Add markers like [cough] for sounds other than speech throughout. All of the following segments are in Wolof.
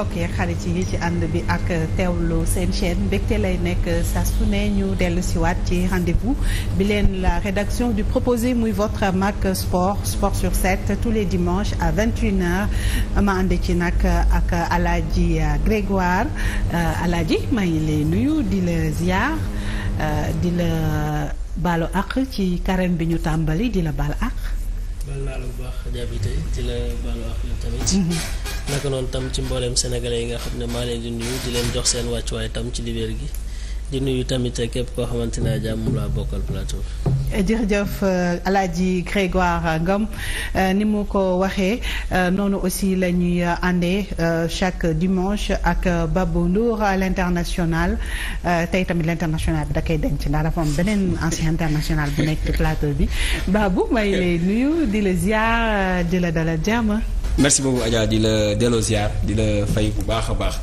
mbokk yeeg xarit yi ci ànd bi ak teew teewlu seen chaîne mbégte lay nekk saa su ne ñu dellu siwaat ci rendez-vous bi leen la rédaction du proposé muy votre MAC sport sport sur 7 tous les dimanches à 21h ma ànd ci nag ak Alaaji Grégoire euh, Alaaji maa ngi lay nuyu di la ziar euh, di la baalu àq ci carême bi ñu tàmbali di la baal àq. baal naa bu baax naka noonu tam ci mbooleem sénégale yi nga xam ne maa di nuyu di leen jox seen wàccuwaay tam ci libér gi di nuyu tamit képp koo xamante ne jàmm laa bokkal plateau bi. jërëjëf euh, Alaaji Grégoire Ngom euh, ni mu ko waxee euh, noonu aussi la ñuy àndee chaque dimanche ak Babou Ndour à l'international tey tamit l'international bi da koy denc ndax dafa am beneen ancien international bu nekk ci plateau bi Babou may lay nuyu di la ziar di dalal jàmm. merci beaucoup Adja di la delloo ziar di la fay bu baax a baax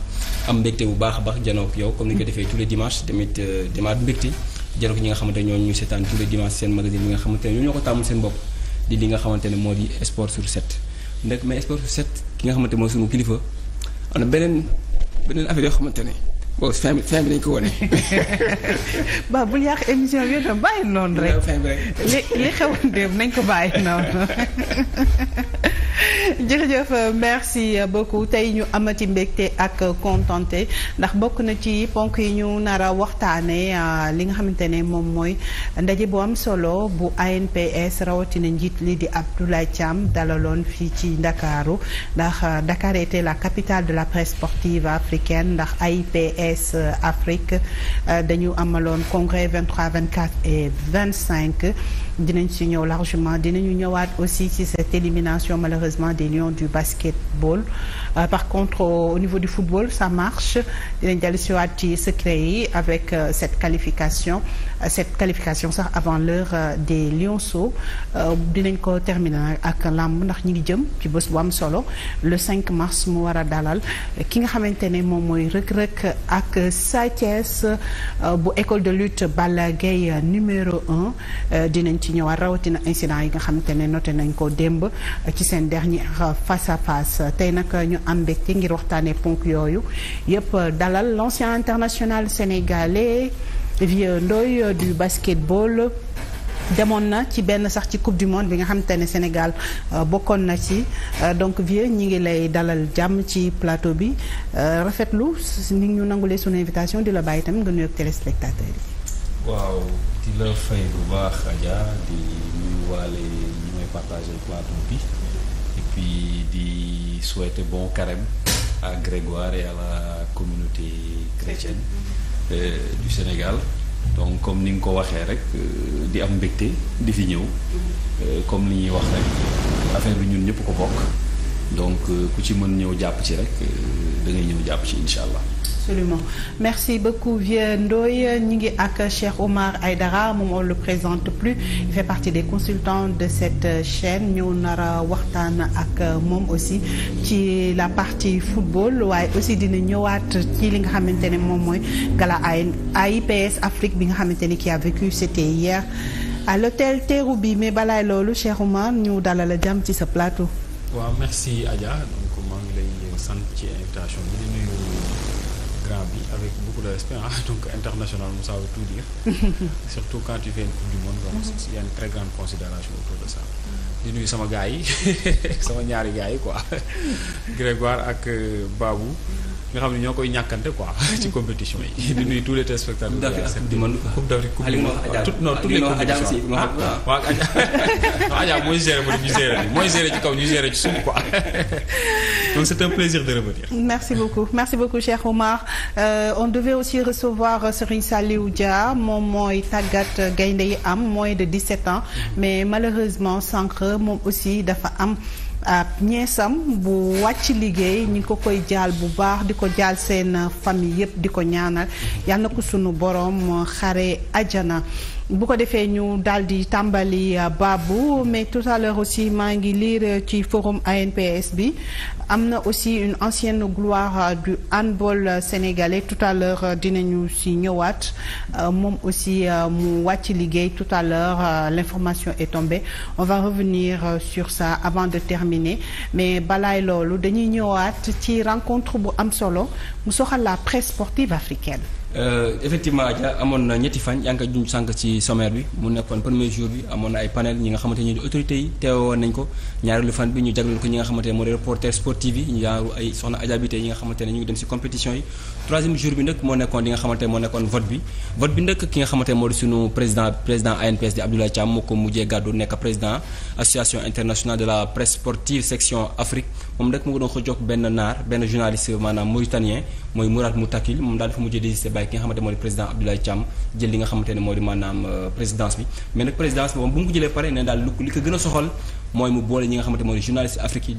am mbégte bu baax a baax janoo yow comme ni ko defee tous les dimanches tamit euh, demaat mbégte janoo ñi nga xamante ñoo ñu seetaan tous les dimanches seen magazine bi nga xamante ne ñoo ñoo ko tàmmul seen bopp di li nga xamante ne moo di sport sur 7 nag mais sport sur 7 ki nga xamante mooy sunu kilifa am na beneen beneen affaire yoo xamante ne bon fin [laughs] bul yàq émission bi itam bàyyi noonu rek. li li nañ ko bàyyi noonu. [laughs] jërëjëf euh, merci beaucoup tey ñu amati mbégte ak contenté ndax bokk na ci ponk yi ñu nara waxtaane euh, li nga xamante ne moom mooy ndaje bu solo bu ANPS rawatina njiit li di Abdoulaye Thiam dalaloon fii ci Ndakaaru ndax euh, Dakar était la capitale de la presse sportive africaine ndax AIPS. AS euh, Afrique euh, dañu amaloon congrès 23 24 et 25 dinañ si ñëw largement dinañu ñëwaat aussi ci cette élimination malheureusement des lions du basketball euh, par contre au niveau du football ça marche dinañ dellu siwaat ci secret yi avec euh, cette qualification euh, cette qualification sax avant l'heure euh, des lionceaux dinañ ko terminer ak làmb ndax ñi ngi jëm ci bés bu am solo le 5 mars mu war a dalal ki nga xamante ne moom mooy rëg-rëg ak Sa Thiès euh, bu école de lutte Balla Gaye numéro un dinañ ci ñëwaat rawatina incident yi nga xamante ne note nañ ko démb ci seen dernier face à face tey nag ñu am mbégte ngir waxtaanee ponk yooyu yëpp dalal l'ancien international sénégalais Vieux Ndoye du basketball demoon na ci benn sax ci coupe du monde bi nga xamante ne Sénégal euh, bokkoon na ci euh, donc Vieux ñi ngi lay dalal jàmm ci plateau bi euh, rafetlu ni ñu nangu nangulee sunu invitation di la bàyyi tamit nga nuyoog téléspectateurs yi. waaw. di la fay bu baax Adja di nuyuwaale ñi may partagé plateau bi et puis di souhaiter bon carême à Grégoire et la communauté chrétienne euh, du Sénégal donc comme ni nga ko waxee rek euh, di am mbégte di fi ñëw euh, comme li ñuy wax rek affaire bi ñun ñëpp ko bokk donc euh, ku ci mën ñëw jàpp ci rek da ngay ñëw jàpp ci incha allah absolument merci beaucoup Vieux ñu ngi ak Cheikh ay dara moom le présente plus il fait partie des consultants de cette chaîne ñu nar a waxtaan ak moom aussi ci la partie football waaye aussi dina ñëwaat ci li nga xamante ne moom mooy gala ay AIPS Afrique bi nga xamante ne ki a vécu c'était hier à l'hôtel Terrou-Bi mais balaay loolu Cheikh Oumar ñu dalal la jàmm ci sa plateau. grand bi avec beaucoup de respect ah [laughs] donc international ça tout dire [laughs] surtout quand tu fais une coupe du monde donc mhm. il y a très grande considération autour de ça mhm. di nuyu sama gars [laughs] sama ñaari gars yi quoi Grégoire ak euh, Babou nga xam ne ñoo koy ñàkkante quoi [laughs] ci compétition yi. [laughs] di nuyu tous les téléspectateurs. di mën coupe d'Afrique coupe d'Afrique coupe non toutes les compétitions ah, waaw ma [laughs] ñu gérer bi mooy gérer ci kaw ñu gérer ci suuf quoi donc c'est un plaisir de revenir. merci beaucoup merci beaucoup cher Omar euh, on devait aussi recevoir euh, Serigne Saliou Dia moom mooy tàggat euh, gaynde yi am moins de 17 ans mm-hmm. mais malheureusement sànq moom aussi dafa am. ab ñeesam bu wàcc liggéey ñu ko koy jaal bu baax di ko jaal seen famille yépp di ko ñaanal mm-hmm. yal na ko sunu borom xare ajana bu ko defee ñu daal di tàmbali euh, baabu mais tout à l'heure aussi maa ngi liir ci forum ANPS bi am na aussi une ancienne gloire euh, du handball sénégalais tout à l'heure euh, dinañu si ñëwaat moom aussi mu wàcc liggéey tout à l'heure l'information est tombée on va revenir sur ça avant de terminer mais balaay loolu dañuy ñëwaat ci rencontre bu am solo mu soxal la presse sportive africaine Euh, effectivement Adja amoon na ñetti fan yaa ngi ko ci sommaire bi mu nekkoon premier jour bi amoon na ay panel ñi nga xamante ne autorités yi teewoon nañ ko ñaareelu fan bi ñu jagleel ko ñi nga xamante ne moo di reporter sportif yi ñu yaaru ay soxna ajabité yi nga xamante ne ñu ngi dem ci compétition yi troisième jour bi nag moo nekkoon li nga xamante ne moo nekkoon vote bi vote bi nag ki nga xamante ne moo di suñu président président ANPS di Abdoulaye la presse sportive section moom rek mu ngi doon xëccoog benn naar benn journaliste maanaam mauritanien mooy Mourad Moutakil moom daal dafa mujjee désisté bàyyi ki nga xamante moo di président Abdoulaye Thiam euh, moom bu a soxal mooy mu boole ñi nga xamante moo di journaliste afrique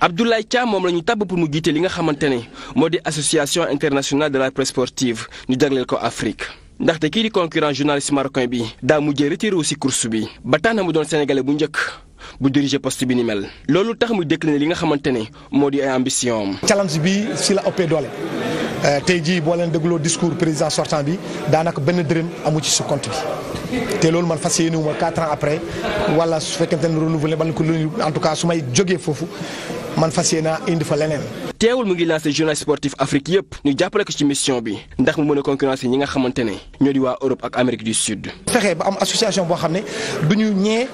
tàbb mhm. pour mu jiite li nga xamante ne moo di association internationale de la presse sportive ñu jagleel ko Afrique ndaxte kii di concurrent journaliste marocain bi daa mujjee retiré aussi course bi ba tax na mu doon sénégalais bu njëkk bu diriger poste bi ni mel loolu tax muy ne li nga xamante ne moo di ay ambition bi si la ëppee doole euh, tey jii boo leen dégloo discours président sortant bi daanaka benn dërëm amu ci su compte bi te loolu man fas yéene wu ma quatre ans après wala su fekkente ne renouvelé ban ko en tout cas su may jógee foofu man fas yéene indi fa leneen. teewul mu ngi lancé journal sportif Afrique yëpp ñu jàppale ko ci mission bi ndax mu mën a concurrence yi ñi nga xamante ne ñoo di waa Europe ak Amérique du Sud. fexe ba am association boo xam ne du ñu ñee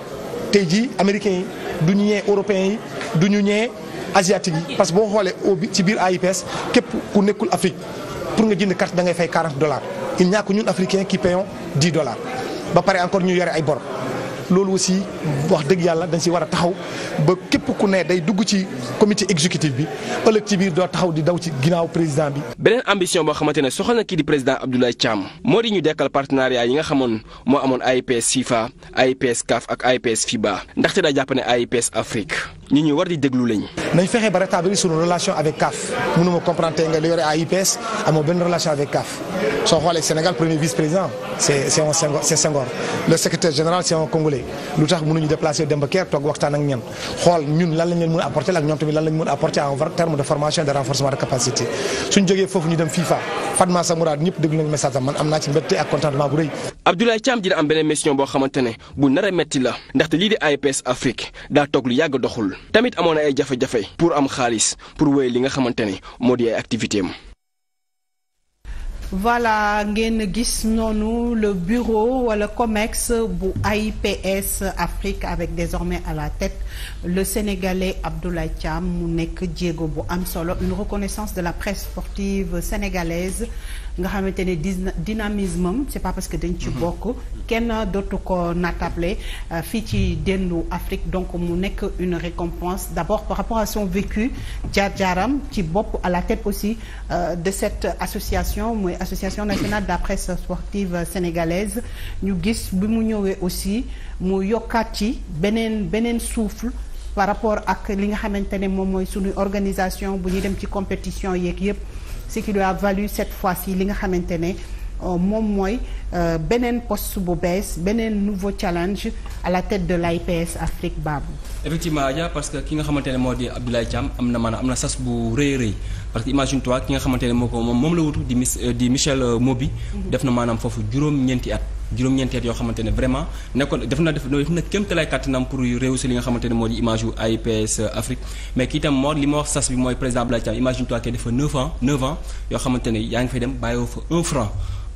tey jii américains yi du ñu ñee européens yi du ñu ñee asiatiques yi parce que boo xoolee obi ci biir AIPS képp ku nekkul Afrique pour nga jënd carte dangay fay 40 dollars il n'y a que ñun africains qui payons 10 dollars ba pare encore ñu yore ay bor. loolu aussi wax dëgg yàlla dañ si war a taxaw ba képp ku ne day dugg ci comité exécutif bi ëllëg ci biir doo taxaw di daw ci ginnaaw président bi. beneen ambition boo xamante ne soxal na kii di président Abdoulaye Thiam moo di ñu dekkal partenariat yi nga xamoon moo amoon AIPS ay AIPS CAF ak ay AIPS FIBA ndaxte daa jàpp ne pes Afrique. nit ñi war di déglu lañ. nañ fexe ba rétablir suñu relation avec CAF mënuma comprendre tey nga li yore AIPS amoo benn relation avec CAF soo xoolee Sénégal premier vice président c'est c'est un Senghor c'est Senghor lu tax mënuñu déplacer dem ba waxtaan ak ñan xool ñun lan lañ leen mën a apporter ak ñoom tamit lan lañ mën a apporter en terme de formation et de renforcement de capacité suñ jógee foofu ñu dem FIFA Fatma Samourad ñëpp déglu nañu message am man am naa ci mbégte ak contentement bu ne bu la ndaxte lii di AIPS Afrique daa toog lu yàgg tamit amoon ay jafe-jafe pour am xaalis pour wéy li nga xamante ni moo di ay activité am voilà ngeen gis noonu le bureau wala COMEX bu AIPS Afrique avec désormais à la tête le Sénégalais Abdoulaye Thiam mu nekk jéego bu am solo une reconnaissance de la presse sportive sénégalaise nga xamante ne dynamisme am c'est pas parce que dañ ci mhm. bokk kenn dootu ko natable euh, fii ci dendu Afrique donc mu nekk une récompense d'abord par rapport à son vécu jaar-jaaram ci bopp à la tête aussi euh, de cette association mooy association nationale de sa presse sportive sénégalaise ñu gis bi mu ñëwee aussi mu yokkaat ci beneen beneen suuf par rapport ak li nga xamante ne moom mooy suñuy organisation bu ñuy dem ci compétition yeeg yëpp ce qui lui a cette fois-ci li nga xamante ne euh, moom mooy euh, beneen poste bu bees beneen nouveau challenge à la tête de l'AIPS Afrique Babou effectivement Adja parce que ki nga xamante ne moo di Abdoulaye Thiam am na maanaam am na sas bu rëy rëy parce que imagine toi ki nga xamante ne moo ko moom moom la wutu di Miss euh, di Michel Mobi mm-hmm. def na maanaam foofu juróom-ñeenti at juróom-ñeenteet yoo xamante ne vraiment nekkoon def na def na kéem talaay kàttanam pour réussir li nga xamante ne moo di image yu AIPS Afrique mais kii itam moo li ma wax sas bi mooy président Abdoulaye Thiam imagine toi que dafa 9 ans 9 ans yoo xamante yaa ngi fay dem bàyyoo fa 1 franc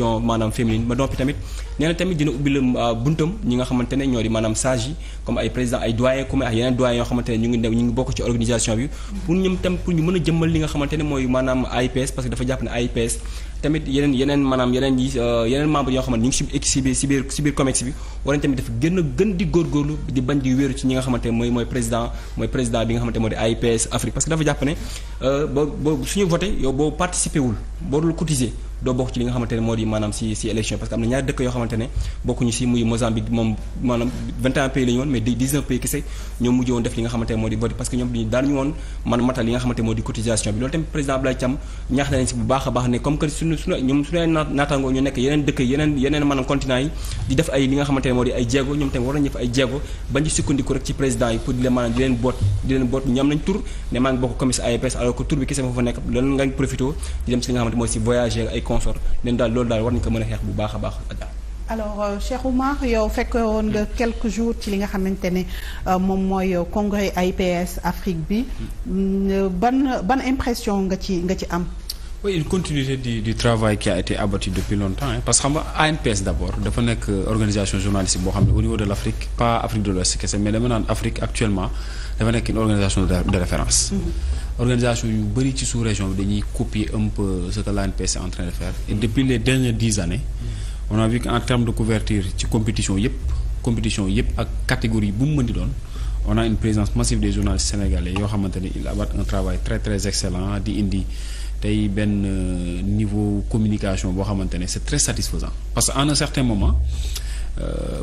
émission maanaam féminine ba noppi tamit nee na tamit dina ubbi la euh, buntam ñi nga xamante ne ñoo di maanaam sage yi comme ay président ay doyen comme ay yeneen doyen yoo xamante ne ñu ngi new ñu ngi bokk ci organisation bi pour ñoom tam pour ñu mën a jëmmal li nga xamante ne mooy maanaam AIPS parce que dafa jàpp ne AIPS tamit yeneen yeneen maanaam a gën di góorgóorlu di bañ di wéeru ci ñi nga xamante ne mooy mooy président mooy président bi nga xamante moo di AIPS Afrique parce que dafa jàpp ne boo euh, boo suñu voté yow boo participé wul boo dul cotiser doo bokk ci li nga xamante ne moo di maanaam si si parce que am na ñaari dëkk yoo xamante ne bokkuñu si muy Mozambique moom maanaam 21 pays la ñu woon mais 19 nga xamante ne moo di vote parce que ñoom dañu daan na ñu ne maa ngi bokk commission AEPS alors que tur bi kese moo nekk lan nga profité di dem si li nga xamante moo si voyager consort leen daal loolu daal war nañu ko mën a xeex bu baax a baax Adja alors euh, Cheikh Oumar yow fekkoon nga quelques jours ci li nga xamante ne euh, moom mooy euh, congrès AIPS Afrique bi ban ban impression nga ci nga ci am oui une continuité du du a été que xam nga ANPS d'abord dafa nekk organisation journalistique boo xam ne au niveau de l'Afrique pas Afrique de l'Ouest kese mais dama naan Afrique actuellement dafa nekk une organisation de référence mm-hmm. organisation yu bëri ci sous-région bi dañuy copier un peu ce que l'ANPS de faire depuis les dernières dix années on a vu en termes de couverture ci compétition yëpp compétition yëpp ak catégorie bu mu mën di doon on a une présence massive des journalistes sénégalais yoo xamante ne ils abattent un travail très très excellent di indi tey benn euh, niveau communication boo xamante ne c'est très satisfaisant parce que en un certain moment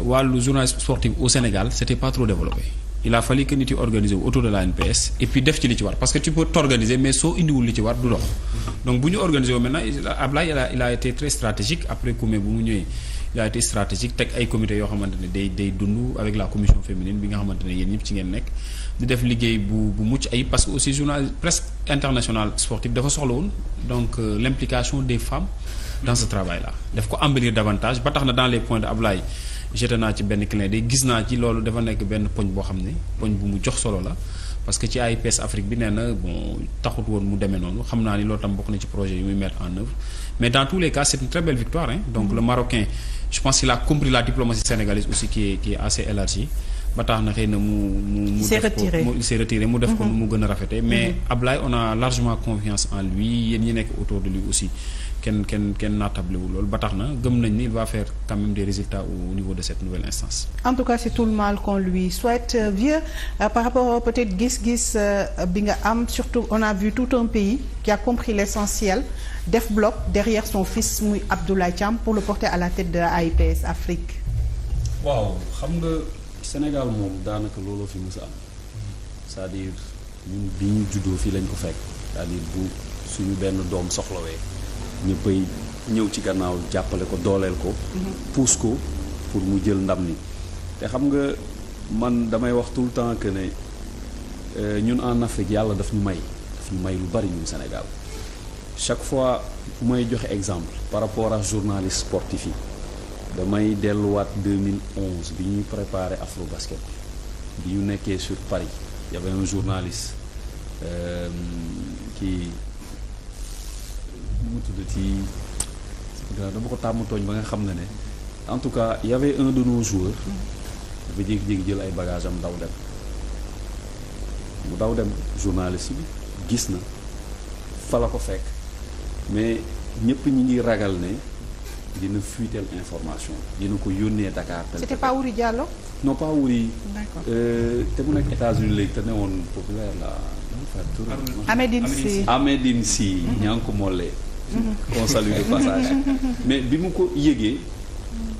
wallu euh, journalisme au Sénégal c'était pas trop développé il a fallu que nit yi organiser wu autour de la NPS et puis def ci li ci war parce que tu peux t'organiser mais soo indiwul li ci war du dox donc bu ñu organiser wu maintenant Ablaye il a été stratégique après Koumé bu mu ñëwee il été stratégique teg ay comité yoo xamante ne day day dund avec la commission féminine bi nga xamante ne yéen ñëpp ci ngeen nekk di def liggéey bu bu mucc ay parce que aussi journal presse internationale sportive dafa soxla woon donc euh, l'implication des femmes dans ce travail ko embellir davantage ba tax na dans les points de Ablaye jeté naa ci benn clin day gis naa ci loolu dafa nekk benn poñ boo xam ne poñ bu mu jox solo la parce que ci AIPS Afrique bi nee na bon taxut woon mu demee noonu xam naa ni loo tam bokk na ci projet yi muy mettre en œuvre mais dans tous les cas c'est une très belle victoire donc mm-hmm. le Marocain je pense qu'il a compris la diplomatie sénégalaise aussi qui est qui ba tax na xëy na mu mu mu def ko il s'est mu def ko mm-hmm. mu gën a rafetee mais mm-hmm. Ablaye on a largement confiance en lui yéen ñi nekk autour de kenn kenn kenn naatable loolu ba tax na gëm nañ ni il va faire quand même des résultats au niveau de cette nouvelle instance. en tout cas c'est tout le mal qu'on lui souhaite euh, vieux euh, par rapport peut-être gis-gis euh, bi nga am surtout on a vu tout un pays qui a compris l'essentiel def bloc derrière son fils muy Abdoulaye Thiam pour le porter à la tête de AIPS Afrique. waaw xam nga Sénégal moom daanaka looloo fi mës am cest à bi ñu juddoo fii lañ ko fekk cest à bu suñu benn doom soxlawee. ñëppay ñëw ci gannaaw jàppale ko dooleel ko mhm. puus ko pour mu jël ndam ni te xam nga man damay wax tout le temps que ne euh, ñun en Afrique yàlla daf ñu may daf ñu may lu bari ñun Sénégal chaque fois may joxe exemple par rapport ak journaliste sportif yi damay delluwaat 2011 bi ñuy préparé afro basket bi ñu nekkee sur Paris y avait un journaliste euh, qui nu mu tudd ci dama ko tàmm tooñ ba nga xam ne ne en tout cas y un de nos joueurs dafa jékki-jékki jël ay bagages am daw dem mu daw dem journaliste bi gis na fa la ko fekk mais ñëpp ñi ngi ragal ne dina fuitel information dina ko yónnee Dakar. c'était pas Wuri Diallo. Wuri. Euh, te mu nekk États-Unis léegi te ne woon populaire la. Amedine Sy Amedine ko mollee on salue de passage mais bi mu ko yëgee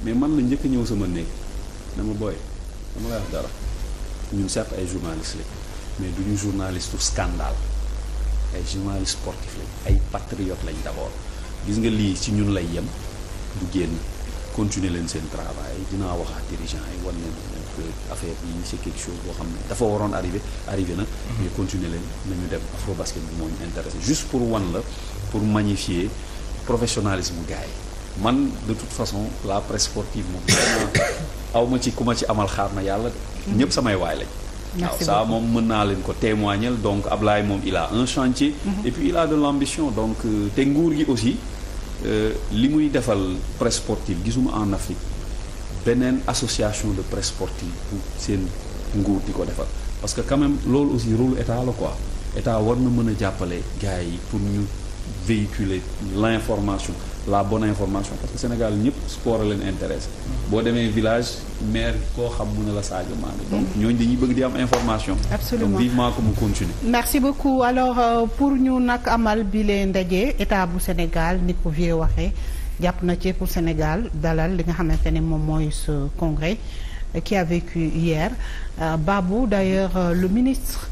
mais man la njëkk ñëw sama néeg dama booy dama lay wax dara ñun certes ay journaliste lañ mais du ñu journaliste u scandale ay journaliste sportif lañ ay patriote lañ d'abord gis nga lii ci ñun lay yem du génn continuer leen seen travail dinaa wax ak dirigeants yi wan leen affaire bi c'est quelque chose boo xam ne dafa waroon arrivé arrivé na mm-hmm. mais continuer leen nañu dem afro basket bi moo ñu intéressé juste pour wan la pour magnifier professionnalisme gars yi man de toute façon la presse sportive moom [coughs] aw ma ci ku ma ci amal xaar na yàlla de mhm. ñëpp samay waay lañ waaw ça moom mën naa leen ko témoigner donc Ablaye moom il a un chantier mhm. et puis il a de l'ambition donc euh, te nguur gi aussi euh, li muy defal presse sportive gisuma en Afrique beneen association de presse sportive bu seen nguur di ko defal parce que quand loolu aussi rôle état la quoi état war na mën a jàppale gars yi pour ñu véhiculer l'information la bonne information parce que Sénégal ñëpp sport leen intéressé boo demee village maire koo xam mu ne la Sadio Mané donc mm-hmm. ñooñu dañuy bëgg di am information. absolument donc vivement que mu continue merci beaucoup alors euh, pour ñu nag amal bi lee ndaje état bu Sénégal ni ko vie waxee jàpp na ci pour Sénégal dalal li nga xamante ne moom mooy ce congrès qui a hier euh, Babou d'ailleurs euh, le ministre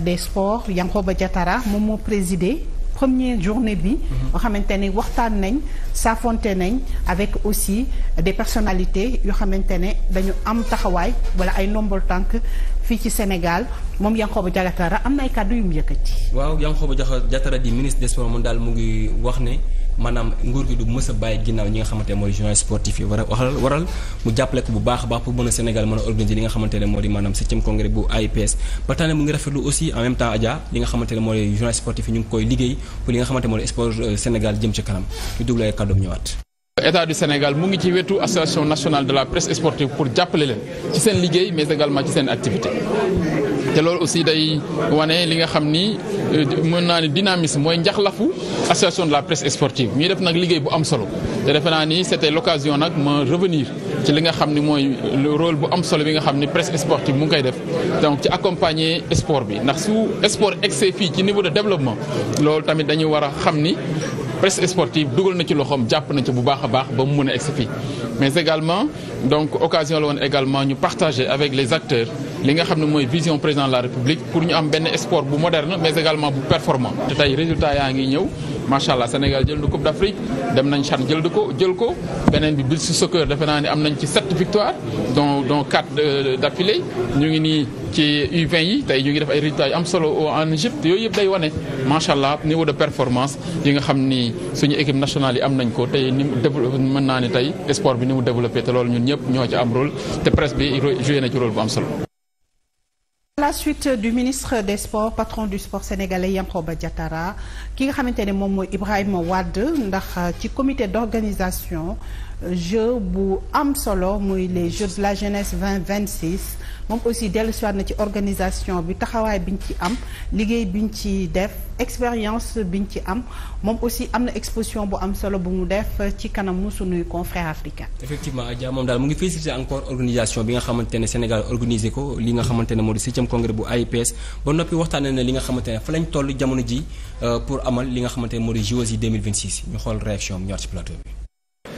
des sports Yankhoba Diattara moom moo présidé. première journée bi mhm. nga xamante ne waxtaan nañ saafonte nañ avec aussi des personnalités yoo xamante ne dañu am taxawaay wala ay ndombol tànk fii ci Sénégal moom Yankhoba Diattara am na ay kàddu yu mu yëkkati waaw Yankhoba Diattara di ministre des sports moom daal mu ngi wax ne maanaam nguur gi du mës a bàyyi ginnaaw ñi nga xamante ne mooy journaliste sportif yi war a waxal waral mu jàppale ko bu baax a baax pour mën a Sénégal mën a organiser li nga xamante ne moo di maanaam septième congrès bu AIPS ba tax na mu ngi rafetlu aussi en même temps Adja li nga xamante mooy journaliste sportif yi ñu ngi koy liggéey pour li nga xamante ne mooy sport euh, Sénégal jëm ci kanam ñu déglu ay kàddoom ñëwaat état du Sénégal mu ngi ci wetu association nationale de la presse sportive pour jàppale leen ci seen liggéey mais également ci seen activité te loolu aussi day wane li nga xam ni euh, mën naa ni dynamisme mooy njaxlafu association de la presse sportive ñuy def nag liggéey bu am solo te defe naa ni c'était location nag ma revenir ci li nga xam ni mooy rôle bu am solo bi nga xam ni presse sportive mu ngi koy def donc ci accompagner sport bi ndax su sport excès fii ci niveau de développement loolu tamit dañu war a xam ni presse sportive dugal na ci loxoom jàpp nañ ci bu baax a baax ba mu mën a egsi fii mais également donc occasion la woon également ñu partager avec les acteurs li nga xam ne mooy vision président de la république pour ñu am benn sport bu moderne mais également bu performant te tey résultat yaa ngi ñëw macha allah Sénégal jël na Coupe d'Afrique dem nañ CHAN jël ko jël ko beneen bi bi si soccer defe naa ni am nañ ci sept victoires dont dont de d'affilée ñu ngi nii ci u yi tey ñu ngi def ay résultats am solo en Égypte yooyu yëpp day wane macha allah niveau de performance yi nga xam ni suñu équipe nationale yi am nañ ko tey ni mu développé mën naa ni tey sport bi ni développé te loolu ñun ñëpp ñoo ci am rôle te presse bi joué na ci rôle bu am solo. à la suite du ministre des sports patron du sport sénégalais ba Diattara ki nga xamante ne moom mooy Ibrahima Wade ndax ci comité d'organisation jeu bu am solo muy les jeux de la jeunesse 2026 moom aussi dellusiwaat na ci organisation bi taxawaay bi biñ ci am liggéey bi biñ ci def expérience biñ ci am moom aussi am na exposition bu am solo bu mu def ci kanamu sunuy confrères africains. effectivement Adja moom daal mu ngi félicité encore organisation bi nga xamante Sénégal organisé ko li nga xamante ne moo di septième congrès bu AIPS ba noppi waxtaanee na li nga xamante ne fa lañ toll jamono ji euh, pour amal li nga xamante ne moo di JOJ 2026 ñu xool bi.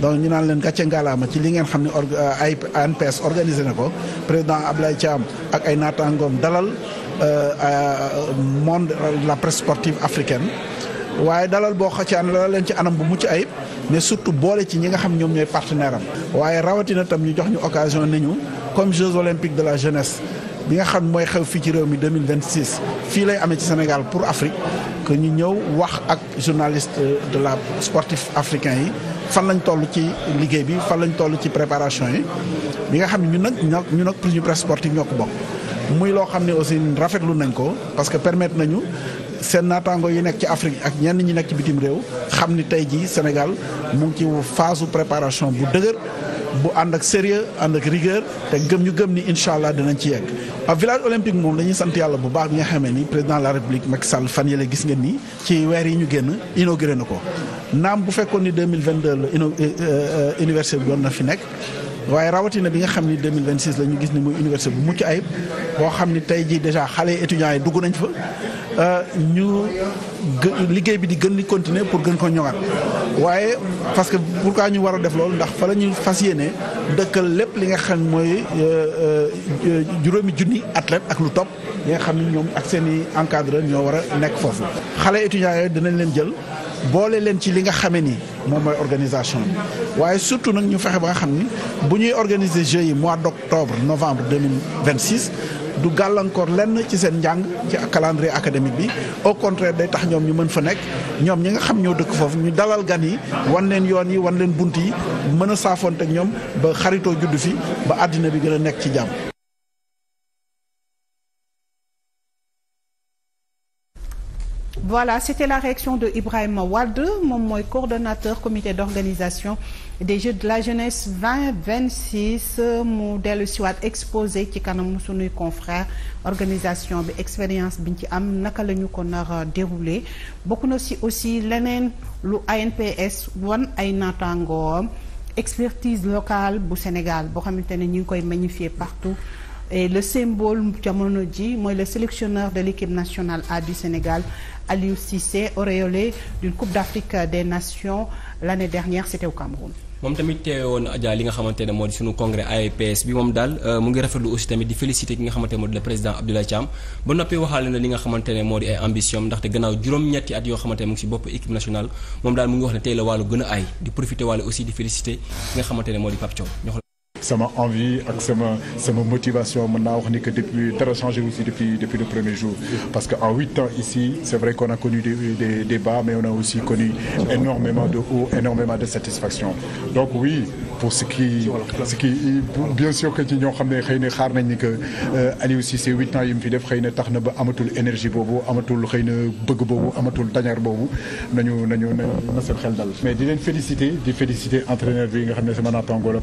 donc ñu naan leen gàcce ngalaama ci li ngeen xam ne euh, ay ANPS organisé na ko président Ablaye Thiam ak ay naataangoom dalal euh, euh, monde la presse sportive africaine waaye dalal boo xëccaan dalal leen ci anam bu mucc ayib mais surtout boole ci ñi nga xam ñoom ñooy partenaire am. waaye rawatina tam ñu jox ñu occasion nañu comme Jeux olympiques de la jeunesse bi nga xam mooy xew fii ci réew mi 2026 fii lay amee ci Sénégal pour Afrique que ñu ñëw wax ak journaliste de la sportif africain yi. fan lañ toll ci liggéey bi fan lañ tollu ci préparation yi bi nga xam ne ñun nag ñu nag plus ñu presse ñoo ko bokk muy loo xam ne aussi rafetlu nañ ko parce que permettre nañu seen naataango yu nekk ci Afrique ak ñenn ñi nekk ci bitim réew xam ni tey jii Sénégal mu ngi ci phase su préparation bu dëgër bu ànd ak sérieux ànd ak rigueur te gëm ñu gëm ni incha allah dinañ ci yegg waaw village olympique moom dañuy sant yàlla bu baax bi nga xamee ni président de la république Macky Sall fan yële gis ngeen ni ci weer yi ñu génn inauguré na ko naam bu fekkoon ni 2022 la euh, euh, université bi doon na fi nekk waaye rawatina bi nga xam ni 2026 la ñu gis ni muy université bu mucc ayib boo xam ni tey jii dèjà xale étudiants yi dugg nañ fa Euh, ñu liggéey bi di gën di continuer pour gën ko ñoŋat waaye parce que pourquoi ñu war a def loolu ndax fa la ñu fas yéene dëkkal lépp li nga xam mooy euh, euh, juróomi junni athlète ak lu topp yi nga xam ni ñoom ak seen i encadreur ñoo war a nekk foofu xale étudiants yooyu dinañ leen jël boole leen ci li nga xamee ni moom mooy organisation bi waaye surtout nag ñu fexe ba nga xam ni bu ñuy organiser Jeux yi mois d' octobre novembre deux vingt six du gàllankoor lenn ci seen njàng ci calendrier académique bi au contraire day tax ñoom ñu mën fa nekk ñoom ñi nga xam ñoo dëkk foofu ñu dalal gan yi wan leen yoon yi wan leen bunt yi mën a saafoonte ak ñoom ba xaritoo juddu fi ba àddina bi gën a nekk ci jàmm. Voilà, c'était la réaction de Ibrahima Wade moom mooy coordonnateur comité d'organisation des jeux de la jeunesse 2026 mu dellu siwaat exposé ci kanam sunuy confrères organisation bi expérience biñ ci am naka la ñu ko nar a déroulé bokk na si aussi leneen lu ANPS wan ay naataangoom expertise locale bu Sénégal boo xamante ne ñu ngi koy magnifier partout et le symbole jamono ji mooy le sélectionneur de l'équipe nationale A du Sénégal Aliou Cissé auréolé d'une Coupe d'Afrique des Nations l'année dernière c'était au Cameroun moom tamit woon Adja li nga xamante ne moo di suñu congrès AEPS bi moom daal euh, mu ngi rafetlu aussi tamit di féliciter ki nga xamante ne moo di le président Abdoulaye Thiam ba noppi waxaale na li nga xamante ne moo di ay ambition ndaxte gannaaw juróom-ñetti at yoo xamante ne mu ngi si bopp équipe nationale moom daal mu ngi wax ne tey la wàllu gën a aay di profiter wàllu aussi di féliciter ki nga xamante ne moo di Pape sama envie ak sama sama motivation mën naa wax ni que depuis dara changé aussi depuis depuis le premier jour. parce que en huit ans ici c'est vrai qu'on a connu des des mais on aussi connu énormément de hauts énormément de satisfaction donc oui pour ce qui bien sûr que ci ñoo xam ne xëy na xaar nañ ni que euh, Aliou Cissé huit ans yi mu fi def xëy na tax na ba amatul énergie boobu amatul xëy na bëgg boobu amatul dañar boobu na nañu na seen xel dal mais di leen féliciter di féliciter entraîneur xam ne sama naataango la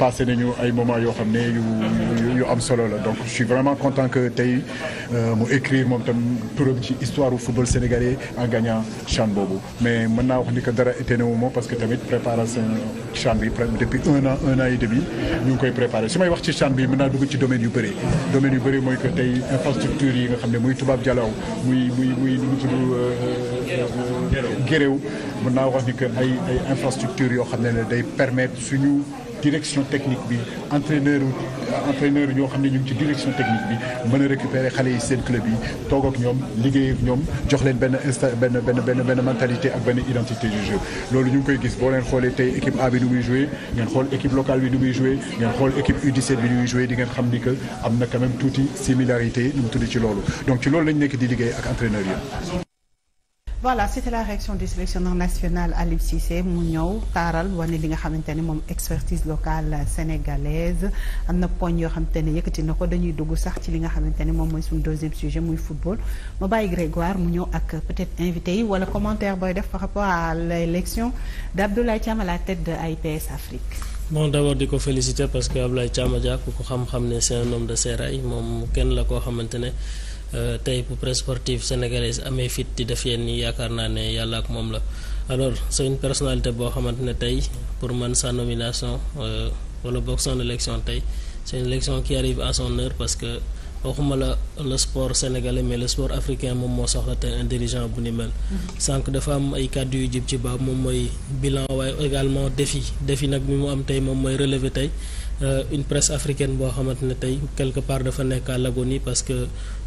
passé nañu ay moment yoo xam ne yu yu am solo la donc je suis vraiment content que tey euh, mu écrire moom tam turam ci histoire du football sénégalais en gagnant boobu mais mën naa wax ni que dara été wu ma parce que tamit préparation CHAN bi depuis un an un an et demi ñu ngi koy préparé su may wax ci CHAN bi mën naa dugg ci domaine yu bëri domaine yu bëri mooy que tey infrastructure yi nga xam ne muy tubaab jalaw muy muy muy nu mu tudd euh, euh, géréw mën naa wax ni ay ay yoo xam ne day permettre direction technique bi entraîneur entraîneur ñoo xam ne ñu ngi ci direction technique bi mën a récupérer xale yi seen club yi toog ak ñoom liggéey ak ñoom jox leen benn insta benn benn benn benn mentalité ak benn identité du jeu loolu ñu ngi koy gis boo leen xoolee tey équipe A bi nu muy joué ngeen xool équipe locale bi bi nu muy joué di xam ni que am na quand même tuuti similarité nu mu tudd ci loolu donc ci loolu lañu nekk di liggéey ak entraîneur yi voilà c'était la réaction du sélectionneur national Aliou Cissé mu ñëw taaral wane li nga xamante ne moom expertise locale sénégalaise am na poñ yoo xamante ne yëkkati na ko dañuy dugg sax ci li nga xamante ne moom mooy suñu deuxième sujet muy football ma bàyyi Grégoire mu ñëw ak peut-être invité yi wala commentaire booy def par rapport à l'élection d'Abdoulaye Thiam à la tête de AIPS Afrique. bon d'abord di ko féliciter parce que Abdoulaye Thiam Dia ku ko xam-xam ne c'est un homme de sérail moom kenn la koo xamante ne. Euh, tey bu presse sportive sénégalaise amee fit di def yenn yi yaakaar naa ne yàlla ak moom la alors c'est une personnalité boo xamante ne tey pour man sa nomination euh, wala boog son élection tey c'est une élection qui arrive à son heure parce que waxuma la le sport sénégalais mais le sport africain moom moo soxla tey un dirigeant bu ni mel. Mm-hmm. sànq dafa am ay kàddu yu jib ci baab moom mooy bilan waaye également défi défi nag bi mu am tey moom mooy relever tey euh, une presse africaine ne tey quelque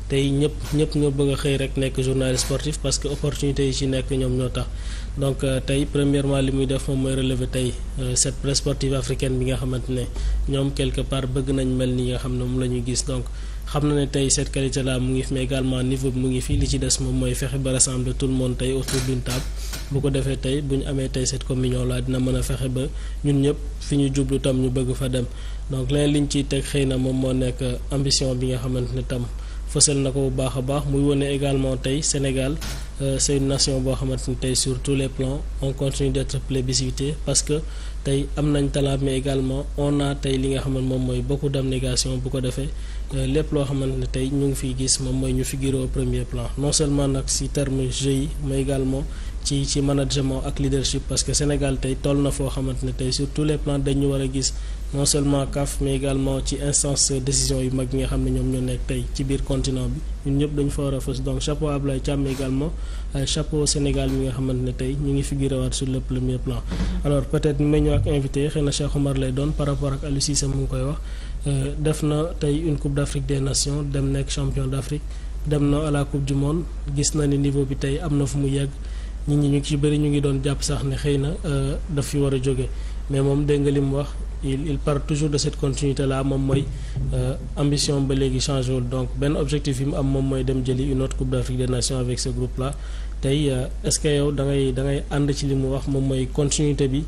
tey ñëpp ñëpp ñoo bëgg a xëy rek nekk journaliste sportif parce que opportunité yi ci nekk ñoom ñoo tax donc euh, tey premièrement li muy def moom mooy relever tey euh, cette presse sportive africaine bi nga xamante ne ñoom quelque part bëgg nañ mel ni nga xam ne moom la ñu gis donc xam na ne tey cette qualité là mu ngi fi mais mu ngi fi li ci des moom mooy fexe ba rassembler tout le monde tey autour d'une table bu ko defee tey bu ñu amee tey cette communion là dina mën a fexe ba ñun ñëpp fi ñu jublu tam ñu bëgg fa dem donc leneen liñ ciy teg xëy na moom moo nekk euh, ambition bi nga xamante ne tam fësal na ko bu baax a baax muy wane également tey Sénégal euh, c'est une nation boo xamante ni tey sur tous les plans on continue d'être plébiscité parce que tey am nañ talent mais également on a tey li nga xamante moom mooy dem négation bu ko defee euh, lépp loo xamante ne tey ñu ngi fiy gis moom mooy ñu figure au premier plan non seulement nag ci terme jeu mais également ci ci management ak leadership parce que Sénégal tey tool na foo xamante ne tey sur tous les plans dañu war a gis non seulement CAF mais également ci instance décision yu mag yi nga xam ne ñoom ñoo nekk tey ci biir continent bi ñun ñëpp dañu fa war a fës donc chapeau Ablaye Thiam également euh, chapeau Sénégal mi nga xamante ne tey ñu ngi figuré waat sur le premier plan. alors peut-être may ak invité xëy na Cheikh Omar lay doon par rapport ak Aliou Cissé mu ngi koy wax euh, def na tey une coupe d'Afrique des nations dem nekk champion d'Afrique dem na à la coupe du monde gis na ni niveau bi tey am na fu mu yegg nit ñi ñu ci bëri ñu ngi doon jàpp sax ne xëy na euh, daf fi war a jóge. mais moom dégg li mu wax il il part toujours de cette continuité la moom mooy euh, ambition ba léegi changé wul donc benn objectif yi mu am moom mooy dem jëli une autre coupe d'Afrique des nations avec ce groupe là tey euh, est-ce que yow da dangay ànd ci li mu wax moom mooy continuité bi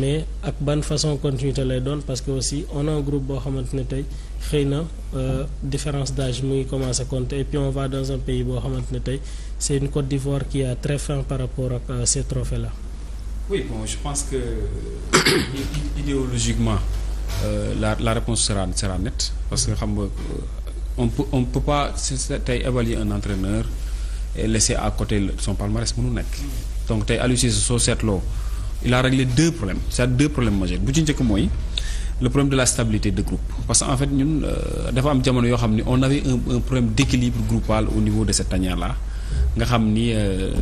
mais ak ban façon continuité lay doon parce que aussi un a un groupe boo xamante ne tey xëy na euh, différence dage mu ngi commencer compter et puis va dans un pays boo xamante ne tey c'est une Côte très faim par rapport ak ces trophées là oui bon je pense que euh, [coughs] idéologiquement euh, la la réponse sera sera nette parce que xam nga euh, on peut on peut pas tey évaluer un entraîneur et laisser à côté son palmarès mënu nekk. donc tey Aliou Cissé soo seetloo laa a réglé deux problèmes c'est-à-dire deux problèmes majeurs bu ci njëkk mooy le problème de la stabilité de groupe parce que en fait ñun dafa am jamono yoo xam ni on avait un un problème d'équilibre groupal au niveau de cette tanière là. nga xam ni euh,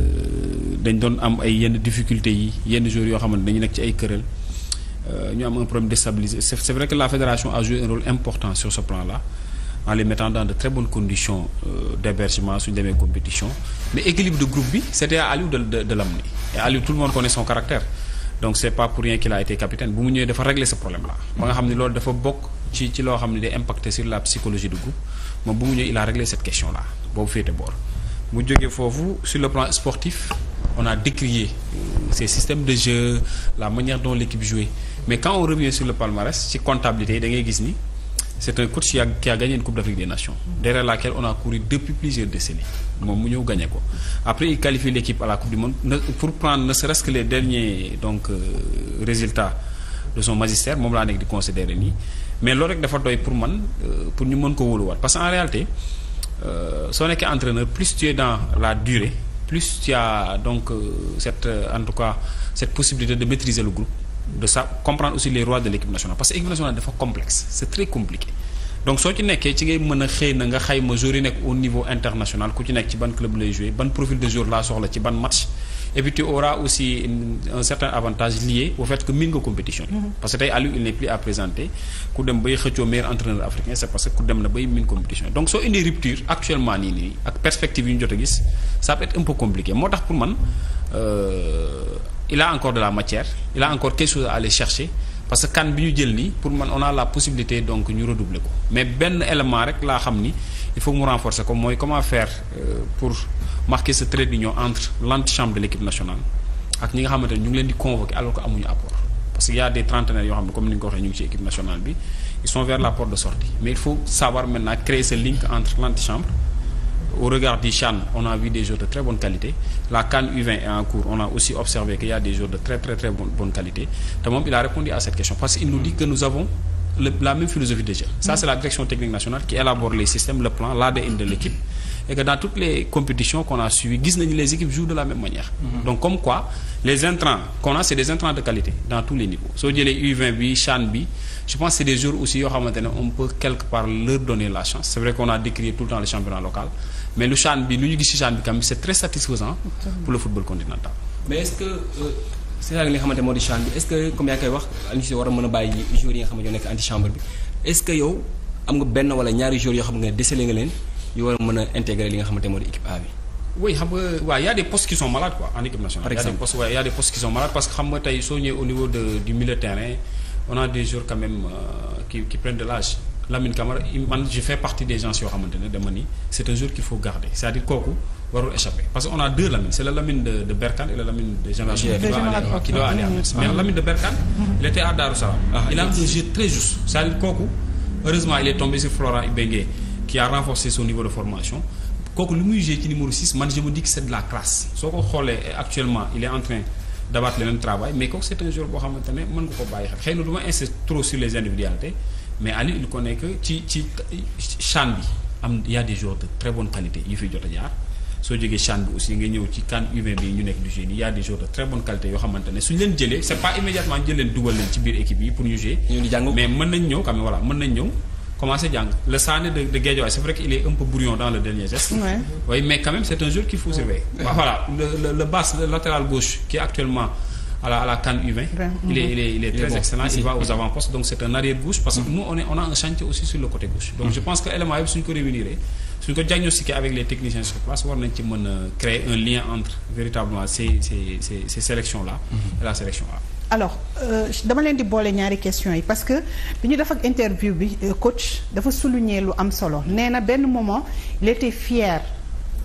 dañ doon am ay yenn difficultés yi yenn jours yoo ne dañu nekk ci ay këral euh, ñu am un problème déstabilisé c'est c'est que la fédération a joué un rôle important sur ce plan-là en euh, suñu demee compétition mais équilibre de groupe bi c'était à Aliou de de de l'amener et Aliou tout caractère donc c'est pas pour rien qu'il a été capitaine bu mu ñëwee dafa régler ce problème là ba nga xam ne loolu dafa bokk ci ci loo xam ne day impacter sur la psychologie du groupe mu ñëwee il a réglé cette question là boobu mu jógee foofu sur le plan sportif on a décrié ces systèmes de jeu la manière dont l'équipe jouait mais quand on revient sur le palmarès ci comptabilité yi da ngay gis ni c'est un coach qui a, qui a gagné une Coupe d'Afrique des Nations derrière laquelle on a couru depuis plusieurs décennies moom mu ñëw gagné ko après il qualifie l'équipe à la Coupe du Monde pour prendre ne serait-ce que les derniers donc euh, de son magistère moom laa nekk di considérer nii mais loolu rek pour man euh, pour ñu mën ko wóoluwaat parce que Euh, soo nekkee entraîneur plus tu dans la dure plus tu as donc euh, cette euh, en tout cas cette possibilité de maîtriser le groupe de ça comprendre aussi les rois de l'équipe nationale parce que équipe nationale dafa complexe c'est très compliqué donc soo ci nekkee ci ngay mën a xëy na nga xayma joueurs yi nekk au niveau international ku ci nekk ci ban club lay jouer ban profil de joueur laa soxla ci ban match et puis aussi une, un certain avantage lié au fait que miin nga compétition yi. Mhm. parce que tey Aliou il n'est plus à présenter ku dem bay xëccoo meilleur entraîneur africain c'est parce que ku dem na bay miin compétition yi donc soo indi rupture actuellement nii nii ak perspective yu ñu jot a gis ça peut moo tax pour man euh, il de la matière il a encore quelque parce que kan bi ñu jël nii pour man on a la possibilité donc ñu redoubler ko mais benn élément rek laa xam ni il faut mu renforcer ko mooy comment faire euh, pour marqué ce trait d'union entre l'antichambre de l'équipe nationale ak ñi nga xamante ñu ngi leen di convoqué alors que amuñu apport parce que y a des trentenaires yoo xam ne comme ni nga ko ñu ngi ci équipe nationale bi ils sont vers la de sortie mais il faut savoir maintenant créer ce link entre l'antichambre au regard du CHAN on a vu des joueurs de très bonne qualité la CAN U20 en cours on a aussi observé qu'il y des joueurs de très très et que dans toutes les compétitions qu'on a gis nañu les équipes jouent de la même manière. Mm-hmm. donc comme quoi les intrants qu'on c'est des intrants de qualité dans tous les niveaux soo jëlee u bi CHAN bi je pense c'est des jours aussi yoo xamante ne on peut quelque part leur donner la chance c'est vrai qu'on a tout le temps le championnat local mais lu CHAN bi lu ñu gis ci CHAN bi quand même c'est très satisfaisant pour le football continental. yu war a mën a intégrer li nga xamante moo di équipe A bi. xam nga waaw y a des postes qui sont en équipe nationale. par exemple y a des postes parce que xam nga tey soo ñëwee au niveau de du milieu terrain on a des joueurs euh, qui qui de l'âge Lamine Camara man je fais partie des gens yoo xamante ne dama ni un joueur qu'il faut garder cest à kooku warul échapper parce que on a deux Lamine c' est Lamine de de Berkane Lamine de Génération qui doit qui a renforcé son niveau de formation kooku lu muy joué ci numéro 6 man je me dis la classe soo ko xoolee eh, actuellement il est en train d'abattre le même travail mais kooku c'est un boo xamante ne mën nga ko bàyyi xel xëy na trop sur les individualités mais Aliou il connaît que ci CHAN bi am y a des très bonne qualité yu fiy jot a jaar soo jógee CHAN bi aussi nga ñëw ci CAN U20 bi ñu nekk du jeu nii y a très bonne qualité commencé jàng le Sané de de c'est vrai qu'il est un peu dans le dernier geste. Ouais. mais quand même c'est un joueur qu'il faut surveiller. waaw voilà le le le gauche qui est actuellement. à la à la U20. Mhm. il est très excellent il va aux avant-postes donc c'est un arrière gauche parce que mhm. nous on est un chantier aussi sur le côté gauche. donc mhm. je pense que élément yëpp suñ ko réunir suñ ko diagnostiqué avec les techniciens la A. alors euh, dama leen di boole ñaari question yi parce que bi ñu def ak interview bi euh, coach dafa souligner lu am solo nee na benn moment il était fier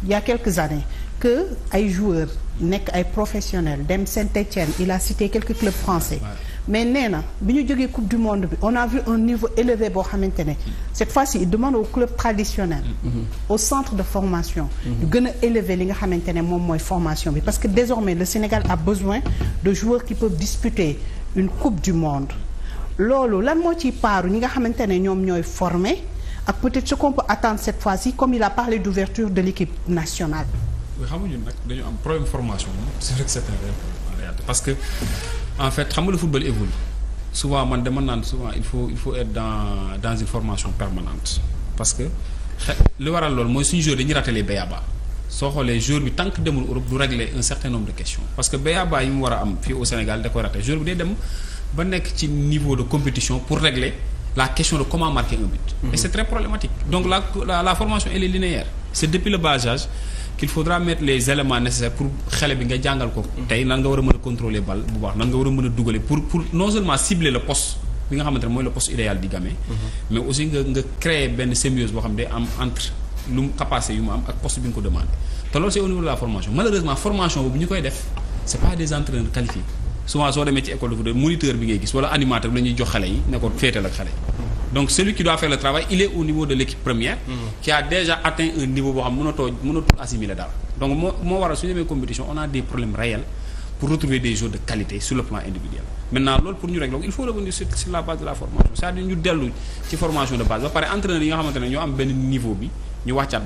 il y a quelques années que ay joueurs nekk ay professionnels dem Saint-Étienne il a cité quelques clubs français. mais nee na bi ñu jógee coupe du monde bi on a vu un niveau élevé boo xamante ne cette fois-ci il demande au club traditionnel mm-hmm. au centre de formation yu mm-hmm. gën a élevé li nga xamante ne moom mooy formation bi parce que désormais le Sénégal a besoin de joueurs qui peuvent disputer une coupe du monde loolu lan moo ciy paaru ñi nga xamante ne ñoom ñooy formé ak peut-être ce qu'on peut attendre cette fois-ci comme il a parlé d'ouverture de l'équipe national xam nga ñun nag formation c'est que en fait xam nga le football évolue souvent man dama naan souvent il faut il faut être dans dans une formation permanente parce que li waral loolu mooy suñu joueur dañuy raté les béyaba soo xoolee joueur bi tant que demul Europe du régler un certain nombre de questions parce que béyaba yi mu war a am fii au Sénégal da koy raté joueur bi day dem ba nekk ci niveau de compétition pour régler la question de comment marquer un but. et mhm. c'est très problématique donc la qu'il faudra mettre les éléments pour xale bi nga jàngal ko. tey nan nga war a mën a contrôler bal bu baax nan nga war a mën a dugale pour pour non seulement cibler le poste bi nga xamante ne mooy le poste idéal di Gamé. mais aussi nga nga créer benn symbiose boo xam ne am entre lu mu capacité yu mu am ak poste bi nga ko demandé. te loolu c'est au niveau formation malheureusement formation boobu ñu koy def c'est pas des entraîneurs qualifiés souvent soo demee gis wala animateur bi la ñuy jox donc celui qui doit faire le travail il est au niveau de l'équipe première mm. qui a déjà atteint un niveau boo xam mënatoo mënatul assimiler dara donc moo moo waral su ñu demee compétition on a des problèmes réels pour retrouver des joueurs de qualité sur le plan individuel maintenant loolu pour ñu régler il faut revenir sur sur la base de la formation cest à ñu dellu ci formation de base ba pare entraîneur yi nga xamante ne ñoo am benn niveau bi ñu wàccaat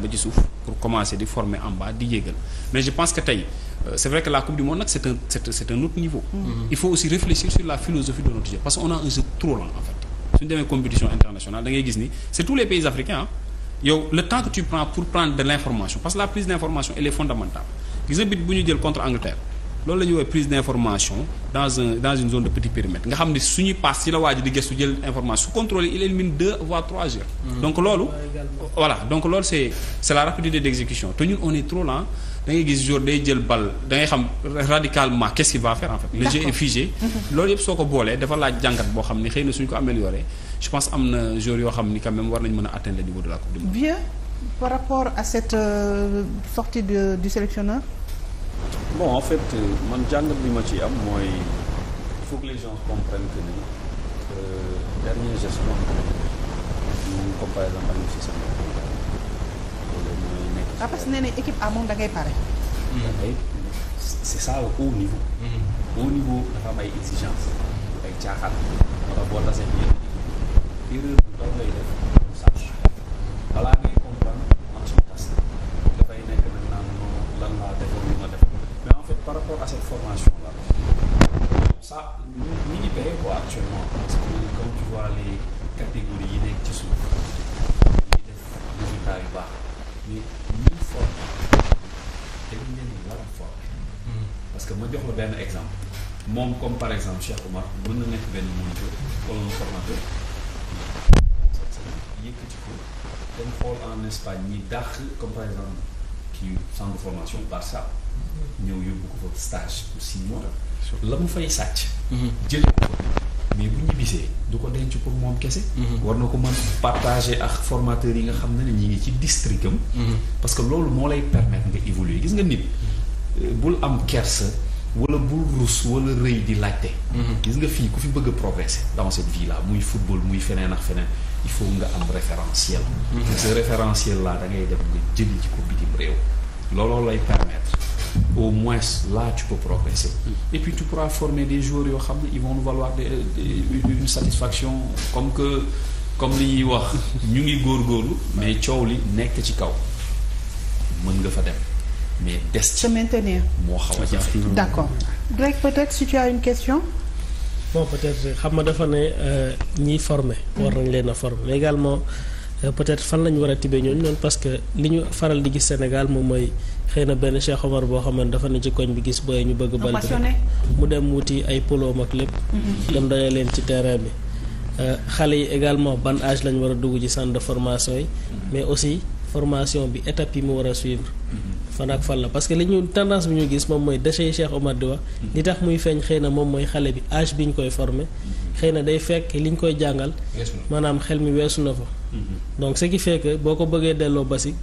suñu demee compétition internationale da gis ni c'est tous les pays africains yow le temps que tu prends pour prendre de l'information parce que la prise d'information elle est fondamentale gis nga bit bu ñu jël contre Angleterre loolu la ñuy prise d'information dans un dans une zone de petit périmètre nga xam ne suñuy passe ci la waaj di gëstu jël information su contrôler il élimine deux voire trois heures. Hmm. donc loolu. voilà donc loolu c'est c'est da ngay gis jour day jël bal da ngay xam radicalement qu'est-ce qu'il va faire en [laughs] loolu yëpp soo ko boolee dafa laaj jàngat boo xam ni xëy na suñ ko amélioré je pense am na jour yoo xam ni quand même war nañ mën a atteindre le niveau de la coupe du par rapport à cette euh, sortie de, du sélectionneur bon en fait euh, man jàngat bi ma ci am mooy il faut que les gens comprennent que ni euh, dernier gestion comme par exemple ah parce que nee nañ équipe A moom pare. c'est ça au niveau. Mm-hmm. au niveau dafa am exigence ay caaxaan. wala boo tasee ñëw erreur bu ndaw ngay def mu balaa ngay comprendre marché bi tas dafay nekk naan lan laa defoon lu ma def mais en fait par rapport à cette formation là ça ñu ñu actuellement parce que comme tu vois les yi nekk ci suuf ñuy def résultat yu baax. fort parce que ma jox la benn exemple moom comme par exemple Cheikh Oumar mën na nekk benn moniteur wala un formateur yëkkati ko dem xool en Espagne ñi dàq comme par exemple kii centre de formation Barça ñëw yóbbu ko fa stage pour six mois la mu fay sàcc. Mhm. jëlee ko mais bu ñibbisee du ko denc ko moom kese. Mhm. war na ko man partager ak formateurs yi nga xam ne ñi ngi ci district am. Mhm. parce que loolu moo lay permettre nga évoluer gis nga nit. Euh, bul am kersa wala bul rus wala rëy di laajte. gis nga fii ku fi bëgg a progresser dans cette vie muy football muy feneen ak feneen il faut nga am référentiel. ce référentiel là da ngay dem nga jëli ci ko bitim réew. looloo lay permettre. au moins là tu peux hmm. des joueurs yoo xam ne ils vont nous valoir des, comme que comme li ñuy wax [laughs] ñu ngi góorgóorlu mais coow li nekk ci kaw mën nga fa dem mais des se maintenir moo xaw a jafe d'accord Greg peut-être une question bon peut xam ma dafa ne euh, ñiy formé hmm. war nañ leen a former mais également euh, peut-être fan lañu war a tibbee ñooñu noonu parce que li ñu faral di gis Sénégal moom mooy xëy na benn Cheikh Omar boo xam ne dafa ne ci koñ bi gis booy ñu bëgg bal mu dem wuti ay poloom ak lépp mhm. dem dajale leen ci terrain bi euh, xale yi également ban âge lañ war a dugg ci centre de formation yi mhm. mais aussi formation bi étape yi mu war a suivre mhm. fan ak fan la parce que li ñu tendance bi ñu gis moom mooy déchets yi Cheikh Omar di wax li tax muy feeñ xëy na moom mooy xale bi âge bi ñu koy formé xëy na day fekk li ñu koy jàngal maanaam xel mi weesu na fa donc boo ko bëggee delloo basique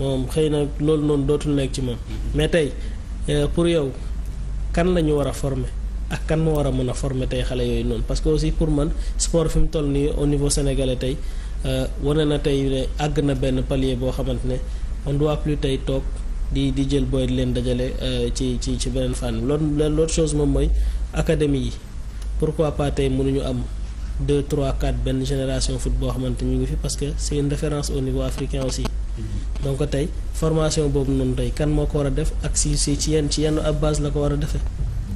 moom xëy na loolu noonu dootul nekk ci moom mais tey euh, pour yow kan la ñu war a former ak kan moo war a mën a forme tey xale yooyu noonu parce que aussi pour man sport fi mu toll nii au niveau sénégalais tey euh, wane na tey àgg na benn palier boo xamante ne on doit plus tey toog di di jël booy di leen dajale euh, ci ci ci beneen fànn loolu l'autre chose moom mooy académie yi pourquoi pas tey mënuñu am deux trois quatre benn génération foot boo xamante ñu ngi fi parce c'est une référence au niveau africain aussi donc tey formation boobu noonu tey kan moo ko war a def ak si ci yenn ci yenn ab base la ko war a defee.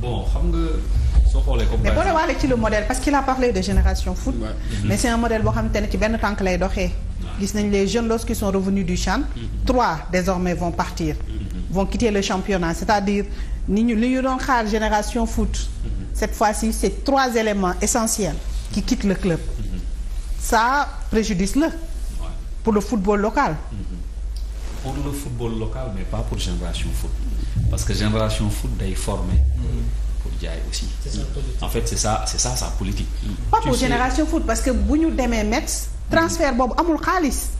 bon xam nga soo xoolee comme. mais boo waale ci le modèle parce qu'il a parlé de génération foot. Ouais. mais c'est un modèle boo xamante ne ci benn tànk lay doxee. gis nañ les jeunes lorsqu'ils sont revenus du CHAN. Mm-hmm. trois désormais vont partir. Mm-hmm. vont quitter le championnat c'est-à-dire ni ñu li ñu doon xaar génération foot. Mm-hmm. cette fois si c'est trois éléments essentiels qui quittent le club. ça préjudice la. pour le football local. Mm-hmm. pour le football local mais pas pour Génération Foot parce que Génération Foot day former. Mm-hmm. pour jaay aussi. a fait c'est ça c'est ça sa politique. Mm-hmm. pas pour Génération Foot parce que bu ñu demee Metz transfert boobu amul xaalis.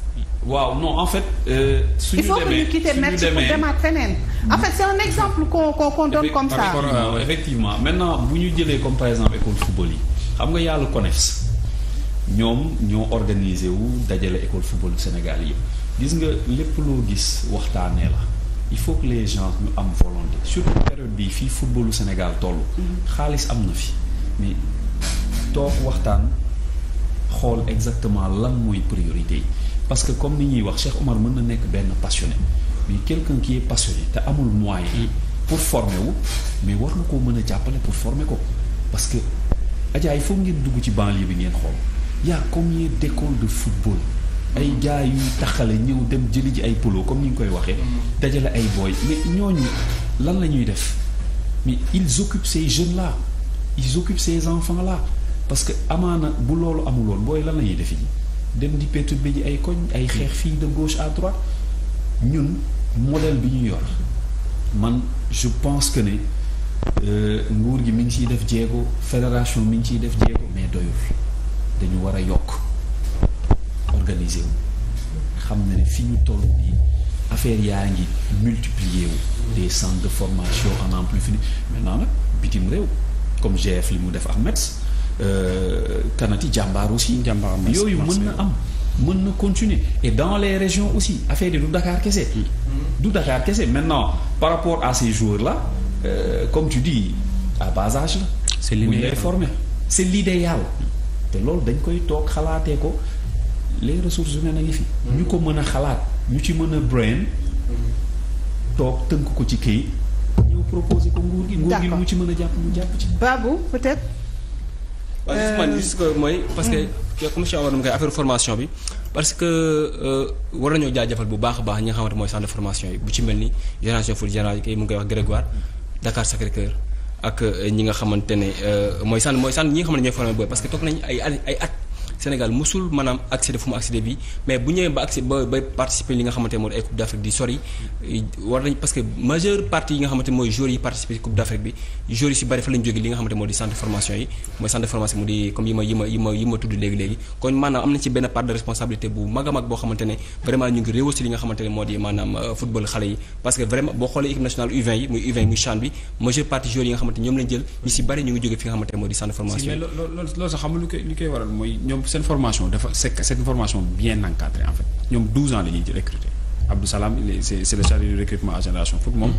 waaw non en fait. Euh, suñu demee il faut que ñu quitter Metz pour demaat feneen. en fait c'est un exemple qu'on qu'on donne comme ça. effectivement maintenant bu ñu jëlee comme par exemple yi xam nga yàlla CONEFS. ñoom ñoo organiser wu dajale école football Sénégal yi gis nga lépp loo gis waxtaanee la il faut que les gens ñu am volonté surtout période bi fii footballu Sénégal toll. Mhm. xaalis am na fi mais toog waxtaan xool exactement lan mooy priorité yi parce que comme ni ñuy wax Cheikh Omar mën na nekk benn passionné mais quelqu'un qui est te amul moyen mm. pour former wu mais war nga ko mën a jàppale pour former ko parce que Adja il faut ngeen dugg ci banlieue bi ngeen xool. y a combien d'écoles de football ay gars yu taxale ñëw dem jëli ji ay polo comme ni ñu koy waxee dajale ay booy mais ñooñu lan la ñuy def mais ils occupent ces jeunes là ils occupent ces enfants là parce que amaana bu loolu amuloon booy lan la ñuy def ji dem di perturber ji ay koñ ay xeex fii de gauche à droite ñun modèle bi ñu yor man je pense que ne euh, nguur gi mi ngi ciy def jéego fédération mi ngi ciy def jéego mais doyul dañu war a yokk organiser xam na ne fi ñu toll nii affaire yaa ngi multiplier wu des centres de formation en fi plus fini maintenant nag bitim réew comme GF li mu def Ahmeds euh, kanati jàmbaar aussi jàmbaar yooyu mën na am mën na continuer et dans les régions aussi affaire yi du Dakar kese mm. du Dakar kese maintenant par rapport à ces jours la euh, comme tu dis à bas âge la c'est l'idéal c'est l'idéal loolu dañ koy toog xalaatee ko les ressources humaines a ngi fi. Mm-hmm. ñu ko mën a xalaat ñu ci mën a brain mm-hmm. toog tënk ko ci këyit. ñu proposé ko nguur gi. nguur gi mu ci mën a jàpp mu jàpp ci. Babou peut-être. waaw justement euh, mooy parce que. Mm. comme si waroon ngay affaire formation bi parce que euh, war nañoo jaajëfal bu baax baax ñi nga xamante mooy centre formation yi bu ci mel ni génération foot génération kii mu ngi koy wax Grégoire Dakar Sacré-Cœur. ak eh, ñi nga xamante ne eh, mooy sànn mooy sànn ñi nga xamante ne ñooy formé booy parce que toog nañu ay ay at Sénégal musul maanaam accéder fu mu accéder bi mais bu ñëwee ba accès ba ba participer li nga xamante moo di ay Coupe d'Afrique di sori war nañ parce que majeure partie yi nga xamante mooy joueurs yi participer Coupe d'Afrique bi joueurs yi si bëri fa lañ jóge li nga xamante moo di centre formation yi mooy centre formation mu di comme yi ma yi ma yi ma yi ma tudd léegi-léegi kon maanaam am nañ ci benn part de responsabilité bu mag a mag boo xamante ne vraiment ñu ngi réew si li nga xamante ne moo di maanaam euh, football xale yi parce que vraiment boo xoolee équipe nationale U20 yi muy U20 muy CHAN bi majeure partie joueurs yi nga xamante ñoom lañ jël ñu si bëri ñu ngi jóge fi nga xamante moo di centre formation yi seen formation dafa c'est c'est une formation bien encadrée en fait ñoom 12 ans la ñuy recruter Abdou Salam c'est c'est le chargé du recrutement à Génération Foot moom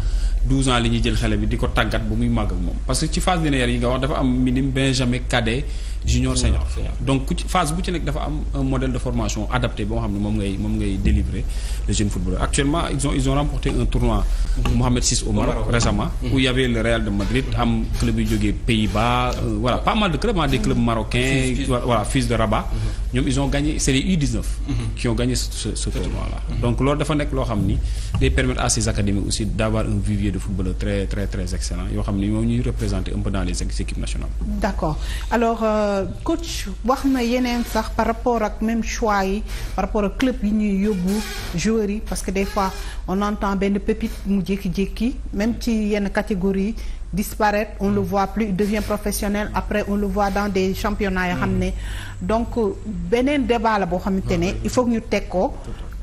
12 mm. ans la ñuy jël xale bi di ko tàggat ba muy màgg ak moom parce que ci phase linéaire yi nga wax dafa am minimum benjamin cadet junior senior donc ku ci phase bu ci nekk dafa am un modèle de formation adapté boo xam ne moom ngay moom ngay délivrer les jeunes footballeurs actuellement ils ont ils ont remporté un tournoi mhm. Mohamed VI au Maroc récemment mhm. où il y avait le Real de Madrid am club yu jógee Pays-Bas euh, voilà pas mal de clubs ah Fils de Rabat mhm. ñoom ils ont gagné c'est les U19 qui ce tournoi là donc loolu dafa nekk loo xam ni day permettre à ces académies aussi d'avoir un vivier de footballeurs très très très excellent yoo xam ni moom ñuy représenter coach wax na yeneen sax par rapport ak même choix yi par rapport ak club yi ñuy yóbbu joueurs yi parce que des fois on entend benn pépite mu jékki-jékki même ci yenn catégorie disparaître on le voit plus il devient professionnel après on le voit dans des championnats yoo xam ne mm. donc euh, beneen débat la boo xamante ne il faut ñu teg ko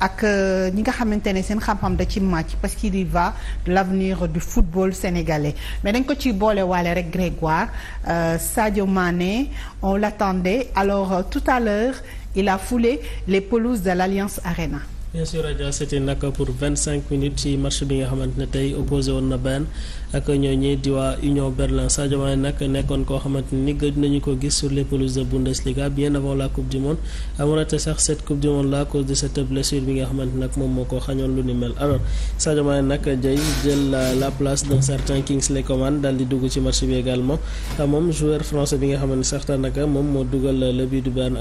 ak euh, ñi nga xamante ne seen xam-xam da ci màcc parce qu'il y va de l'avenir du football sénégalais mais dañ ko ci boole waale rek Grégoire euh, Sadio Mané on l'attendait alors euh, tout à l'heure il a foulé les pelouses de l'Alliance Arena bien sûr Adja c'était nag pour vingt cinq minutes ci match bi nga xamante ne tey opposé woon na Bayern ak ñooñu di waa Union Berlin Sadio nekkoon koo xamante ni gëj nañu ko gis sur les pelouses de Bundesliga bien avant la coupe du monde amoon na te sax cette coupe du monde là à cause de cette blessure bi nga xamante nag moom moo ko xañoon lu ni mel alors Sadio Mané nag jëy jël la place d'un certain Kingsley Coman daal di dugg ci match bi également ah, moom joueur bi nga xamante ne sax daanaka moom moo dugal le but du Bayern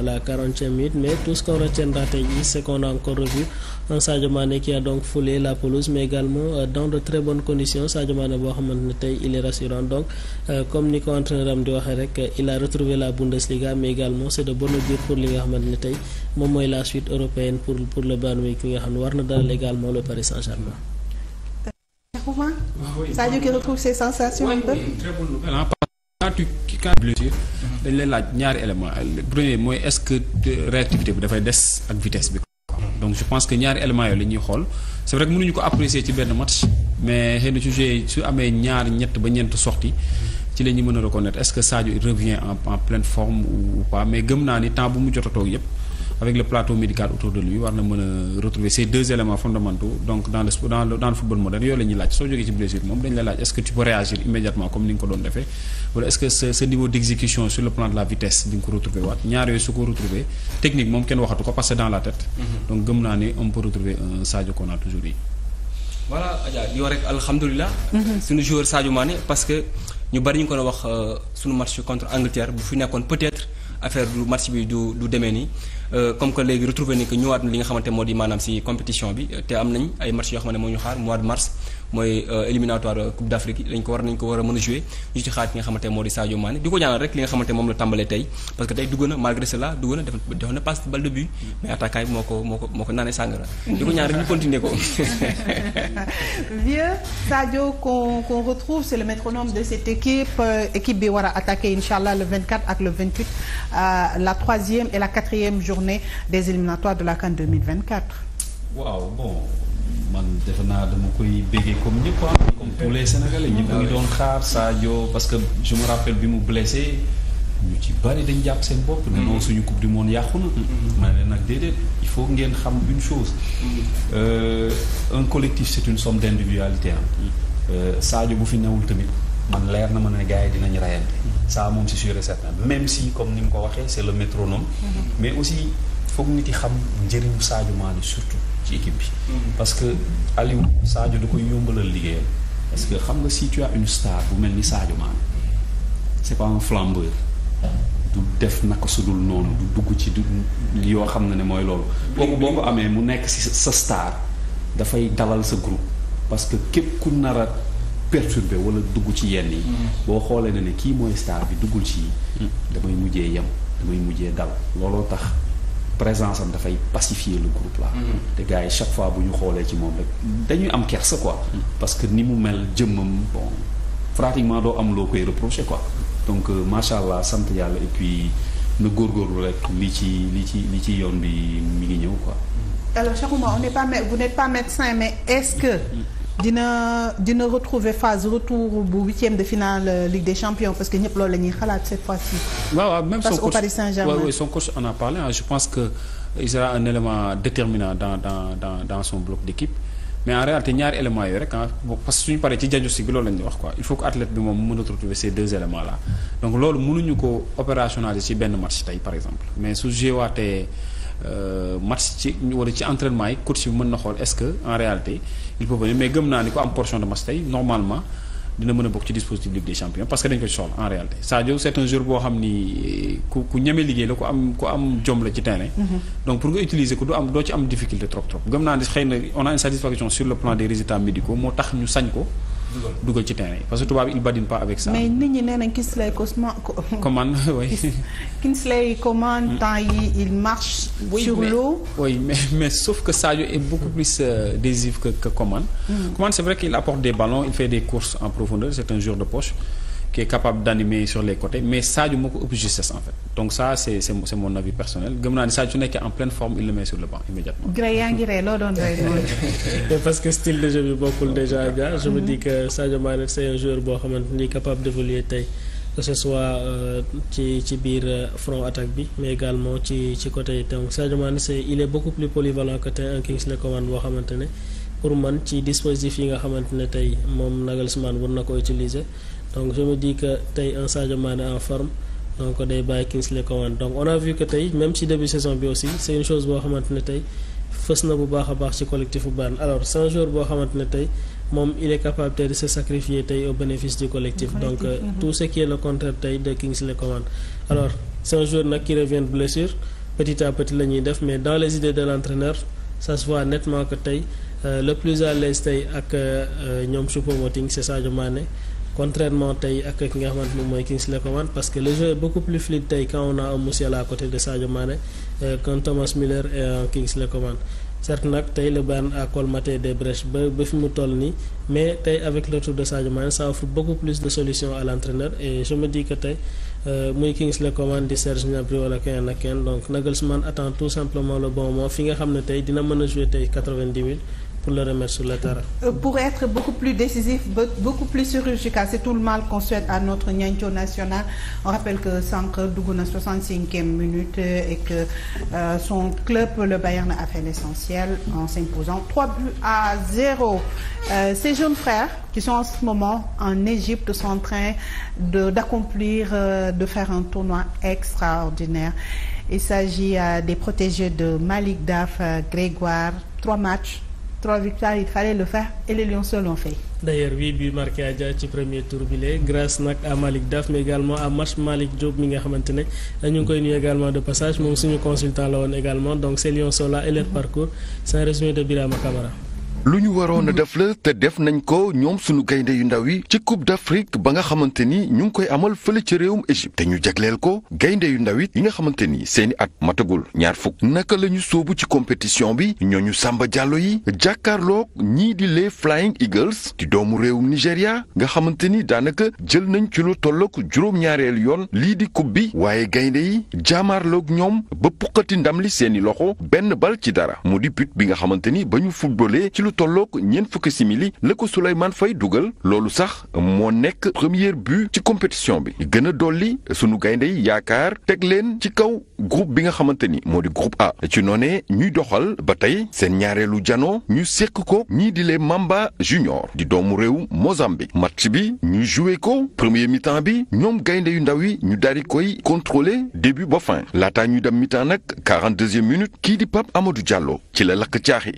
un euh, Sadio Mané a donc foulé la pelouse mais également euh, dans de très bonnes conditions Sadio Mané boo xamante ne tey il est rassurant donc euh, comme ni ko entraîneur am di waxee rek il a retrouvé la Bundesliga mais également c'est de bonne augure pour li nga xamante ne tey moom mooy la suite européenne pour pour le Bayern ki nga xam ne war na dalal également le Paris Saint-Germain. Ah ñaari élément mooy est-ce que bi dafay des bi donc je pense que ñaari éléments yooyu la ñuy xool c'est vrai que mënuñu ko apprécier ci benn match mais xëy na su su amee ñaar ñett ba ñeent sorti ci la ñuy mën a reconnaître est-ce que Sadio il revient en en pleine forme ou pas mais gëm naa ni temps bu mu jot a toog yëpp. avec le plateau médical autour de lui war na mën a retrouver ces deux éléments fondamentaux donc dans le dans dans le football moderne yooyu la laaj soo jógee ci blessure moom dañ la laaj est-ce que comme ni nga ko doon defee wala est-ce que ce ce niveau d'exécution sur le plan de la vitesse nga ko retrouver waat ñaar su ko retrouver technique moom mm-hmm. mm-hmm. parce que ñu bari ñu ngi wax euh, suñu match contre Angleterre bu fi nekkoon peut affaire du match bi du Euh, comme que léegi retrouvé nañ ko ñëwaat na li nga xamante moo di maanaam ci compétition bi te am nañ ay match yoo xam ne moo ñu xaar mois de mars mooy euh, éliminatoire euh, Coupe d'Afrique dañ ko war nañ ko war a mën a jouer ñu ci xaar ki nga xamante moo di Sadio Mané di ko ñaanal rek li nga xamante moom la tàmbalee tey parce que tey dugg na malgré cela dugg na def na passe balle mais attaquant bi moo ko moo ko moo ko naanee sàngara di ko ñaan rek ñu continuer ko [laughs] vieux Sadio qu'on qu'on retrouve c'est le métronome de cette équipe euh, équipe bi war a attaquer inchallah le 24 ak le 28 la troisième et la quatrième journée des éliminatoires de la CAN man defe naa dama koy béggee comme ñëpp ah comme mm-hmm. tous les sénégalais ñëpp a ngi ah doon xaar Sadio parce que je me bi mu blessé ñu ci bari dañ jàpp seen bopp ne non mm-hmm. suñu coupe du monde yàqu na mm-hmm. ma ne leen nag déedéet il faut ngeen xam une chose euh, un collectif c'est une somme d'individualité ah Sadio bu fi newul tamit man leer na ma ne gars dinañu dinañ saa moom c'est sûr et certain même si comme ni mu ko waxee c'est le métronome mais aussi foog nit yi xam njëriñu Sadio Mané surtout ci équipe bi. parce que Aliou Sadio da koy yombalal liggéeyam. parce que xam nga si tu as une star bu mel ni saajo Mané c'est pas du def naka su dul noonu du dugg ci du yoo xam na ne mooy loolu. boobu boo ko amee mu nekk si sa star dafay dalal sa groupe parce que képp ku nar a perturbé wala dugg ci yenn yi. boo xoolee ne ni kii mooy star bi duggul ci hmm. damay mujjee yem damay mujjee dal looloo tax. présence am dafay pacifier le groupe là. Mm-hmm. te gars yi chaque fois bu ñu xoolee ci moom dañuy am kersa quoi. Mm-hmm. parce que ni mu mel jëmmam bon pratiquement doo am loo koy reprocher quoi. donc euh, macha allah sant yàlla et puis na góorgóorlu rek li ci li ci li ci yoon bi mi ngi ñëw quoi. alors Cheikh Oumar on n'est pas vous n'êtes pas médecin mais est dina dina retrouver phase retour bu huitième de finale euh, Ligue des Champions parce que ñëpp loolu la ñuy xalaat cette fois-ci. waaw waaw même son coach en a parlé je pense que il sera un élément déterminant dans dans dans dans son bloc d'équipe mais en réalité ñaari éléments yooyu rek ah parce que suñu paree ci si bi loolu lañu wax quoi il faut que athlète bi moom mën a retrouver ces deux éléments là donc loolu mënuñu ko opérationnaliser ci benn match tey par exemple mais su jeewaatee euh, match ci wala ci entraînement yi coach bi mën xool est-ce que en réalité. il peut venir mais gëm naa ni ko am portion de tey normalement dina mën a bokk ci dispositif Ligue des Champions parce que dañ ko soxla en réalité Sadio c'est un joueur boo xam ni ku ñeme liggéey la ku am ku am jom la ci terrain. Mhm. donc pour nga utiliser ko doo ci am difficulté trop trop. gëm naa ni xëy na on a satisfaction sur le plan des résultats médicaux moo tax ñu sañ ko. dugal ci terrain yi parce que tubaab il badine pas avec ça. mais nit ñi nee nañ Kingsley Coman. Coman [laughs] oui. Kingsley Coman mm. yi il marche. Oui, sur l'eau oui mais [laughs] mais sauf que Sadio est beaucoup plus euh, décisif que que mm. Coman. c'est vrai qu'il apporte des ballons il fait des courses en profondeur c'est un joueur de poche. qui est capable d'animer sur les côtés mais Sadio moo ko ëpp justesse en fait donc ça c'est c'est c'est personnel gëm naa su nekkee en pleine forme il le met sur le banc immédiatement. [laughs] parce que style de jeu bi bokkul déjà gars boo xamante ni capable d'évoluer tey que ce soit euh, ci biir euh, front attaque bi mais également ci ci côté yi donc Sadio Mané c'est il est beaucoup plus polyvalent que tey un Kingsley Coman boo xamante ne pour man ci dispositif yi nga xamante ne tey moom Nagelsmann war na ko utiliser. donc je me dis que tey un Sadio Mané en forme donc day bàyyi Kingsley Coman donc on a vu tey même si début saison bi aussi c' est une chose boo xamante ne tey fës na bu baax a baax ci collectif bu Barn alors 100 jours boo xamante ne tey moom il est capable tey de se sacrifier tey au bénéfice du collectif donc euh, mm-hmm. tout ce qui est le contraire tey de Kingsley Coman alors 100 jours nag qui revient de blessure petit petit la ñuy def mais dans les idées de l' entraîneur ça que tey euh, le plus à tey ak euh, ñoom Choupo-Moting c' est Sadio contrairement tey ak ki nga xamante moom mooy Kingsley Coman parce que le jeu est beaucoup plus fluide tey quand on a un Musiala à côté de Sadio Mané euh, qu'un Thomas Müller et un Kingsley Coman certes nag tey le Bayern a colmaté des brèches ba ba fi mu toll nii mais tey avec le retour de Sadio Mané ça offre beaucoup plus de solutions à l'entraîneur et je me dis que tey euh, muy Kingsley Coman di Serge Gnabry wala keneen ak keneen donc Nagelsmann attend tout simplement le bon fi nga xam ne tey dina mën a jouer tey 90 minutes pour le remettre le terrain. Euh, pour être beaucoup plus décisif beaucoup plus chirurgical c'est tout le mal qu'on souhaite à notre ñancoo national on rappelle que sànq dugg na soixante-cinquième minute et que euh, son club le Bayern a fait l'essentiel en s'imposant trois buts à zéro euh, ces jeunes frères qui sont en ce moment en Égypte sont en train de d'accomplir euh, de faire un tournoi extraordinaire il s'agit euh, des protégés de Malik Daf Grégoire trois matchs trois victoires il fallait le faire et les Lions l'ont fait. ci premier tour bi lee grâce nag à Daf mais également à Match Malick Diop mi nga xamante ne ñu ngi koy nuyu également de passage moom suñu consultant la woon également donc ces Lions là et leur parcours c'est résumé de Birama Camara. lu ñu waroon a def la te def nañ ko ñoom sunu gaynde yu ndaw yi ci coupe d'Afrique ba nga xamante ni ñu ngi koy amal fële ci réewum Égypte te ñu jagleel ko gaynde yu ndaw it yi nga xamante ni seeni at matagul ñaar fukk naka lañu ñu sóobu ci compétition bi ñoo ñu sàmba jàllo yi jàkkaarloog ñii di le Flying Eagles di doomu réewum Nigéria nga xamante ni daanaka jël nañ ci lu tollook juróom-ñaareel yoon lii di coupe bi waaye gaynde yi jaamaarloog ñoom ba puqati ndam li seeni loxo benn bal ci dara mu di bi nga xamante ni lu tollook ñeent fukki simili la ko Souleymane Faye dugal loolu sax moo nekk premier bu ci compétition bi gën a dolli sunu gaynde yi yaakaar teg leen ci kaw groupe bi nga xamante ni moo di groupe A ci noone ñuy doxal ba tey seen ñaareelu jano ñu séq ko ñii di leen Mamba Junior di doomu réew Mozambique match bi ñu joue ko premier mi bi ñoom gaynde yu ndaw yi ñu daal koy contrôler début ba fin laataa ñuy dem mi nag 42e minute kii di pap Amadou Diallo ci la lakk caaxi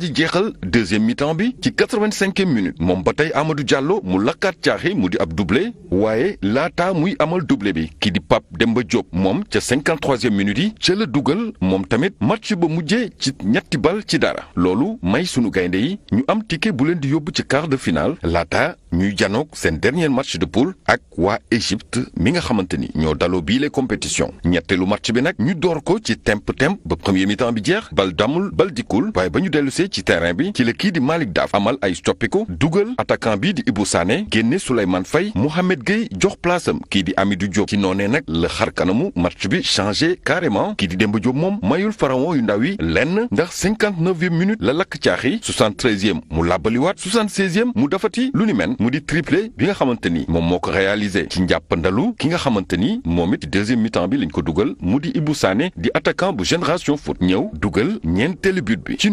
ji jeexal deuxième mi bi ci quatre-vingt-cinquième moom ba tey amadu Diallo mu lakkaat caaxi mu di ab duble waaye laata muy amal duble bi ki di dem ba Diop moom ca cinquante-troisième minute yi ca la dugal moom tamit match ba mujjee ci ñetti bal ci dara loolu may sunu gaynde yi ñu am ticket bu leen di yóbbu ci quart de finale laata ñuy janoog seen dernier match de poule ak waa Égypte mi nga xamante ni ñoo daloo bii les compétitions ñetteelu match bi nag ñu door ko ci temp temp ba premier bi jeex bal damul bal dikkul waaye ba ñu dellusee ci terrain bi ci la kii di Malick Daaf amal ay coppiku dugal attaquant bii di Ibou Sané génne Souleymane fay Mohamed Gueye jox place am kii di amidu Diop ci noonee nag la xar kanamu match bi changé carrément kii di Demba Diop moom mayul pharaon yu ndaw yi lenn ndax cinquante-neuvième minute la lakk caaxi soixante-treizième mu làbbaliwaat soixante-seizième mu dafati lu ni men mu di triplé bi nga xamante ni moom moo ko réalisé ci njàppandalu ki nga xamante ni moom it deuxième mi-temps bi lañ ko dugal mu di Ibou Sané di attaquant bu génération foot ñëw dugal ñeenteelu bi ci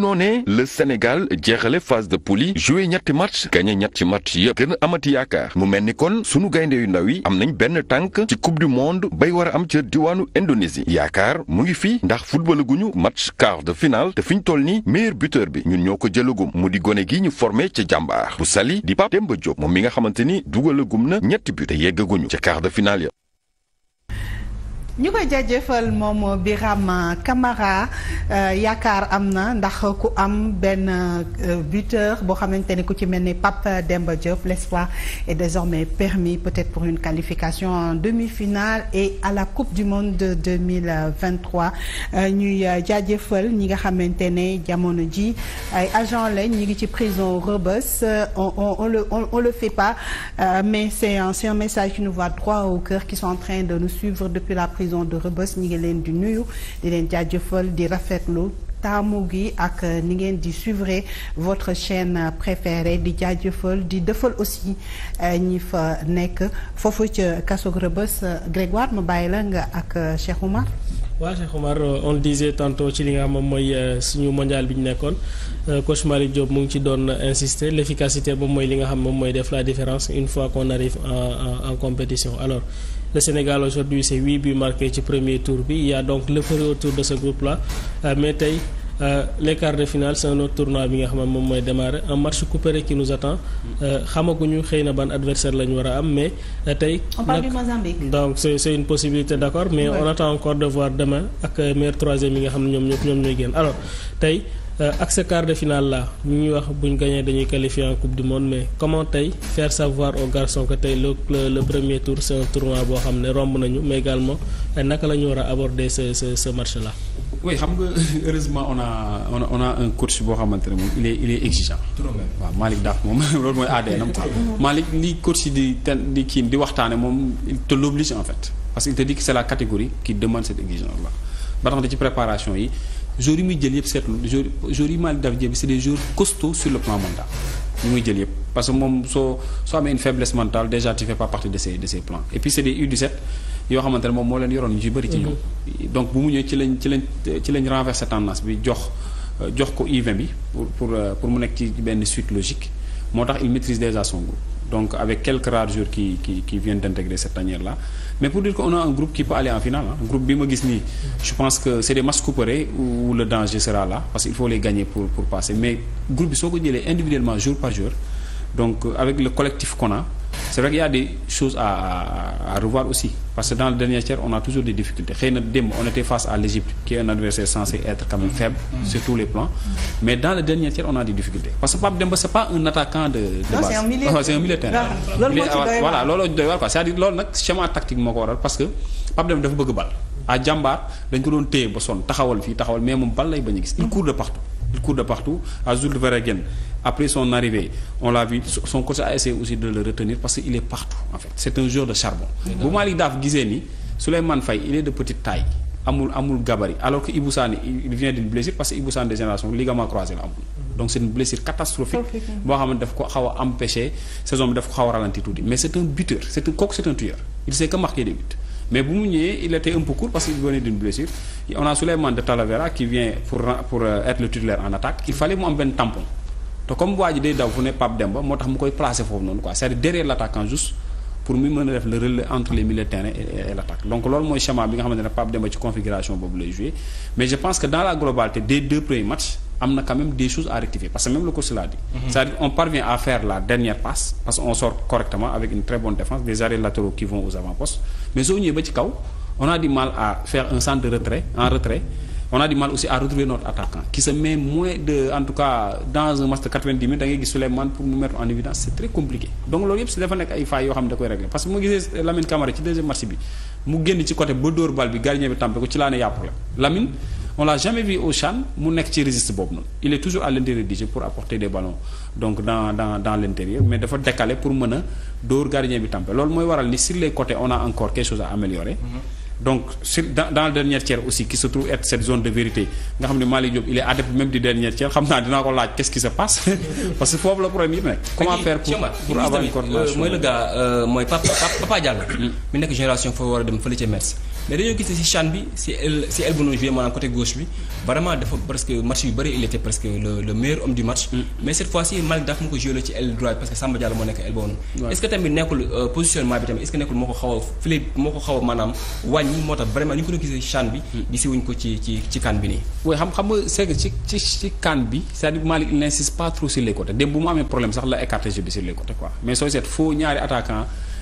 Sénégal jeexale phase de poule yi ñetti match gagné ñetti match yëpp gën a amati yaakaar mu mel ni kon sunu gaynde yu ndaw yi am nañ benn tànk ci coupe du monde bay war a am ca diwaanu Indonésie yaakaar mu ngi fi ndax football guñu match quart de finale te fi ñu toll ni meilleur buteur bi ñun ñoo ko jëlagum mu di gone gi ñu formé ca jàmbaar bu sali di Pape Demba Diop moom mi nga xamante ni dugalagum na ñetti but te yeggaguñu ca quart de finale ya ñu koy jaajëfal moom Birame Camara euh, yaakaar am na ndax ku am benn euh, buteur boo xamante ni ku ci mel ni Pape Demba Diop l'espoir est désormais permis peut-être pour une qualification en demi-finale et à la Coupe du Monde de 2023 euh, ñuy jaajëfal ñi nga xamante ne jamono ji ay agent lañ ñi ngi ci prison Rebeuss on on on le on, on le fait pas mais c'est un message qui nous va droit au cœur qui sont en train de nous suivre depuis la prison prison de Rebeuss ñi ngi leen di nuyu di leen jaajëfal di rafetlu taamu gi ak euh, ni ngeen di suivre votre chaîne préférée di jaajëfal di defal aussi euh, ñi fa nekk foofu ca kaso Rebeuss Grégoire ma bàyyi la nga ak euh, Cheikh Oumar. waaw Cheikh Omar on disait tantôt ci li nga xam moom mooy suñu mondial bi ñu nekkoon coach Malick Diop mu ngi ci doon insister l' efficacité moom mooy li nga xam moom mooy def la différence une fois qu'on arrive en en en compétition alors. Le Sénégal aujourd'hui c'est huit buts marqués ci premier tour bi il y a donc l'euphorie autour de ce groupe-là euh, mais tey Euh, les de finale c'est un tournoi bi nga xam ne moom mooy démarrer en match couperet qui nous attend euh, xamaguñu xëy na ban adversaire la ñu war a am mais euh, tey. on donc c'est c'est une possibilité d'accord mais oui. on attend encore de voir demain ak meilleur troisième yi nga xam ne ñoom ñëpp ñoom ñooy génn alors tey. Euh, ak ce quart de finale la ñu ñuy wax bu ñu gagné dañuy qualifier en coupe du monde mais comment tey faire savoir o garçons que tey le le premier tour c'est un tournoi boo xam ne romb nañu mais également euh, naka la ñu war a aborder ce ce ce la là. xam nga heureusement on a on a un coach boo xamante ne moom il est il est exigeant. trop waaw Malick Daaf moom [laughs] loolu mooy ADN quoi. Malick li coach yi di ten di kii di waxtaane moom il te l'oblige en fait parce que c'est la catégorie qui demande cette exigence là préparation yi. joueurs yi muy jël yëpp seetlu joueurs yi Malick Daaf jël c'est des joueurs costauds sur le plan mental ñu muy jël yëpp parce que moom soo soo amee une faiblesse mentale déjà tu fais pas partie de ces de ces plans et puis c'est des U17 yoo xamante ne moom moo leen yoroon ñu ci bëri ci ñoom mm-hmm. donc bu mu ñëwee ci lañ ci lañ ci lañ bi jox euh, jox ko u bi pour pour euh, pour mu nekk ci benn suite logique moo tax il maîtrise déjà son groupe donc avec quelques rares joueurs qui qui qui viennent d'intégrer cette tanière mais pour dire qu'on a un groupe qui peut aller en finale hein. groupe bi ma gis nii je pense que c'est des matchs couperets où le danger sera là parce qu'il faut les gagner pour passer mais groupe bi soo ko jëlee individuellement jour par jour donc euh, avec le collectif qu'on c'est vrai qu'il y a à, revoir aussi. Parce que dans le dernier tiers, on a toujours des difficultés. On était face à l'Égypte, qui est un adversaire censé être quand même mm. sur tous les plans. Mais dans le dernier tiers, on a des difficultés. Parce que Pape Demba, ce n'est pas un attaquant de, de non, base. un militaire. Ah, ah, ah, voilà, c'est-à-dire c'est schéma tactique. Parce que Pape Demba veut balle. À Djambar, il a été un peu de temps, il a été un peu de temps, il court de après son arrivée on l'a vu son coach a essayé aussi de retenir parce que il est partout en fait c'est un joueur de charbon bu Malick Daaf gisee ni Souleymane Faye il est de petite taille amul amul gabarit alors que Ibou Sané il vient d'une blessure parce que Ibou de génération ligament croisé amul mhm. donc c'est une blessure catastrophique boo xam daf ko xaw a empêché saison bi daf ko xaw a tuuti mais c'est un buteur c'est un kooku c'est un tueur il te comme waa ji day daw fu ne Pape Demba moo tax mu koy placer foofu noonu quoi c'est-à-dire derrière l'attaquant juste pour mu mën a def le relais entre les terrain et l'attaque donc loolu mooy schéma bi nga xamante ne Pape Demba ci configuration boobu lay jouer mais je pense que dans la globalité des deux premiers matchs am na quand des choses à rectifier parce que même le coach l'a dit. Mm-hmm. c'est-à-dire on parvient à faire la dernière passe parce qu'on on a du on a du mal aussi à retrouver notre attaquant qui se met moins de en tout cas dans un match de 90 minutes da ngay gis Souleymane pour mu mettre en évidence c'est très compliqué donc loolu yëpp si dafa nekk ay failles yoo xam ne da koy régler parce que bu gisee Lamine Camara ci deuxième yàpp la Lamine on l'a jamais vu au CHAN mu nekk ci registre boobu noonu il est toujours à l'intérieur du pour apporter des ballons donc dans dans l'intérieur mais dafa décaler a dóor gardien bi tàmpe loolu mooy waral ni sur les a encore donc sur dans dans le dernier tiers aussi qui se trouve être cette zone de vérité nga xam ne Malick Diop il est adepte même du dernier tiers xam naa dinaa ko laaj quest qui se passe [laughs] parce foofu la problème yi nekk. comment faire pour pour avoir euh, mooy le euh, mooy Papa Papa Diallo. Mm. nekk génération foofu war a dem fële ca Metz. mais dañoo gis ci CHAN bi si el si el bu ñu joué maanaam côté bi vraiment dafa presque match yu bëri il presque le le meilleur du match. Mm. mais cette fois ci Malick Daf mu ko joué la ci el droit parce que Samba Diallo moo nekk el boobu. est ce que tamit nekkul euh, positionnement bi tamit est ce que nekkul moo ko xaw a fële moo ko xaw a maanaam moo tax vraiment ñu ko doon gisee ci CHAN bi. gisiwuñ mm. ko ci ci ci CAN bi nii. oui xam xam nga c'est ci ci ci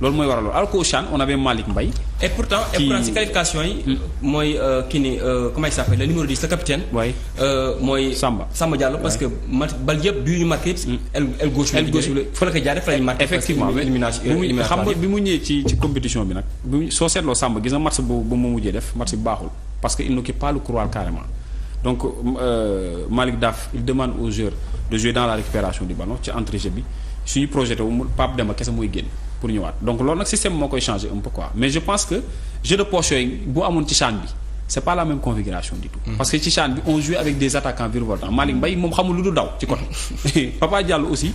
loolu mooy waral alors qu'au CHAN on avait Malick Mbaye et pourtant et pourtant si qualification yi. Hmm. mooy euh, kii nii euh, comment il s'appelle le numéro 10 le capitaine. waay euh, mooy. Samba Samba Diallo parce que mat bal yëpp bi ñu marqué yëpp. Hmm. aile gauche la fa la ko jaaree fa la ñu marqué. bi mu nga bi mu ñëwee ci ci compétition bi nag. bi mu soo seetloo Samba gis na match bu bu mu mujjee def match bu baaxul parce que il n'occupe pas le couloir carrément donc Malick Daf il demande aux joueurs de jouer dans la récupération du ballon ci entre bi suñu projeté wu Pape Demba kese mooy génn. pour ñëwaat donc loolu nag système moo koy changer un peu quoi mais je pense que jeu de poche yooyu bu amoon ci CHAN bi c' pas la même configuration du tout. Mm-hmm. parce que ci CHAN bi on jouait avec des attaquants virevoltants Malick Mbaye moom xamul lu du daw ci côté. Mm-hmm. [laughs] Papa Diallo aussi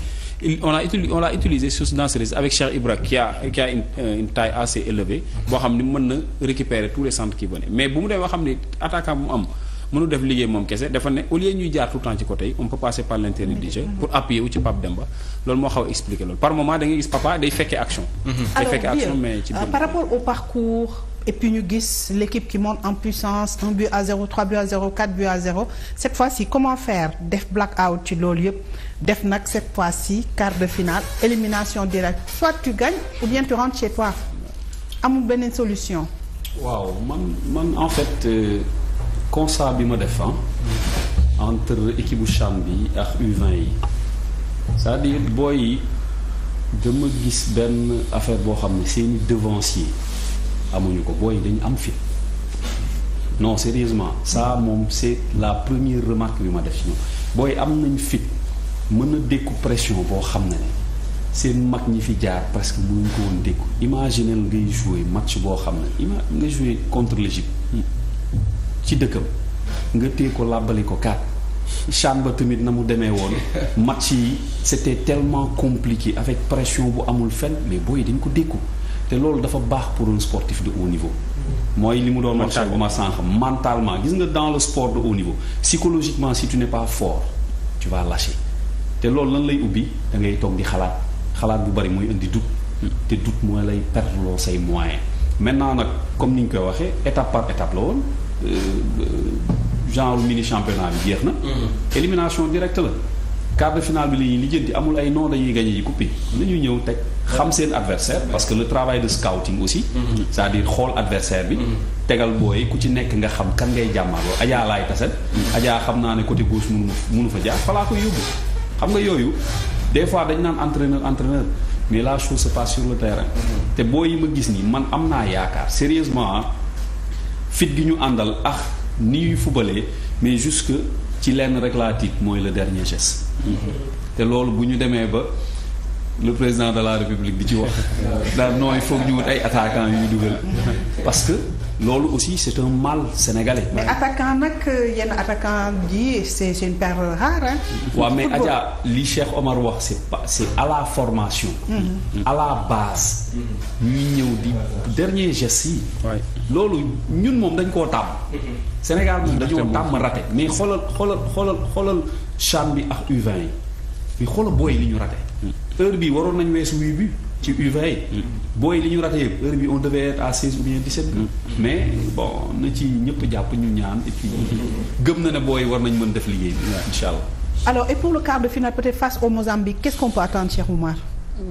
on a utilisé on l'a utilisé sur dans ce avec Cheikh Ibra qui a qui a une euh, une taille assez élevée. Mm-hmm. boo xam ni mën na récupérer tous les centres qui venaient mais bu mu demee ba xam ni attaquant bu mënu def liggéey moom kese dafa ne au lieu ñuy jaar tout le temps ci côté yi on peut passer par l'intérieur du jeu pour appuyer wu ci Pape Demba loolu moo xaw a expliquer loolu par moment da gis papa day fekkee action mhm. day fekkee action mais euh, par rapport au parcours et puis ñu gis l'équipe qui monte en puissance un but à zéro trois buts à zéro quatre buts à zéro cette fois-ci comment faire def black out ci loolu yëpp def nag cette fois-ci quart de finale élimination constat bi ma def entre équipe bu CHAN bi ak U20 yi cest dire booy yi dama gis benn affaire boo xam ne seeni devancier amuñu ko booy dañ am fit non sérieusement ça moom c'est la première remarque bi ma def ci ñoom booy am nañ fit mën a dékku pression boo xam ne seen mag ñi fi jaar parce que mënuñ ko woon dékku imaginel ngay jouer match boo xam ne ima nga jouer contre l'Égypte ci dëkkam nga téye ko làbbali ko kaat chan ba tamit na mu demee woon match yi c'était tellement compliqué avec pression bu amul fen mais booy dañ ko dékku te loolu dafa baax pour un sportif de haut niveau mooy li mu doon wax ma sànq mantalement gis nga dans le sport de haut niveau psychologiquement si tu n'es pas fort tu vas lâcher te loolu lan lay ubbi da ngay toog di xalaat xalaat bu bari mooy indi doute te doute mooy lay perdre loo say moyens maintenant nag comme ni ñu koy waxee étape par étape la Euh, genre mini championnat bi jeex na. Mhm. élimination directe la. quart de finale bi li ñuy lijjanti amul ay non dañuy gagné yi coupé nañu ñëw teg xam seen adversaire parce que le travail de scouting aussi. Mhm. c'est-à-dire xool adversaire bi. Mhm. tegal booy ku ci nekk nga xam kan ngay jàmmaarloo Adja laay taset. Adja xam naa ne côté gauche mënu ma fa jaar falaa koy yóbbu. xam nga yooyu des fois dañ naan entraîneur entraîneur mais la chose se passe sur le terrain. te booy yi ma gis nii man am naa yaakaar sérieusement fit gi ñu àndal ah ni ñuy fubalee mais jusque ci lenn rek laa tiit mooy le dernier geste. te loolu bu ñu demee ba le président de la république di ci wax. [laughs] daal non il faut ñu wut ay attaquants yu ñu dugal parce loolu aussi c' est un mal sénégalais. mais attaquant nag yenn attaquant yi c' est une perle rare mais Adja li Cheikh Omar wax c' à la formation. Mm-hmm. à la base. Mm-hmm. ñuy ñëw di dernier geste yi. loolu ñun moom dañ koo tàmm. Mm-hmm. Sénégal moom dañoo tàmm raté mais xoolal xoolal xoolal xoolal CHAN bi ak U20 yi mais booy li ñu raté. Mm. heure bii waroon nañ weesu wii bi. ci UVA yi. booy li ñu raté yëpp heure bi on devait être à 16 ou bien 17. mais bon na ci ñëpp jàpp ñu ñaan et puis. gëm na ne booy war nañ mën def liggéey bi. incha allah. alors et pour le quart de finale peut-être face au Mozambique qu'est-ce qu'on peut attendre Cheikh Oumar.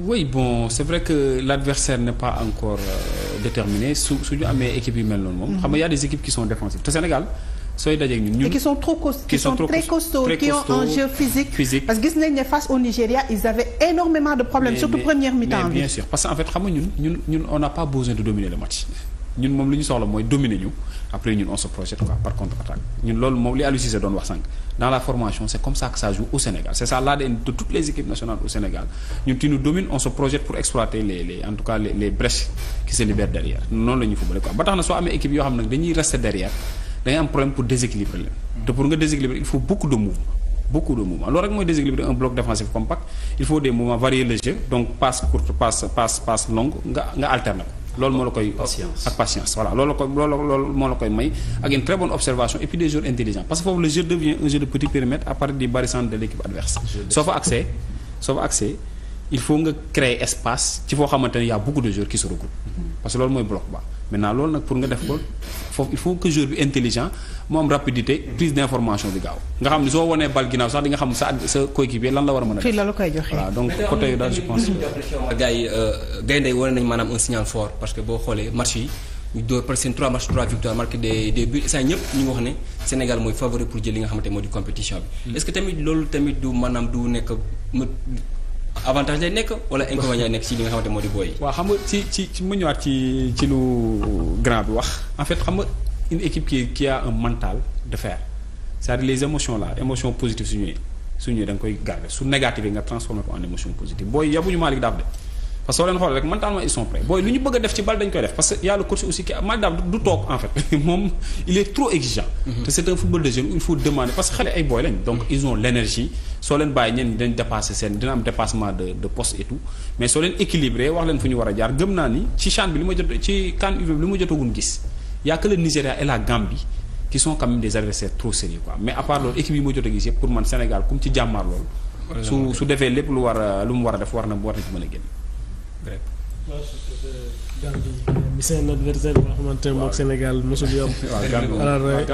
oui bon c'est vrai que l'adversaire n'est pas encore euh, su su ñu amee équipe yu mel noonu moom. Mm-hmm. xam nga y des équipes qui sont défensives te Sénégal. sooy dajeeg ñun ñun. et qui sont trop costauds qui sont très costauds qui ont un physique. parce que gis nañ ne face au Nigéria ils avaient énormément de problèmes. surtout première mi parce que en fait xam ñun ñun on n'a pas besoin de dominer le match. ñun moom li ñu soxla mooy dominer ñu après ñun on se par contre-attaque ñun loolu moom li Aliou Cissé doon wax sànq dans la formation c'est comme ça que ça au Sénégal c'est ça l'ADN de toutes les da ngay am problème pour déséquilibrer leen te pour nga déséquilibrer il faut beaucoup de mouvement beaucoup de mouvement loolu rek mooy déséquilibrer un bloc défensif compact il faut des mouvements varier le jeu donc passe courte passe passe passe longue nga nga alterner ko loolu moo la koy ak patience voilà loolu la moo la koy may ak une très bonne observation et puis des joueurs intelligents parce que foofu le jeu devient un jeu de petit périmètre à partir du bas il faut nga créer espace ci foo xamante ne y' a de joueurs qui se regroupent mm-hmm. parce que loolu mooy bloc ba maintenant loolu nag pour nga def ko foofu il faut que joueur bi intelligent mu am rapidité prise d' bi gaaw nga xam ne soo wanee bal ginnaaw sax di nga xam sa sa coéquipier lan la war a mën a def. fii la la koy joxe voilà euh, mooy favori pour jël li nga xamante avantage lay nekk wala inconvénient nekk ci li nga xamante moo di booy. waa xam nga ci ci ci mu ñëwaat ci ci lu grand bi wax en fait xam nga une équipe qui qui a un mental de fer c'est-à-dire les émotions là émotions positives su ñëwee su ñëwee da nga koy garder su négative yi nga transformer ko en émotion positive booy yabuñu Malick Daaf de. parce que soo leen xoolee rek mentalement ils sont prêts booy lu ñu bëgg a def ci bal dañ koy def parce que y a le coach aussi qui du toog en [laughs] moom il est trop exigeant. Mhm. te c'est football de jeunes il faut demander parce que xale ay booy lañ. donc mhm. ils ont l'énergie soo leen bàyyi ñenn ñi dañ dépasser seen dina am dépassement de de poste mais soo leen équilibré wax leen fu ñu war a jaar gëm naa ni ci CHAN bi li ma jot ci CAN U bi li ma a que le jot a gis yëpp lépp lu war a lu mu a def war Gambie seen adversaire boo xamante ne mook Sénégal mosul yomb [laughs] alors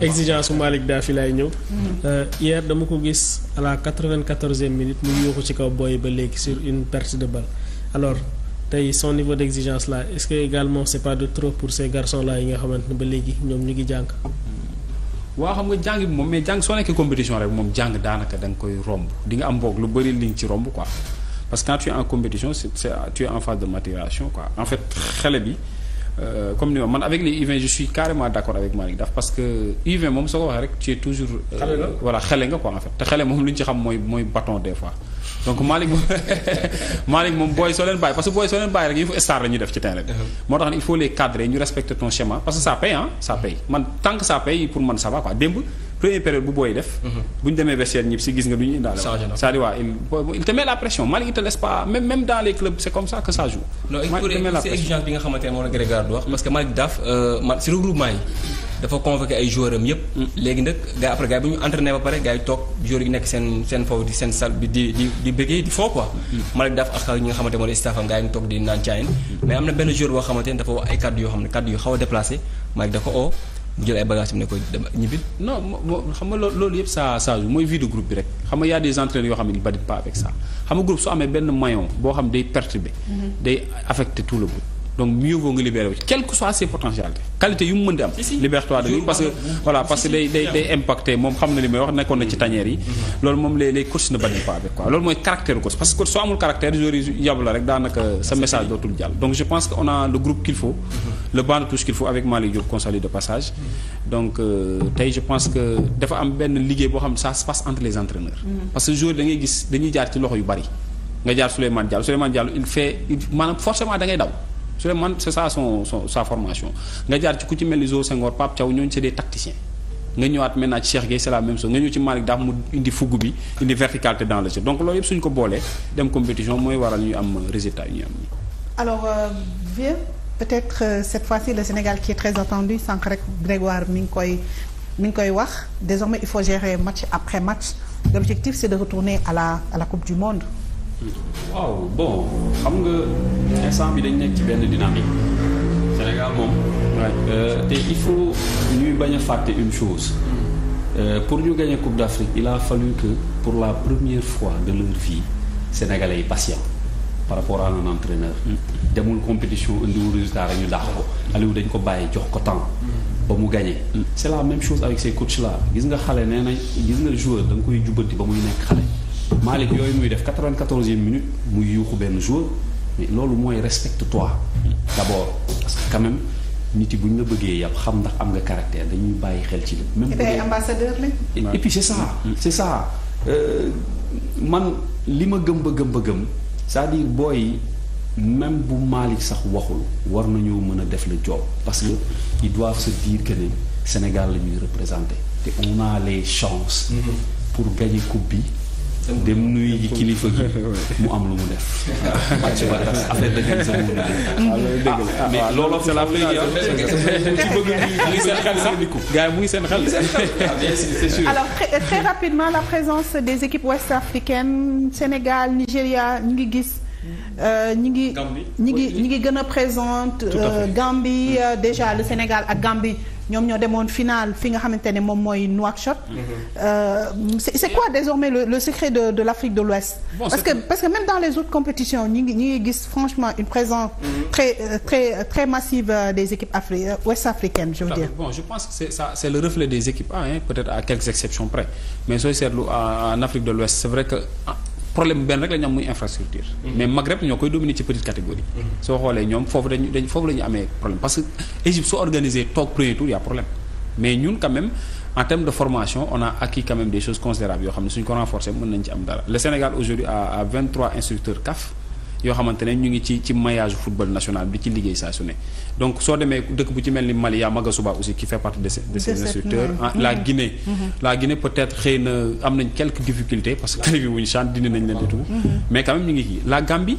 exigence su Malick Daffy laay ñëw mm. euh, hier dama ko gis à la quatre-vingt-quatorzième minute mu yuuxu ci kaw booy ba léegi sur une perte de balle alors tey son niveau d'exigence là est-ce que également c'est pas de trop pour ces garçons là yi nga xamante ne ba léegi ñoom ñu ngi jàng mm. waa xam nga jàng bi moom mais jàng soo nekkee moom jàng daanaka danga koy romb di nga am boog lu bëri liñ ci romb quoi parce que quand tu es en compétition c'est tu es en phase de maturation quoi en fait xale bi euh, comme ni man avec les u je suis carrément d'accord avec Malick Daf parce que U20 moom soo ko waxee rek tu es toujours. Euh, xale nga voilà xale nga quoi en fait te xale moom lu ñu ci xam mooy mooy bâton donc Malick moom [laughs] Malick moom booy soo leen bàyyi parce que booy soo leen bàyyi rek il faut star la def ci terrain bi. Uh-huh. moo tax il faut les cadrer ñu respecter pour man ça va quoi première période bu booy def. Mhm. bu ñu demee vestiaire ñib si gis nga du ñu indaale. c'est-à-dire waaw il il te met la pression man te les clubs c'est Daf euh, man ay joueurs am yëpp. Mm. léegi nag gars après gars bu ñu entraîné ba pare gars yi toog joueurs yi nekk seen seen foofu di seen salle di di di bëggee di foo quoi. Mm. Daf ak ñi nga xamante ne mooy staff am yi ñu toog di naan caayin mais am na benn joueur boo xamante dafa wax ay kaddu yoo xam ne kaddu yu xaw a déplacé Malick mu jël ay bagages ne ko dem ñibbi. non xam nga loolu yëpp ça ça joue mooy vie de bi rek xam nga y a yoo xam ne ils badinent pas avec ça xam nga groupe amee benn maillon boo xam day perturbé. Mhm. day affecté tout le groupe. donc mieux vaut nga libéré wu ci quel que soit ses mu mën di am libératoire de parce que day day day moom xam na li may wax nekkoon na ci tanière yi mm-hmm. loolu moom les les coachs ne pas loolu mooy caractère coach parce soo amul caractère joueur yabu la rek daanaka sa message dootul jàll donc je pense que on a le groupe qu'il mm-hmm. le banc de touche avec Malick Diop qu'on de passage mm-hmm. donc euh, tey je pense que dafa am benn liggéey boo xam ne ça se passe entre les entraîneurs parce que Souleymane c'est ça son son sa formation nga jaar ci ku ci mel ni Zo Senghor Pape Thiaw ñooñu c'est des tacticiens nga ñëwaat maintenant ci Cheikh Gueye c'est même chose nga ñëw ci Malick Daaf mu indi fugg bi indi verticalité dans le jeu donc loolu yëpp suñ ko boolee dem compétition mooy waral ñu am résultat yu ñuy am. alors euh, vieux peut-être euh, cette fois-ci le Sénégal qui est très attendu sànq rek Grégoire mi ngi koy mi ngi koy wax désormais il faut gérer match après match l'objectif c'est de retourner à la à la Coupe du waaw bon xam nga instant bi dañ nekk ci benn dynamique Sénégal moom. Euh, te il faut ñuy bañ a fàtte une chose. Euh, pour ñu gañee Coupe d'Afrique il a fallu que pour la première fois de leur vie sénégalais yi patient par rapport à un entraîneur. Mm. demul compétition indiwu résultat rek ñu dàq ko. Aliou dañ ko bàyyi jox ko temps. ba mu gagné. Mm. c'est la même chose avec ces gis nga xale nee na gis nga joueur da nga koy jubbanti ba muy nekk xale. Malick yooyu muy def quatre-vingt-quatorzième minute muy yuuxu benn joueur loolu mooy respecte-toi d'abord parce que nit yi buñ ñu la bëggee yàpp xam ndax am nga caractère dañuy bàyyi xel ci lépp. même bu ambassadeur lañ. et puis ça mm. euh, man li ma gëm ba gëm ba gëm booy même bu Malick sax waxul war nañoo mën a def le job parce que mm. ils doivent se dire Sénégal la ñuy représenter te on a les mm-hmm. pour gagner coupe bi. dem nuyu ji kilifa gi [laughs] mu am lu mu def. waaw ci wàllu affaire de gàncax mu ah, ah, mais ah, looloo fi la am léegi yow. muy seen xel sax [laughs] alors très, très rapidement la présence des équipes ouest africaines Sénégal Nigéria ñu ngi gis. Euh, ñu ngi. ñi ngi ñi ngi gën a présente. Euh, Gambie mm. euh, le Sénégal ak Gambie. ñoom ñoo demoon finale fi nga xamante ne moom mooy Nouakchott. Mhm. Euh, c'est quoi désormais le, le secret de de l'Afrique de l'Ouest parce que même dans les autres compétitions ñu ngi ñu ngi gis franchement une présence. Mhm. très euh, très euh, très massive des équipes afri ouest africaines je veux ah, dire. bon je pense que c'est le reflet des équipes A peut-être à quelques exceptions près mais sooy seetlu en Afrique de l'Ouest c'est vrai que. problème benn rek la ñu am muy infrastructure. Mm-hmm. mais Maghreb ñoo koy dominer ci petite catégorie. Mm-hmm. soo xoolee ñoom foofu dañu dañ foofu la ñu amee problème parce que Égypte soo organisé toog premier tour y' a problème mais ñun quand en termes de formation on a acquis quand même des choses yoo xam ne suñu ko renforcer mën nañ ci am dara. le Sénégal aujourd'hui a a vingt trois instructeurs CAF. yoo xamante ne ñu ngi ci ci maillage football national bi ci liggéey saa su ne donc soo demee dëkk bu ci mel ni Mali yaa Magasuba aussi qui fait partie de ces de ces instructeurs ah, la mm-hmm. Guinée mm-hmm. la Guinée peut-être xëy na am nañ quelques difficultés parce que qualifié wuñu CHAN dindi nañ leen di mm-hmm. mais quand ñu ngi kii la Gambie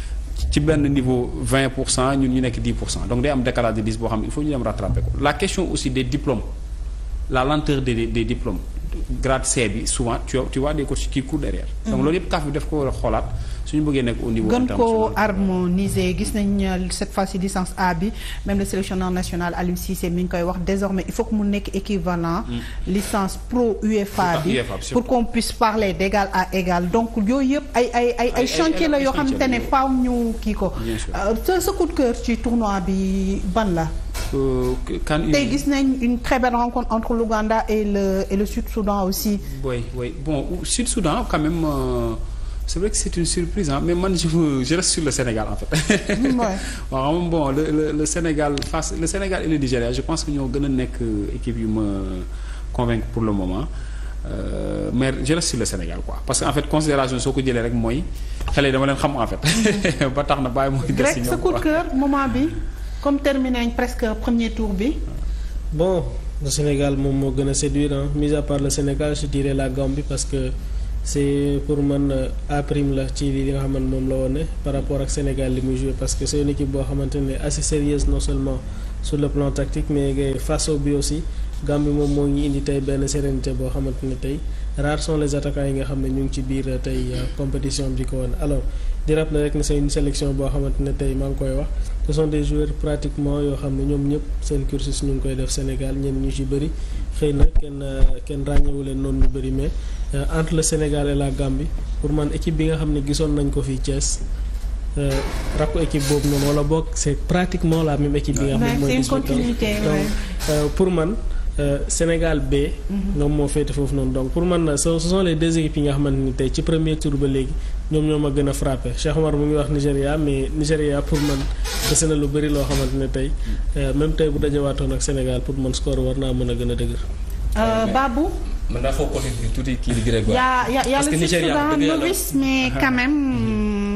ci benn niveau vingt pour cent ñun ñu nekk dix pour cent donc day am décalage de dix boo xam ne il faut ñu dem rattraper ko la question aussi des diplômes la lenteur des des diplômes grade C bi souvent tu vois tu vois des coachs qui derrière. donc mhm. loolu yëpp CAF bi daf ko war a xoolaat. suñu bëggee nekk au niveau gën koo harmoniser gis nañ euh, cette fois ci licence A bi même le sélectionneur national Aliou Cissé mi ngi koy wax désormais il faut que mu nekk équivalent mm. licence pro UEFA ah, bi pour qu'on puisse parler d'égal à égal donc yooyu yëpp ay ay ay chantier la yoo xamante ne faaw ñu kii ko sa euh, coup de ci tournoi bi ban la euh, tey gis nañ une très belle rencontre entre l'Ouganda et le Sud-Soudan aussi Sud-Soudan quand c'est vrai que c'est une surprise hein mais man je je reste sur le Sénégal en fait. [laughs] waaw bon le le Sénégal face le Sénégal et le Nigéria je pense que ñoo gën a nekk euh, équipe yi ma convaincre pour le moment euh, mais je sur le Sénégal quoi parce que en fait considération soo ko jëlee rek mooy xale yi dama leen xam en fait [laughs] ba tax na bàyyi mooy. des si ñoom quoi cœur moment bi comme terminé premier tour bi. bon le Sénégal moom moo gën a séduire mis à part le Sénégal je dirais la Gambie que. c'est pour man à euh, prime la ci li nga xamante moom la woon ne par rapport ak Sénégal li muy joué parce que c'est une équipe boo xamante ne assez sérieuse non seulement sur le plan tactique mais face au but aussi Gambie moom moo ngi indi tey benn sérénité boo xamante ne tey rares son les attaquants yi nga xam ne ñu ngi ci biir euh, tey euh, compétition bi ko woon alors di rappeler rek ne c'est sélection boo xamante ne tey maa ngi koy wax ce sont des joueurs pratiquement yoo xam ne ñoom ñëpp seen cursus ñu ngi koy def Sénégal ñenn ñu ci bëri. xëy na kenn kenn ràññewu leen noonu ñu bëri mais euh, entre le Sénégal et la Gambie pour man équipe bi nga xam ne gisoon nañ ko fii Thiès euh, rakku équipe boobu noonu wala boog c'est pratiquement la même équipe bi nga xam ne mooy donc euh, pour man Sénégal B mm-hmm. ñoom moo féete foofu noonu donc pour man ce sont les deux équipes yi nga xamante ni tey ci premier tour ba léegi ñoom ñoo ma gën a frappé Cheikh Omar mu ngi wax Nigéria mais Nigéria pour man dese lu bari loo xamante ne tey euh, même tey bu dajawaatoon ak Sénégal pour man score war naa mën a gën a dëgër. Euh, Babou. mën naa foo ko tuuti kii di Grégoire. parce que Nigéria a novice mais quand mm-hmm.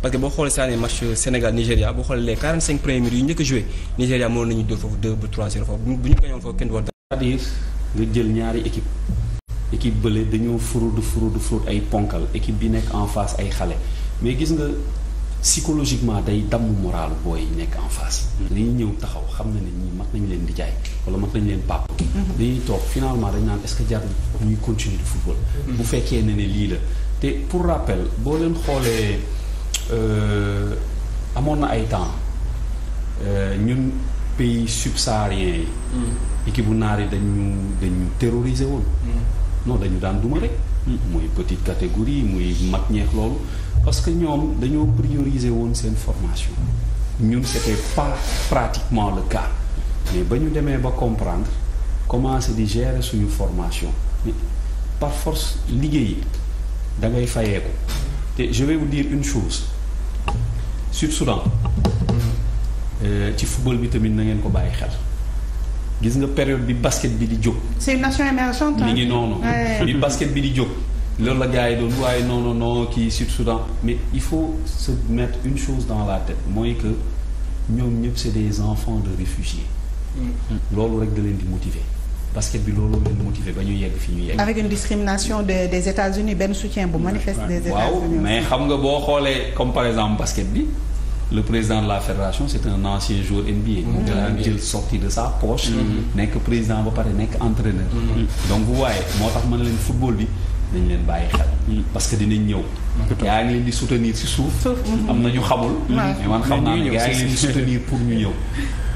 parce que boo xoolee saa ne Sénégal Nigéria boo xoolee les 45 premières minutes yu njëkk a joué Nigéria mënoon nañu dóor foofu 2 ba 3 0 foofu bu ñu gañoon foofu nga jël ñaari équipe équipe bële dañoo furudu furudu furut ay ponkal équipe bi nekk en face ay xale mais gis nga psychologiquement day damm moral booy nekk en face. dañuy ñëw taxaw xam na ne ñii mat nañu leen di jaay wala mat nañu leen pàpp. Mhm. dañuy toog finalement dañ naan est-ce que jar ñuy continuer de mhm. fekkee ne ne lii la te pour rappel boo leen xoolee. Euh, amoon na ay temps euh, ñun pays subsaharien yi. Mm. équipe bu naar yi dañu dañu terroriser woon. Mm. non dañu daan duma rek. Mm. muy petite catégorie muy mag ñeex loolu parce que ñoom dañoo prioriser woon seen formation ñun c'était pas pratiquement le cas mais ba ñu demee ba comprendre commencer di gérer suñu formation mais par force liggéey da ngay fayeeku te je vais dire une chose Sud Soudan euh, ci football bi tamit na ngeen ko bàyyi xel gis nga période bi basket bi di jóg. c'est une nation émergente mi ngi noonu. bi basket bi di jóg. loolu la gars yi doon waaye noonu non kii Sud Soudan mais il faut se mettre une chose dans la tête mooy que ñoom ñëpp c'est des enfants de réfugiés. Mm. loolu rek da leen di motiver. basket bi loolu leen motiver ba ñu yegg fi ñu yegg. avec une discrimination de des États-Unis benn soutien bu manifeste des États-Unis waaw mais xam nga boo xoolee comme par exemple basket bi le président de la fédération c'est un ancien joueur NBA. moom mm-hmm. da jël sorti de sa poche. Mm-hmm. nekk président ba pare nekk entraîneur. Mm-hmm. donc waaye moo tax mën leen football bi. nañ leen bàyyi parce que dinañ ñëw. yaa ngi leen di soutenir ci suuf. am na ñu xamul. mais man xam naa ne yaa ngi leen di soutenir pour ñu ñëw.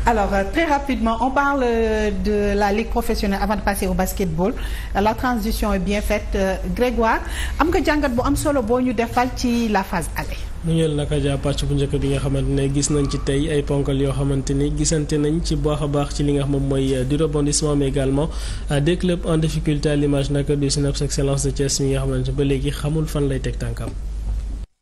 alors euh, très rapidement on parle euh, de la ligue professionnelle avant de passer au basketball euh, la transition est bien faite Grégoire am nga jàngat bu am solo boo ñu defal ci la phase aller. mu ñëw naka jaa pàcc bu njëkk bi nga xamante ne gis nañ ci tey ay ponkal yoo xamante ni gisante nañ ci baax a baax ci li nga xam moom mooy du rebondissement mais également des clubs en difficulté à l'image naka du Cneps Excellence de Thiès nga xamante ba léegi xamul fan lay teg tànkam.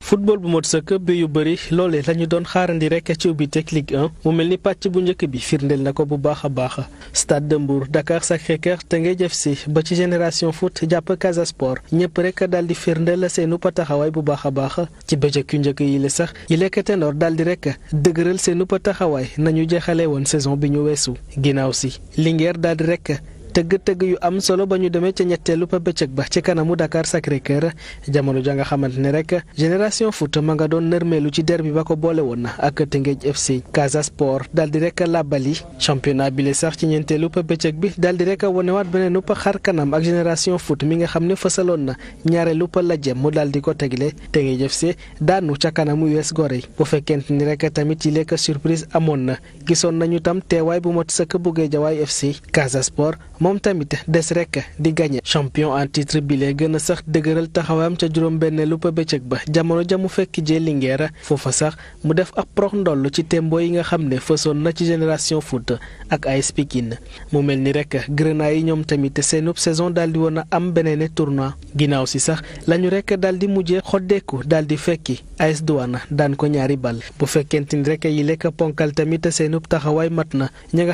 football bu mot sëkk bi yu bëri loole la ñu doon xaarandi rek ci ubbiteg Ligue 1 mu mel ni pàcc bu njëkk bi firndeel na ko bu baax a baax Stade de sa Dakar te ngay Teungueth si ba ci Génération Foot jàpp Casa Sport ñëpp rek daal di firndeel seenu taxawaay bu baax a baax ci bëccëg yu njëkk yi la sax yi lekk tenor daal di rek dëgëral seenu taxawaay nañu jeexale woon saison bi ñu weesu ginnaaw si Linguère daal di rek. tëgg-tëgg yu am solo ba ñu demee ca ñetteelu pa bëccëg ba ci kanamu Dakar Sacré Cœur jamono ja nga xamante ni rek génération foot ma nga doon nërmeelu ci derbi ba ko boole woon na ak Tëngéej FC Casa Sport daal di rek làbbali championnat bi la sax ci ñeenteelu pa bëccëg bi daal di rek wonewaat beneen pa xar kanam ak génération foot mi nga xam ne fësaloon na ñaareelu pa la jëm mu daal di ko tegle Tëngéej FC daanu ca kanamu US Gorée bu fekkente ni rek tamit yi lekk surprise amoon na gisoon nañu tam teewaay bu mot sëkk buggee jawaay FC Casa Sport moom tamit des rek di gagné champion en titre bi lee gën a sax dëgëral taxawaam ca juróom-benneelu benn bëccëg ba jamono ja mu fekk jee Linguère foofa sax mu def ab prox ndoll ci temboo yi nga xam ne fësoon na ci génération foot ak AS Pikine mu mel ni rek grenat yi ñoom tamit seenub saison daal di woon a am beneen tournoi ginnaaw si sax lañu rek daal di mujjee xoddeeku daal di fekki AS Douanes daan ko ñaari bal bu fekkente ni rek yi lekk ponkal tamit seenub taxawaay mat na ñi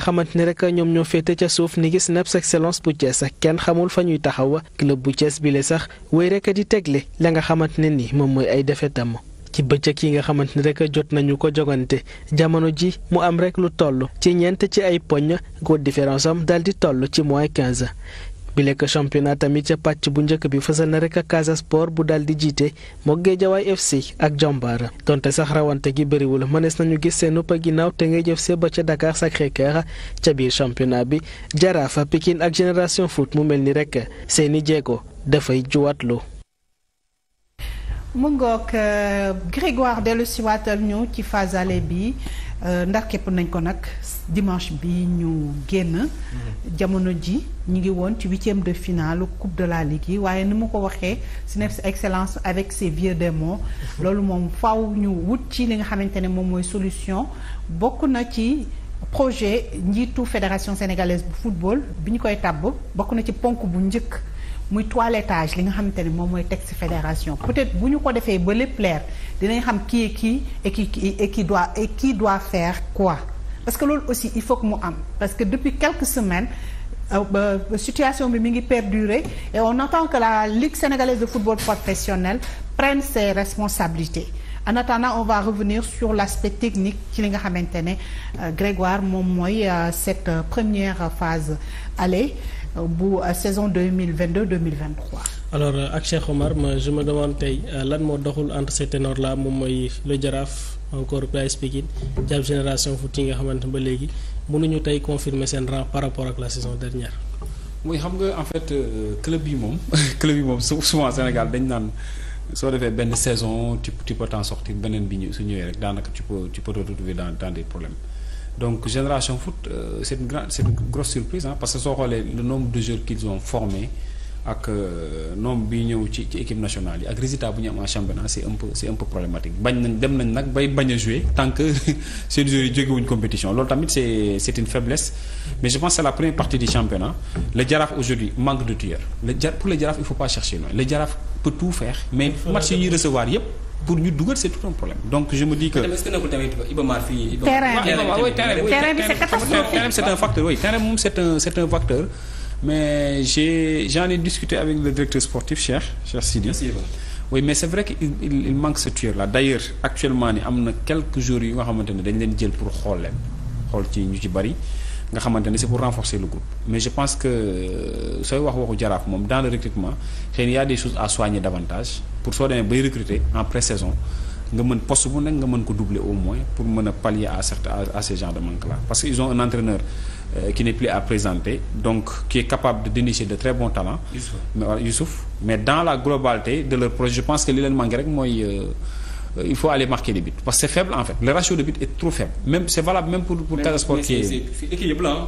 excellence bu Thiès sax kenn xamul fa ñuy taxaw club bu cees bile sax wéy rek di tegle la nga xamante ne ni moom mooy ay defetam ci bëccëg yi nga xamante ne rek jot nañu ko jogante jamono ji mu am rek lu toll ci ñeent ci ay poñ góor différence am daal di toll ci moins quinze. bile ko championnat tamit ca pàcc bu njëkk bi fësal na rek ak Casa Sport bu daal di jiite moog Guédiawaye FC ak Jambaar donte sax rawante gi bëriwul mënees nañu gis seen uppa ginnaaw te ngay jëf see ba ca Dakar Sacré-Cœur ca biir championnat bi Jaraaf Pikine ak Génération Foot mu mel ni rek seeni jéego dafay juwatlu mu euh, Euh, ndar képp nañ ko nag dimanche bi ñu génn mm-hmm. jamono ji ñu ngi woon ci huitième de finale coupe de la ligue waaye ni mu ko waxee CNEPS excellence avec ses vieux démons mm-hmm. loolu moom faw ñu wut ci li nga xamante ne moom mooy solution bokk na ci projet njiitu fédération sénégalaise bu football bi ñu koy tàbb bokk na ci ponk bu njëkk muy toilettage li nga xamante ne moom mooy teg ci fédération peut-être bu ñu ko defee ba lépp leer dinañ xam kii est qui et et qui doit et qui doit faire quoi parce que loolu aussi il faut que mu am parce que depuis quelques semaines Euh, situation bi mi ngi perdurer et on attend que la Ligue sénégalaise de football professionnel prenne ses responsabilités en attendant on va revenir sur l'aspect technique ci li nga xamante ne euh, Grégoire moom mooy euh, cette euh, première phase aller Euh, bu euh, saison deux mille vingt mille vingt trois alors euh, ak Cheikh Omar ma je me demande tey lan moo doxul entre ces ténors la moom mooy le Jaraaf encore PS Pikine jàpp génération foot yi nga xamante ba léegi mënuñu tey confirmer seen rang par rapport ak la saison dernière. mooy xam nga en fait club yi moom [laughs] club yi moom souvent Sénégal dañ naan. soo defee benn saison tu tu peux beneen bi ñu su ñëwee rek daanaka tu peux tu peux te retrouver donc génération foot euh, c'est une grande c'est une grosse surprise parce que soo xoolee le nombre de joueurs qu'ils ont formés ak euh, nombre bi ñëw ci ci équipe nationale yi ak résultat bu ñu am en championnat c'est un peu c'est un peu problématique bañ nañ dem nañ nag bay bañ a jouer tant que [laughs] seen joueurs yi jógewuñ compétition loolu tamit c'est c'est une faiblesse mais je pense que c'est la première partie du championnat le Jaraaf aujourd'hui manque de tueur le pour le mais match yi ñuy pour ñu dugal c'est tout un problème donc je me dis que. tamit est-ce que nekkul tamit Iba Mar fii. terrain bi terrain bi c'est catastrophique terrain bi c'est un facteur oui terrain moom c'est un c'est un facteur. mais j'ai j'en ai discuté avec le directeur sportif Cheikh Cheikh Sidi. oui mais c'est vrai que il, il, il manque ce tueur là d'ailleurs actuellement ni am na quelques jours yu nga xamante ne dañ leen jël pour xool leen xool ci ñu ci bari. nga xamante ne c'est pour renforcer le groupe mais je pense que euh, sooy wax waxu jaraaf moom dans le recrutement xëy na y a des choses à soigner davantage pour soo demee bay recruter en pré-saison nga mën poste bu nekk nga mën ko doubler au moins pour mën a pallier à certains à ces genres de manque là parce que ils ont un entraîneur euh, qui n'est à présenter donc qui est capable de dénicher de très bons talents Youssouf mais, dans la globalité de leur projet je pense que Euh, il faut aller marquer les buts parce que c'est faible en fait le ratio de buts est trop faible même c'est valable même pour pour Casa Sport. mais c'est la ah.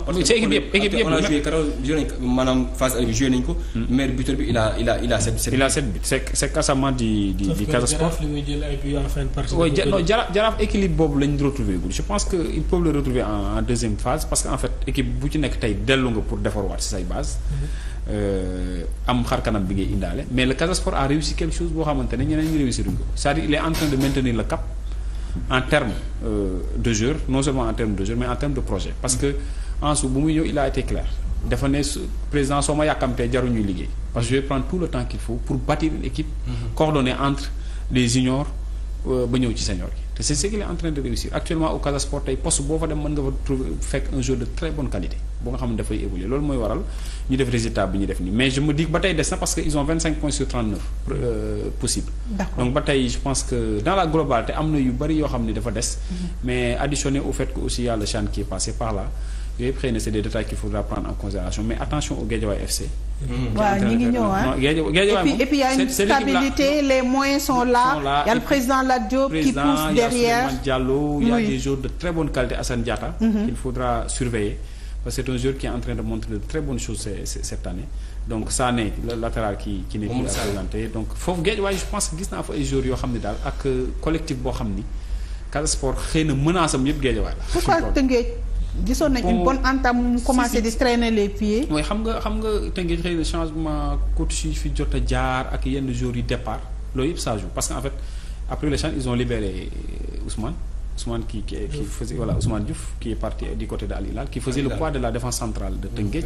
parce a on a hmm. c'est c'est Casamance di di di Casa Sport. li boobu lañ retrouver gul je pense que ils peuvent retrouver en deuxième phase parce que en fait équipe bu ci nekk tey dellu nga pour defarwaat ci say base. Mhm. Euh, am xar kanam bi ngay indaale mais le Casa Sport a réussi quelque chose boo xamante ne ñeneen ñu réussiruñ ko c'est-à-dire il est en train de maintenir le cap en termes euh, de joueurs non seulement en termes de joueurs mais en termes de projet parce que en su bu muy ñëw il a été clair dafa ne président soo ma yàkkamtee jaruñuy liggéey parce que je vais tout le temps qu'il faut pour bâtir une équipe mm-hmm. coordonnée entre les juniors euh, ba ñëw ci seniors yi et c'est ce qu'il est de réussir actuellement au Casa Sport tey poste boo fa dem mën nga fa trouver fekk un joueur de très bonne qualité boo nga xam ne dafay évoluer loolu mooy waral ñu def résultat ñu def nii mais je me ba tey des na parce que ils ont 25 points sur euh, possible donc ba tey je pense que dans la globalité am na yu bari yoo xam ne dafa des mm-hmm. mais additionné au fait que aussi y a le par là yooyu yëpp xëy na c'est des détails qu'il faudra prendre en considération mais attention au Guédiawaye FC. waaw ñu ngi ñëw ah et puis a une stabilité les moyens sont là y a le président Lat Diop qui pousse derrière président y a Souleymane Diallo a de très bonne qualité Assane Diatta. Mmh. qu'il faudra surveiller. parce que c'est un joueur qui est de montrer de très bonnes choses cette année donc Sané le latéral qui qui n'est plus donc foofu Guédiawaye je pense que gis yoo xam ne daal ak euh, collectif boo xam ni Casa Sport xëy na menace am gisoon nañ une bonne entame mu commencé di traîner les pieds. mooy xam nga xam nga tënkee xëy changement coach yi fi jot a jaar ak yenn jours yu départ loolu yëpp ça joue parce que en fait après le change ils ont libéré Ousmane Ousmane qui qui qui faisait voilà Ousmane Diouf qui parti du côté de Al Hilal qui faisait le poids de la défense centrale de Tënkee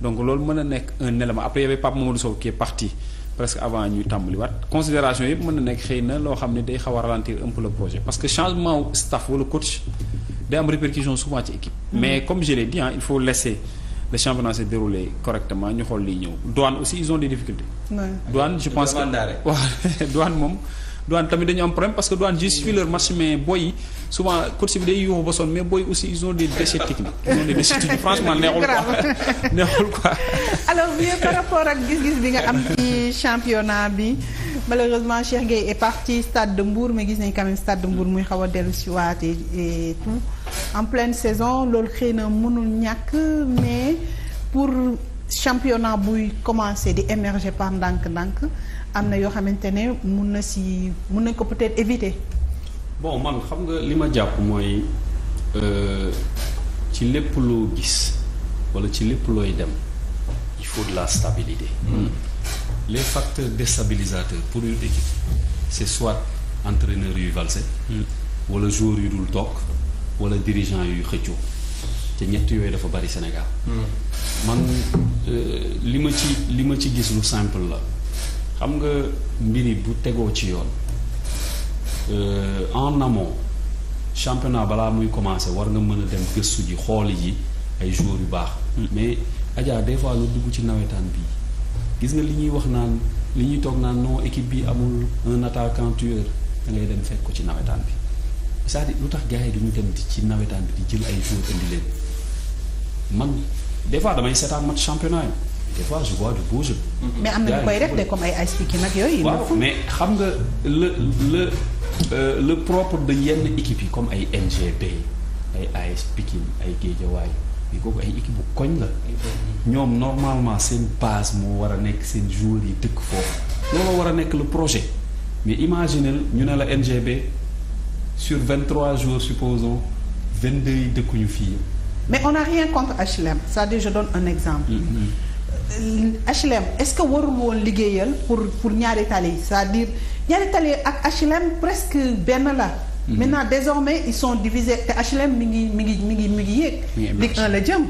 donc loolu mën na nekk un élément après y avait Pape Mamadou Sow qui est parti. presque avant ñuy tàmbaliwaat considération yëpp mën na nekk xëy na loo xam ne day xaw a ralentir parce que changement staff wala day am répercussion souvent ci équipe. Mm. mais comme je l'ai dit il faut laisser le championnat se dérouler correctement ñu xool liy ñëw douane aussi ils ont des difficultés. douane je pense que waaw [laughs] douane moom. douane tamit dañu am problème parce que douane justifie leur marché mais booy yi souvent course bi day yuuxu ba mais booy aussi ils ont des déchets techniques ils ont des [laughs] neexul quoi [laughs] neexul quoi. alors bien rapport ak gis-gis bi nga am ci championnat bi malheureusement Cheikh Gueye est parti stade de mais gis nañ quand même stade de muy xaw a dellu si waat et tout en pleine saison loolu xëy na mënul ñàkk mais pour championnat buy commencer di émerger par ndànk-ndànk. am na yoo xamante ne mun na si mun nañ ko peut-être évité bon man xam nga li ma jàpp mooy euh, ci lépp loo gis walla ci lépp looy dem il faut la stabilité. Hmm. les facteurs déstabilisateurs pour une équipe c'est soit entraîneur yuy valse hmm. walla jour yu dul toog walla dirigeant yuy xëccoo te ñett yooyu dafa bari Sénégal. Hmm. man euh, li ma ci li ma ci gis lu simple la. xam nga mbir yi bu tegoo ci yoon euh, en amont championnat balaa muy commencé war nga mën a dem gëstu ji xool yi ay joueurs yu baax. Hmm. mais Adja des fois lu dugg ci nawetaan bi gis nga li ñuy wax naan li ñuy toog naan non équipe bi amul un attaquant tueur da ngay dem fekk ko ci nawetaan bi cest à lu tax gars yi duñu dem ci nawetaan bi di jël ay joueurs indi man des fois damay seetaan match championnat yi. des fois je vois du beau jeu. mais am na ñu koy def de comme ay ice pick nag yooyu. waaw mais xam nga le le eh, propre de yenn équipe yi comme ay NGP ay AS Pikine ay Guédiawaye yi kooku ay équipe koñ la. ñoom normalement seen base moo war a nekk seen joueurs yi dëkk foofu. loolu war a nekk le projet mais imaginez ñu ne la NGB sur vingt trois jours supposons vingt deux yi dëkkuñu fii. mais on n'a rien contre HLM c'est-à-dire je donne un exemple. Mm-hmm. HLM est-ce que warul woon liggéeyal pour pour ñaari tali yi c'est-à-dire ñaari tali ak HLM presque benn la. Mhm. maintenant désormais ils sont divisés te HLM mi ngi mi ngi mi ngi mi ngi yéeg. Ligue 1 la jëm.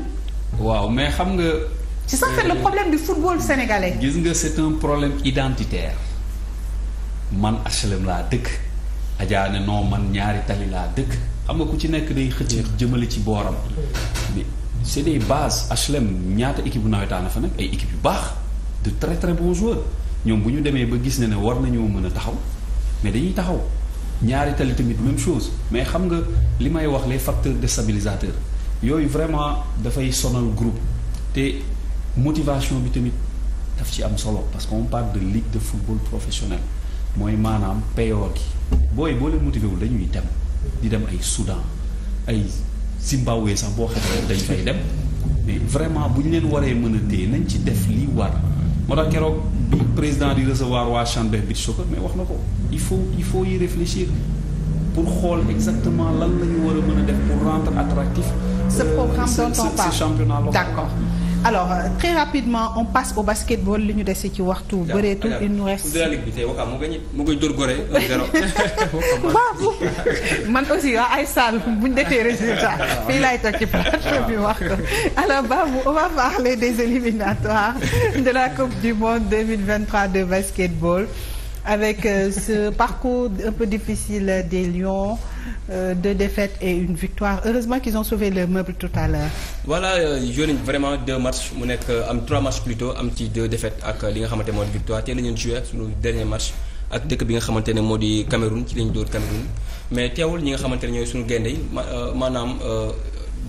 waaw mais xam nga. ci ça fait le euh, problème du football sénégalais. gis nga c'est un problème identitaire man HLM laa dëkk. Adja noo man ñaari tali laa dëkk xam nga ku ci nekk day xëcc jëmale ci booram. c'est des base HLM ñaata équipe bu nawetaan fa nekk ay équipe yu baax de très très bons joueurs ñoom bu ñu demee ba gis ne ne war nañoo mën a taxaw mais dañuy taxaw ñaari tali tamit même chose mais xam nga li may wax les facteurs déstabilisateurs yooyu vraiment dafay sonal groupe te motivation bi tamit daf ci am solo parce que on parle de ligue de football professionnel mooy maanaam payoor gi booy boo leen motivé wul dañuy dem di dem ay Soudan ay Zimbabwe sax boo xam dañ fay dem mais vraiment bu ñu leen waree mën a téye nañ ci def lii war moo tax keroog bi président di recevoir waa Chandler Beach Soccer mais wax na ko il faut il faut y réfléchir pour xool exactement lan la ñu war a mën a def pour rendre attractif ce programme euh, dont on parle ce championnat local d'accord alors euh, très rapidement on passe au basketball li ñu dese ci waxtu. bëreetul il nous reste. [laughs] waaw man aussi ay saal buñ defee résultat fii laay toog ci plateau bi wax ko alors Babou on va parler des éliminatoires de la coupe du monde 2023 de basketball avec euh, ce parcours un peu difficile des Lions. euh, deux défaites et une victoire heureusement qu'ils ont sauvé le meuble tout à l'heure euh, vraiment deux matchs mu nekk euh, am trois matchs plutôt am ci deux défaites ak li nga xamante moo di victoire tey la ñeen joué ak suñu dernier match ak dëkk bi nga xamante ne moo di Cameroun ci lañ dóor Cameroun mais teewul ñi nga xamante ne ñooy suñu gaynde yi euh, maanaam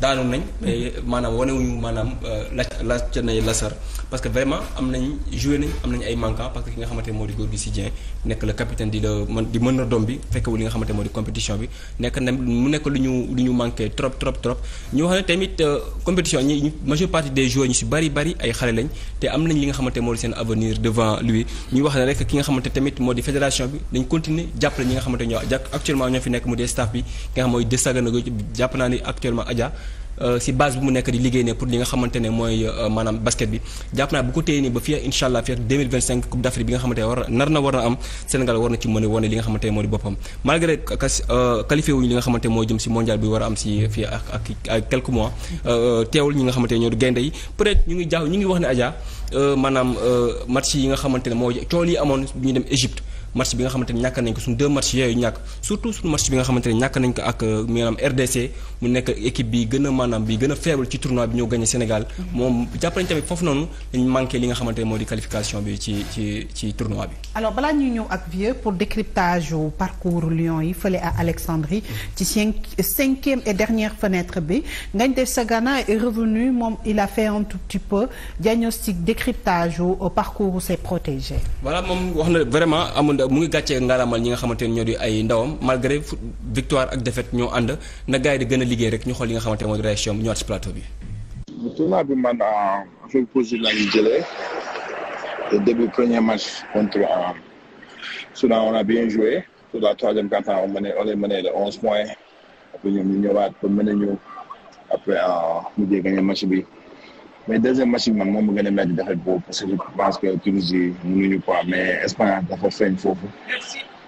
daanu nañ mais maanaam wanewuñu maanaam la la ca nay lasar parce que vraiment am nañ joué nañ am nañ ay manquant parce que ki nga xamante moo di Gorgui Sy Dieng nekk la capitaine di la mën di mën na doom bi fekkewul li nga xamante moo di compétition bi nekk na mu nekk lu ñu lu trop trop trop ñu wax ne tamit euh, compétition ñi majeure partie des joueurs ñu si bari bari ay xale lañ te am nañ li nga xamante moo di seen avenir devant lui ñu wax ne rek ki nga xamante tamit moo di fédération bi dañ continuer jàppale ñi nga xamante ñoo actuellement nekk jàpp naa ni actuellement Adja Euh, si base bu mu nekk di liggéey ne pour li nga xamante ne mooy euh, maanaam basket bi jàpp naa bu ko téye nii ba fii incha allah fii ak 2025 coupe d'Afrique bi nga xamante ne war na war am Sénégal war na ci mën a wane li nga xamante ne mooy di boppam malgré kas euh, qualifié wuñu li moo jëm si mondial bi war a am si fii ak ak ak mois teewul ñi nga xamante ne ñoo di gaynde yi peut être ñu ngi jaaw ñu ngi wax ne Adja maanaam match yi nga xamante ne moo coow yi amoon ñu dem Égypte match bi nga xamante ne ñàkk nañ ko suñu deux matchs yooyu ñàkk nga xamante ne ñàkk nañ ko ak euh, maanaam RDC mu nekk équipe bi a maanaam bi a faible ci tournoi bi ñoo gagné Sénégal mm-hmm. moom jàpp ñëw ak vieux pour parcours Lions yi fële à Alexandrie mm-hmm. ci cinq cinquième et dernière fenêtre bi Ngagne Demba Gana est revenu moom il a fait un tout petit peu diagnostic décryptage au euh, parcours où protégé voilà moom wax na vraiment amul nga mu ngi gàccee ngalamal ñi nga xamante ne ñoo di ay ndawam malgré victoire ak défaite ñoo ànd na gars yi di gën liggéey rek ñu xool yi nga xamante ne moo di réaction bi ñëwaat si plateau bi. tournoi bi man affaire positive la ñu jëlee le début premier match euh, a bien joué pour la troisième a ñëw après euh, match bi. mais deuxième match bi man moom mu gën a metti defet boobu parce que je pense que Tunisie mënuñu quoi mais Espagne dafa feeñ foofu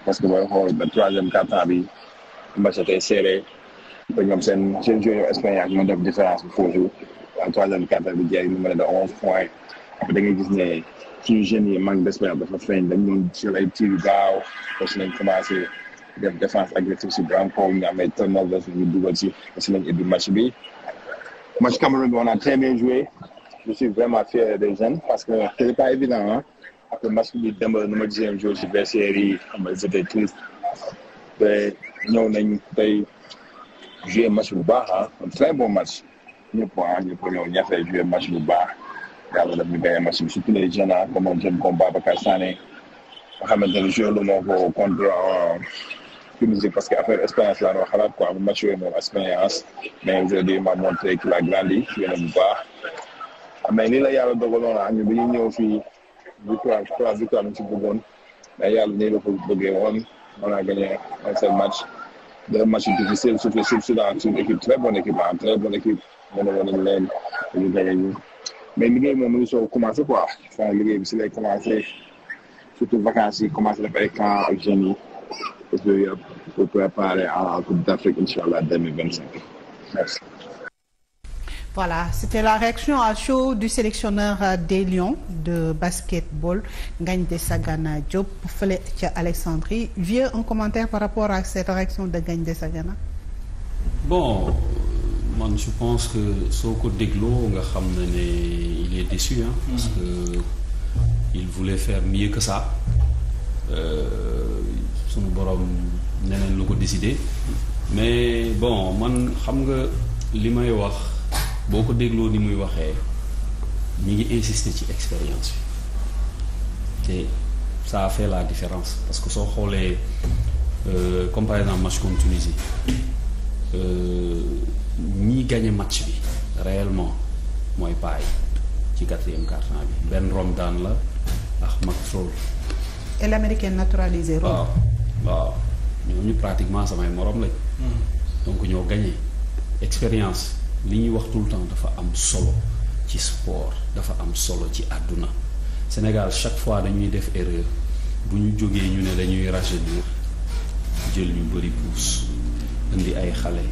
parce que booy ba troisième quart bi match tey serré te ñoom seen seen joueur Espagne ak ma def différence bi foofu en troisième quart-temps bi jeex ñu mën onze points après da ngay gis ne ci jeunes yi manque d'espoir dafa feeñ dañ doon jël ay tirs gaaw parce que lañ commencé def défense agressive si grand kaw ñu am ay turnovers ñu dugal si parce que lañ bi Match Cameroun, on a très bien joué. Je suis vraiment fier des jeunes parce que ce n'était pas évident. Hein? Après le match bi démb nu ma gisee joué si vestiaire yi xam nga c'était triste te ñëw nañ tey joué match bu baax ah un très bon match ñëpp ah ñëpp ñëw ñafe joué match bu baax yàlla daf ñu gagné match bi surtout les jeunes ah comme on dit comme Babacar Sané nga xamante ne joué lu moo ko contre euh, Tunisie parce que affaire expérience laa noo xalaat quoi mu match yooyu moom expérience mais aujourd'hui m'a montré qu'il a grandi yéen mais lii la yàlla dogaloon ak ah, ñu bi ñu ñëw fii victoire trois victoire ñu yàlla nii la ko bëggee woon on a gagné un seul match deux matchs difficiles surtout surtout dans une équipe très bonne équipe ah très bonne équipe mën a wane leen ñu gagné ñu mais liggéey moom lu soo commencé quoi enfin liggéey bi si lay commencé surtout vacances yi commencé def ay camp ak jeunes yi yooyu yëpp pour préparer à Coupe d'Afrique incha allah 2025 merci. voilà c'était la réaction à chaud du sélectionneur euh, des Lions de basketball Gagné Sagana Diop fële ca Alexandrie vieux un commentaire par rapport à cette réaction de Gagné Sagana. bon man je pense que soo ko dégloo nga xam na ne il est déçu hein. parce mhm. que il voulait faire mieux que ça. Euh, suñu borom neneen lu ko décidé mais bon man xam nga li may wax boo ko dégloo ni muy waxee ñu ngi insister ci expérience bi te ça a fait la différence parce que soo xoolee euh, comme par exemple match contre Tunisie ñi euh, gagné match bi réellement mooy paay ci quatrième quart bi benn Rome daan la ak Maxwell. et l'américain naturalisé Rome. waaw ñu pratiquement samay moroom lañ. Hmm. donc ñoo gagné expérience li ñuy wax tout le temps dafa am solo ci sport dafa am solo ci àdduna Sénégal chaque fois dañuy def erreur bu ñu jógee ñu ne dañuy rajeunir jël ñu bëri pousse indi ay xale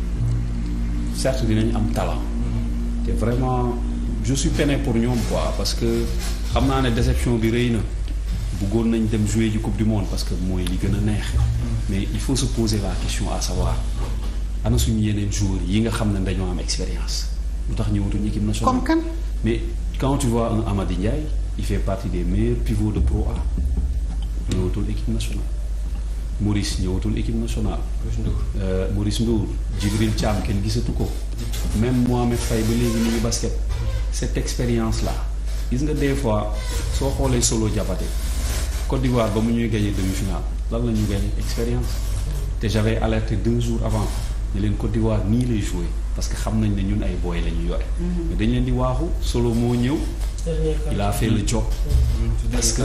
certes dinañ am talent hmm. te vraiment je suis pour ñoom quoi parce que xam naa ne déception bi rëy na. góor nañ dem jouer ji coupe du monde parce que mooy li gën a neex mais il faut se poser la question à savoir ana suñu yeneen joueurs yi nga xam ne dañoo am expérience lu tax ñëwatuñu équipe nationale comme kan mais quand tu vois un Amady Ndiaye il fait partie des meilleurs pivots de Pro A ñëwatul équipe nationale Maurice ñëwatul équipe nationale euh, Maurice Ndour Djibril Thiam kenn gisatu ko même Mohamed fay ba léegi ñu ngi basket cette expérience la gis nga des fois soo xoolee solo jabate Côte d'Ivoire ba mu ñuy gagné demi-finale lan la ñu gagné expérience te j'avais alerté deux jours avant ñu leen Côte d'Ivoire nii lay jouer parce que xam nañ ne ñun ay booy la ñu yore. Mhm. mais dañ leen di waaxu solo moo ñëw. il a fait le job. parce que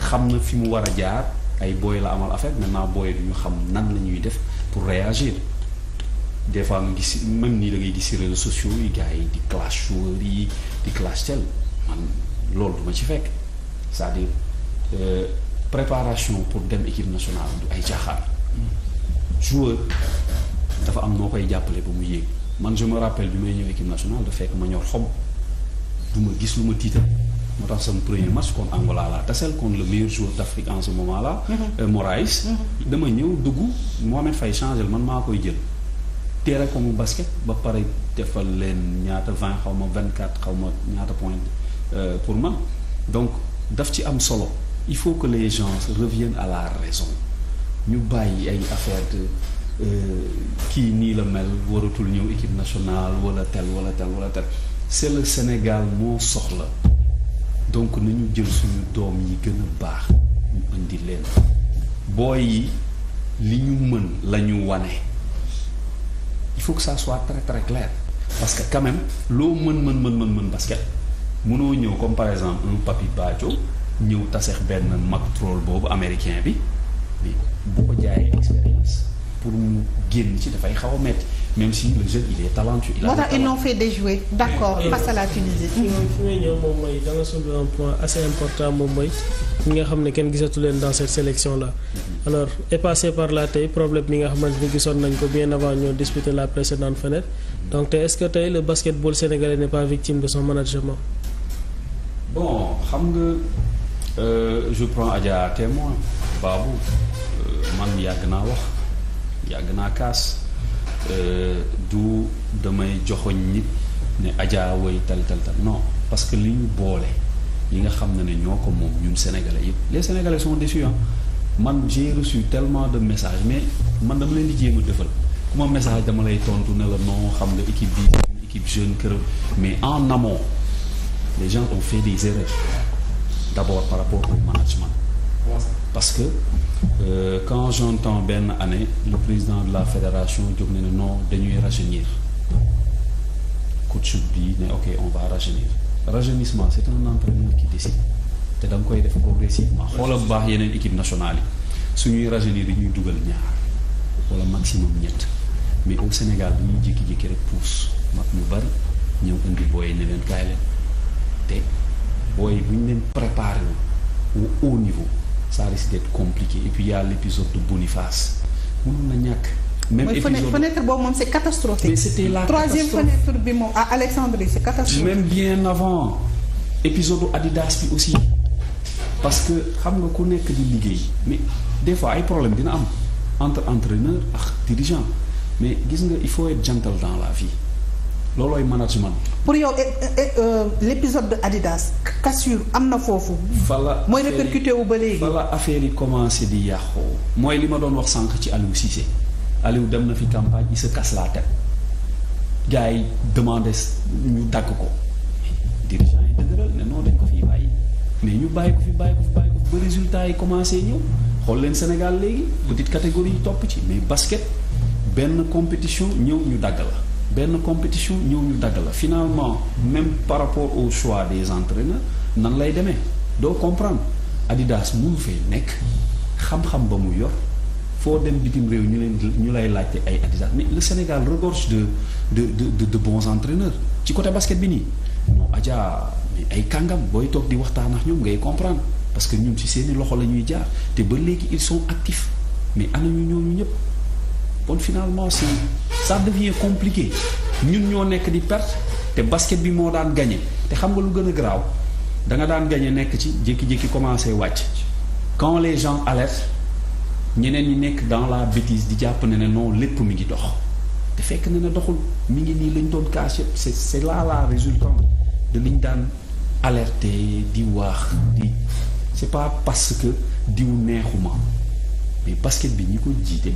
xam na fi mu war a jaar ay booy la amal affaire maintenant booy du ñu xam nan la ñuy def pour réagir. des fois nga gis même nii da gis si réseaux sociaux yi gars di clash joueurs yi di clash tel man loolu du ci fekk cest Euh, préparation pour dem équipe nationale du ay caaxaan. joueur dafa am noo koy jàppale ba mu yéeg man je me rappelle bi may ñëw équipe nationale da fekk ma ñor xob du ma gis lu ma tiital moo tax sama premier match contre Angola la tasel contre le meilleur joueur d' Afrique en moment là. Mhm. Euh, Moraes. Mhm. dama ñëw dugg Mohamed fay changé man maa koy jël. teere ko mu basket ba pare defal leen ñaata vingt xaw ma vingt quatre xaw ma ñaata point euh, pour man donc daf ci am solo. il faut que les gens reviennent à la raison ñu bàyyi ay affaire de euh, kii nii la mel waratul ñëw équipe nationale wala tel wala tel wala tel c'est le Sénégal moo soxla donc nañu jël suñu doom yi gën a baax ñu indi leen booy yi li ñu mën la ñu wane il faut que ça soit très très clair parce que quand loo mën mën mën mën mën basket mënoo ñëw comme par exemple un Papy Badio ñëw taseex benn mag troll boobu américain bi mais bu ko jaayee expérience pour mu génn ci dafay xaw a métti même si le jeune il est talentueux. il moo tax ils l'ont fait déjouer d'accord face à la euh, Tunisie. fi may moom mooy da nga xam ne kenn gisatu leen dans cette sélection là. Mm-hmm. alors est passé par là tey problème bi nga xamante ni gisoon nañ ko bien avant ñoo disputer la précédente fenêtre donc tey est tey le basketball sénégalais n'est pas victime de son management. bon xam Euh, je prends Adja à témoin Babou euh, man yàgg naa wax yàgg naa kaas euh, du damay joxoñ nit ne Adja woy tal tal tal non parce que li ñu boole yi nga xam ne ne ñoo ko moom ñun sénégalais yëpp les sénégalais sont déçus man j'ai reçu tellement de message mais man dama leen di jéem a defal ku message dama lay tontu ne la non xam nga équipe bi équipe jeune kër mais en amont les gens on fait des erreurs. d'abord par rapport au management parce que euh, quand temps benn année le président de la fédération jóg ne ne non dañuy rajeunir coach bi ne ok on va rajeunir rajeunissement c'est un entraîneur qui décide te da koy def progressivement xoola bu baax yeneen équipe nationale yi suñuy rajeunir yi ñuy dugal ñaar walla maximum ñett mais au Sénégal dañuy jékki-jékki rek pousse mag ñu bari ñëw indi booy ne leen kaay leen te booy bu ñu leen préparé wu au haut niveau ça risque d'être compliqué et puis y a l'épisode de Boniface mënoon na ñàkk. même épisode mooy fenêtre boobu moom c'est catastrophique. mais c'était la troisième fenêtre bi moom à Alexandrie c'est catastrophique. même bien avant épisode Adidas bi aussi parce que xam nga ku nekk di liggéey mais des fois ay problème dina am entre entraîneur ak dirigeant mais gis nga il faut être gentil dans la vie. loolooy management. pour yow eh, eh, eh, euh, l' épisode de Adidas cassure am na foofu. fala mooy répercuté wu ba léegi. fala affaire yi commencé di yàqu mooy li ma doon wax sànq ci Aliou Cissé Aliou dem na fi campagne il se casse la tête gars yi demandé ñu dagg ko dirigeant yi dëgëral ne non dañ ko fi bàyyi mais ñu bàyyi ko fi bàyyi ko fi bàyyi ko fi ba résultat yi commencé ñëw xool leen Sénégal léegi petite catégorie yi topp ci mais basket benn compétition ñëw ñu dagg la. benn compétition ñëw ñu dagg la finalement même par rapport au choix des entraîneurs nan lay demee doo comprendre Adidas mënu fay nekk xam-xam ba mu yor foo dem bitim réew ñu leen ñu lay laajte ay Adidas mais le Sénégal regorge de de de de, de bons entraîneurs ci côté basket bi nii non Adja mais ay kàngam booy toog di waxtaan ak ñoom ngay comprendre parce que ñun ci seeni loxo la ñuy jaar te ba léegi ils sont actifs mais ana ñu ñooñu ñëpp. kon finalement si ça devient compliqué ñun ñoo nekk di perte te basket bi moo daan gagné te xam nga lu gën a garaaw da daan gagné nekk ci jékki-jékki commencé wàcc quand les gens alertent ñeneen ñi nekk dans la bêtise di jàpp ne ne non lépp mi ngi dox te fekk ne ne doxul mi ngi nii lañ doon caché c'est c'est là la résultat de liñ daan alerte di waax di c'est pas parce que diw neexuma mais basket bi ñi ko jiite.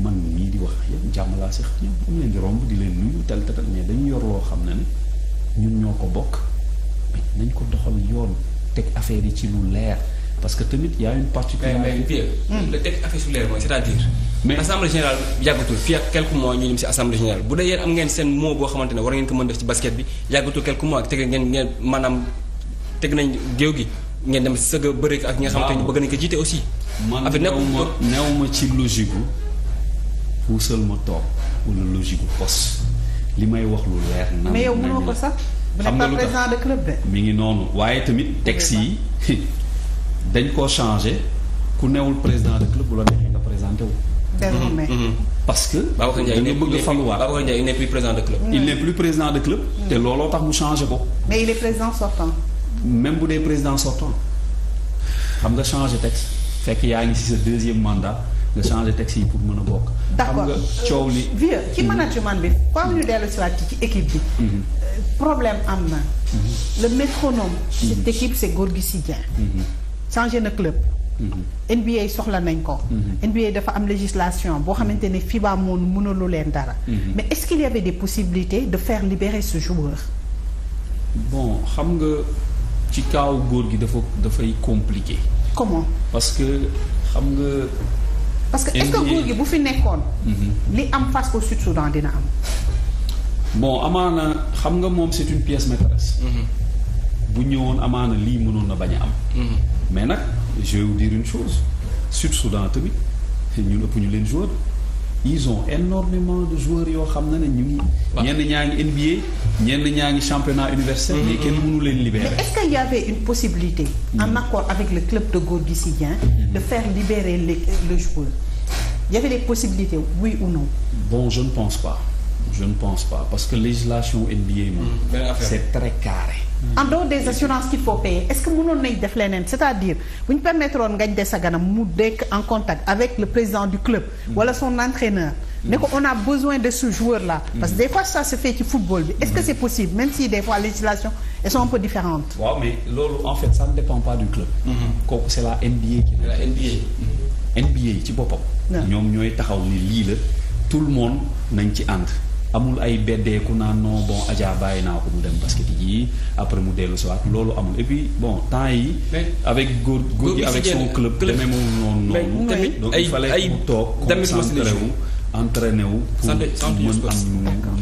man mii di wax yëpp jàmm laa si xam ñoom leen di romb di leen nuyu tel tel mais dañu yor xam ne ne ñun ñoo ko bokk mais nañ ko doxal yoon teg affaire yi ci lu leer parce que tamit y a une particularité. mais mais hmm. teg affaire su leer mooy cest à fii ak quelques mois ñu jëm si assemblée bu dee yéen am seen mot boo xamante ne war ngeen ko mën def ci basket bi yàggatul quelques mois teg ngeen ngeen maanaam teg nañ géew gi ngeen dem sëg a bëri ak ñi nga xamante ne aussi. man néew ma néew ma ci logique puusal ma toog wala logique bu pos li may wax lu leer. na mais yow mënoo ko sax. xam nga lu tax président de club de. mi ngi noonu waaye tamit texte yi [laughs] dañ koo changé ku newul président de club bu la neexee nga présenté wu. Mm-hmm. Mm-hmm. parce que. Babacar Ndiaye dañu bëgg a faluwaat Babacar Ndiaye il n'est plus président de club. il n'est plus président mm-hmm. te looloo tax mu changé ko. mais il est président sortant. même bu dee président sortant xam nga changé texte fekk yaa ngi si sa deuxième mandat. nga changer texte pour mën a bokk. d'accord xam nga coow li. Euh, vieux ci mm-hmm. management bi faaw ñu dellu si waat ci équipe bi. Mm-hmm. Euh, problème am na. Mm-hmm. le métronome. cette équipe c'est Gorgui Sy Dieng. changer na club. NBA soxla nañ ko. NBA dafa am législation boo xamante ne FIBA moom mënalu leen dara. mais est-ce qu'il y des possibilités de faire libérer ce joueur. bon xam nga ci kaaw góor gi dafa dafay compliqué. comment parce que xam nga. parce que est-ce que bu fi nekkoon. Mhm. li am face au Sud Soudan dina am. bon amaana xam nga moom c'est une pièce maîtresse. Mhm. bu ñëwoon amaana lii mënoon na bañ a am. Mhm. mais nag je vais dire une chose Sud Soudan tamit ñun ëpp ñu leen joueur. ils ont énormément de joueurs yoo xam na ne ñu ngi. ñaa ngi NBA ñenn ñaa ngi championnat universitaire. mais kenn mm-hmm. mënu leen libérer. mais est-ce qu'il y avait une possibilité. en mm-hmm. accord avec le club de Gorgui-Sy-Dieng. de mm-hmm. faire libérer le le joueur. y avait des possibilités oui ou non. bon je ne pense pas parce que législation NBA moom. c'est très carré. en dehors des assurances qu'il faut payer est-ce que mënoon nañ def leneen c'est-à-dire bu ñu permettre woon Ngagne Desagana mu dekk en contact avec le président du club. wala son entraîneur. ne ko on a besoin de ce joueur là. parce que des fois ça se fait ci football bi est-ce que c'est possible même si des fois législation elles sont un peu différentes. waaw mais loolu en fait ça ne dépend pas du club. kooku c'est la NBA. la NBA. ci boppam. ñoom ñooy taxaw ni lii le monde nañ ci ànd. amul ay beddeeku naa non bon Adja bàyyi naa ko mu dem basket yi après mu dellu si waat loolu amul et bon temps yi. avec góor góor gi avec son club. demee moom noonu noonu. tamit ay ay donc il fallait mu toog concentré wu entraîné wu. pour mën am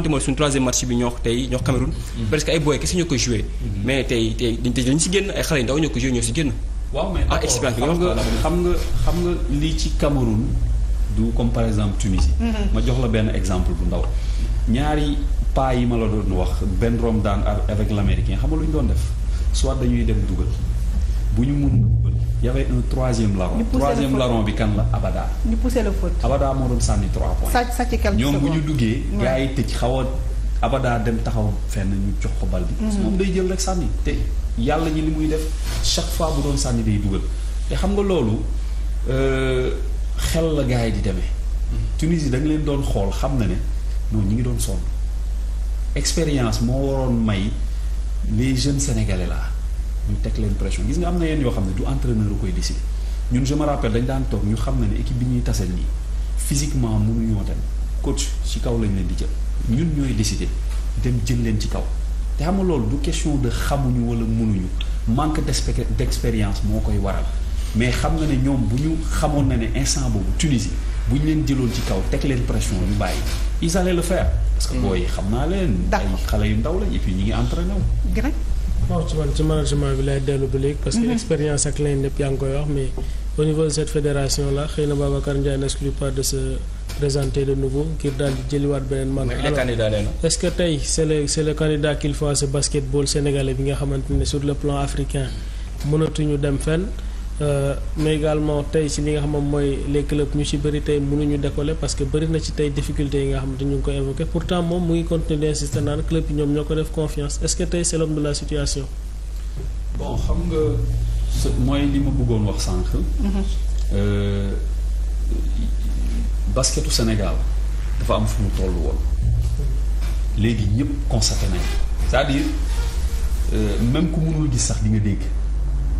xamante mooy suñu troisième match bi ñoo tey ñoo Cameroun mm-hmm. presque ay booy kese ñoo ko joué mm-hmm. mais tey tey dañ si génn ay xale yu ndaw ñoo ko joué ñoo si génn ah expérience bi xam nga xam nga lii ci Cameroun du comme par exemple Tunisie mm-hmm. ma jox la benn exemple bu ndaw ñaari pas yi ma la doon wax benn Ramadan ak avec l'américain xam nga lu ñu doon def soit dañuy dem dugal bu ñu mun dugal y un troisième larron. ñu troisième larron bi kan la Abada. ñu poussé le faute Abada moo doon sànni trois points. sàcc sàcc ñoom bu ñu duggee. gars yi tëj xaw a Abada dem taxaw fenn ñu jox ko bal bi. Mm-hmm. moom day jël rek sànni te yàlla ñi li muy def chaque fois bu doon sànni day dugal te xam nga loolu euh, xel la gars yi di deme mm-hmm. Tunisie da leen doon xool xam na ne non ñu ngi doon sonn expérience moo waroon may les jeunes sénégalais là. ñu teg leen pression gis nga am na yenn yoo xam ne du entraîneur koy décider ñun je me dañ daan toog ñu xam ne ne équipe bi ñuy taseel nii physiquement mënuñoo dem coach ci kaw lañ leen di jël ñun ñooy décider dem jël leen ci kaw te xam nga loolu du question de xamuñu wala mënuñu manque d'expérience moo koy waral mais xam nga ne ñoom bu ñu xamoon na ne instant boobu Tunisie bu ñu leen jëloon ci kaw teg leen pression ñu bàyyi ils allaient le faire. parce que mm. booy xam naa leen. ay xale yu ndaw lañ et puis ñu ngi entraîné wu. non ci management bi lay dellu ba léegi. parce que mhm. expérience ak lañ lépp yaa ngi koy wax mais au niveau de fédération là xëy na Babacar Ndiaye n'exclut pas de se présenter de nouveau ngir daal di jëliwaat beneen man. est ce que tey c' est le c' est le candidat qu'il faut à ce basketball sénégalais bi nga xamante sur le plan africain mënatuñu dem fenn. Euh, mais également tey ci li nga xam mooy les clubs ñu ci bëri tey ñu décoller parce que bëri na ci tey difficultés yi nga xam dañu ngi ko évoqué pourtant moom mu ngi continuer di ko def confiance est-ce que bon xam nga mooy li ma bëggoon wax sànq. Mhm. Euh, basketu senegal dafa am fu mu toll woon léegi ñëpp constaté nañ c'est-à-dire euh, même ku mënul gis sax di nga dégg.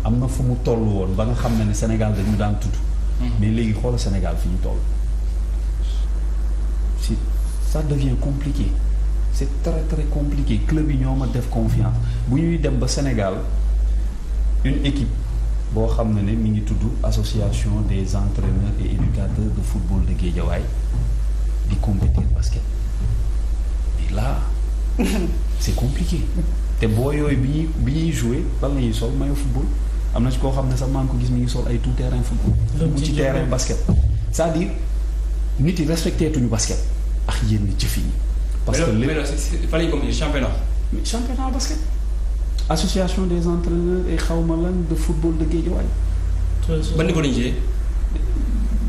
am na fu mu toll woon ba nga xam ne ne Sénégal dañu daan tudd. Hmm. mais léegi xoola Sénégal fi ñu toll. si ça devient compliqué c' est très très compliqué club yi ñoo ma def confiance bu ñuy dem ba Sénégal une équipe boo xam ne ne mi ngi tudd association des entraîneurs et éducateurs de football de Guédiawaye di compétir basket mais là [laughs] c' compliqué te boo yooyu bi ñuy bi ñuy ñuy sol maillot football. am na ci koo xam ne sax maa ko gis mu ngi sol ay tout terrain football. mu ci terrain basket. c'est-à-dire nit yi respecté tuñu basket. ak yenn jëf yi. parce que lépp mais loolu fan la ñu ko mujjee championnat. mais championnat basket. association lan de football de Guédiawaye. ban niveau lañ jiyee.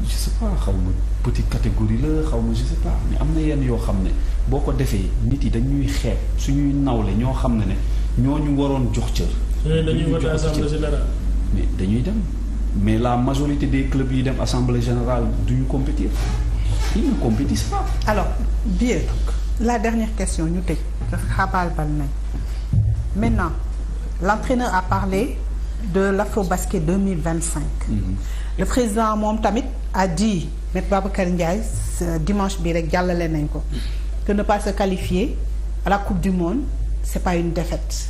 je sais pas xaw ma petite catégorie la xaw ma je sais pas mais am na yenn yoo xam ne boo ko defee nit yi dañuy xeeb suñuy nawle ñoo xam ne ne ñoo ñu waroon jox cër. dañuy dañuy dem mais la majorité des clubs yi dem assemblée générale duñu compétir ils ne compétissent pas. alors bien la dernière question ñu tëj dafa xabaal bal nañ maintenant l'entraîneur a parlé de l'Afrobasket 2025 mm mhm. -hmm. le président moom tamit a dit Maître Babacar Ndiaye dimanche bi rek jàllale nañ ko que ne pas se qualifier à la coupe du monde c'est pas une défaite [laughs]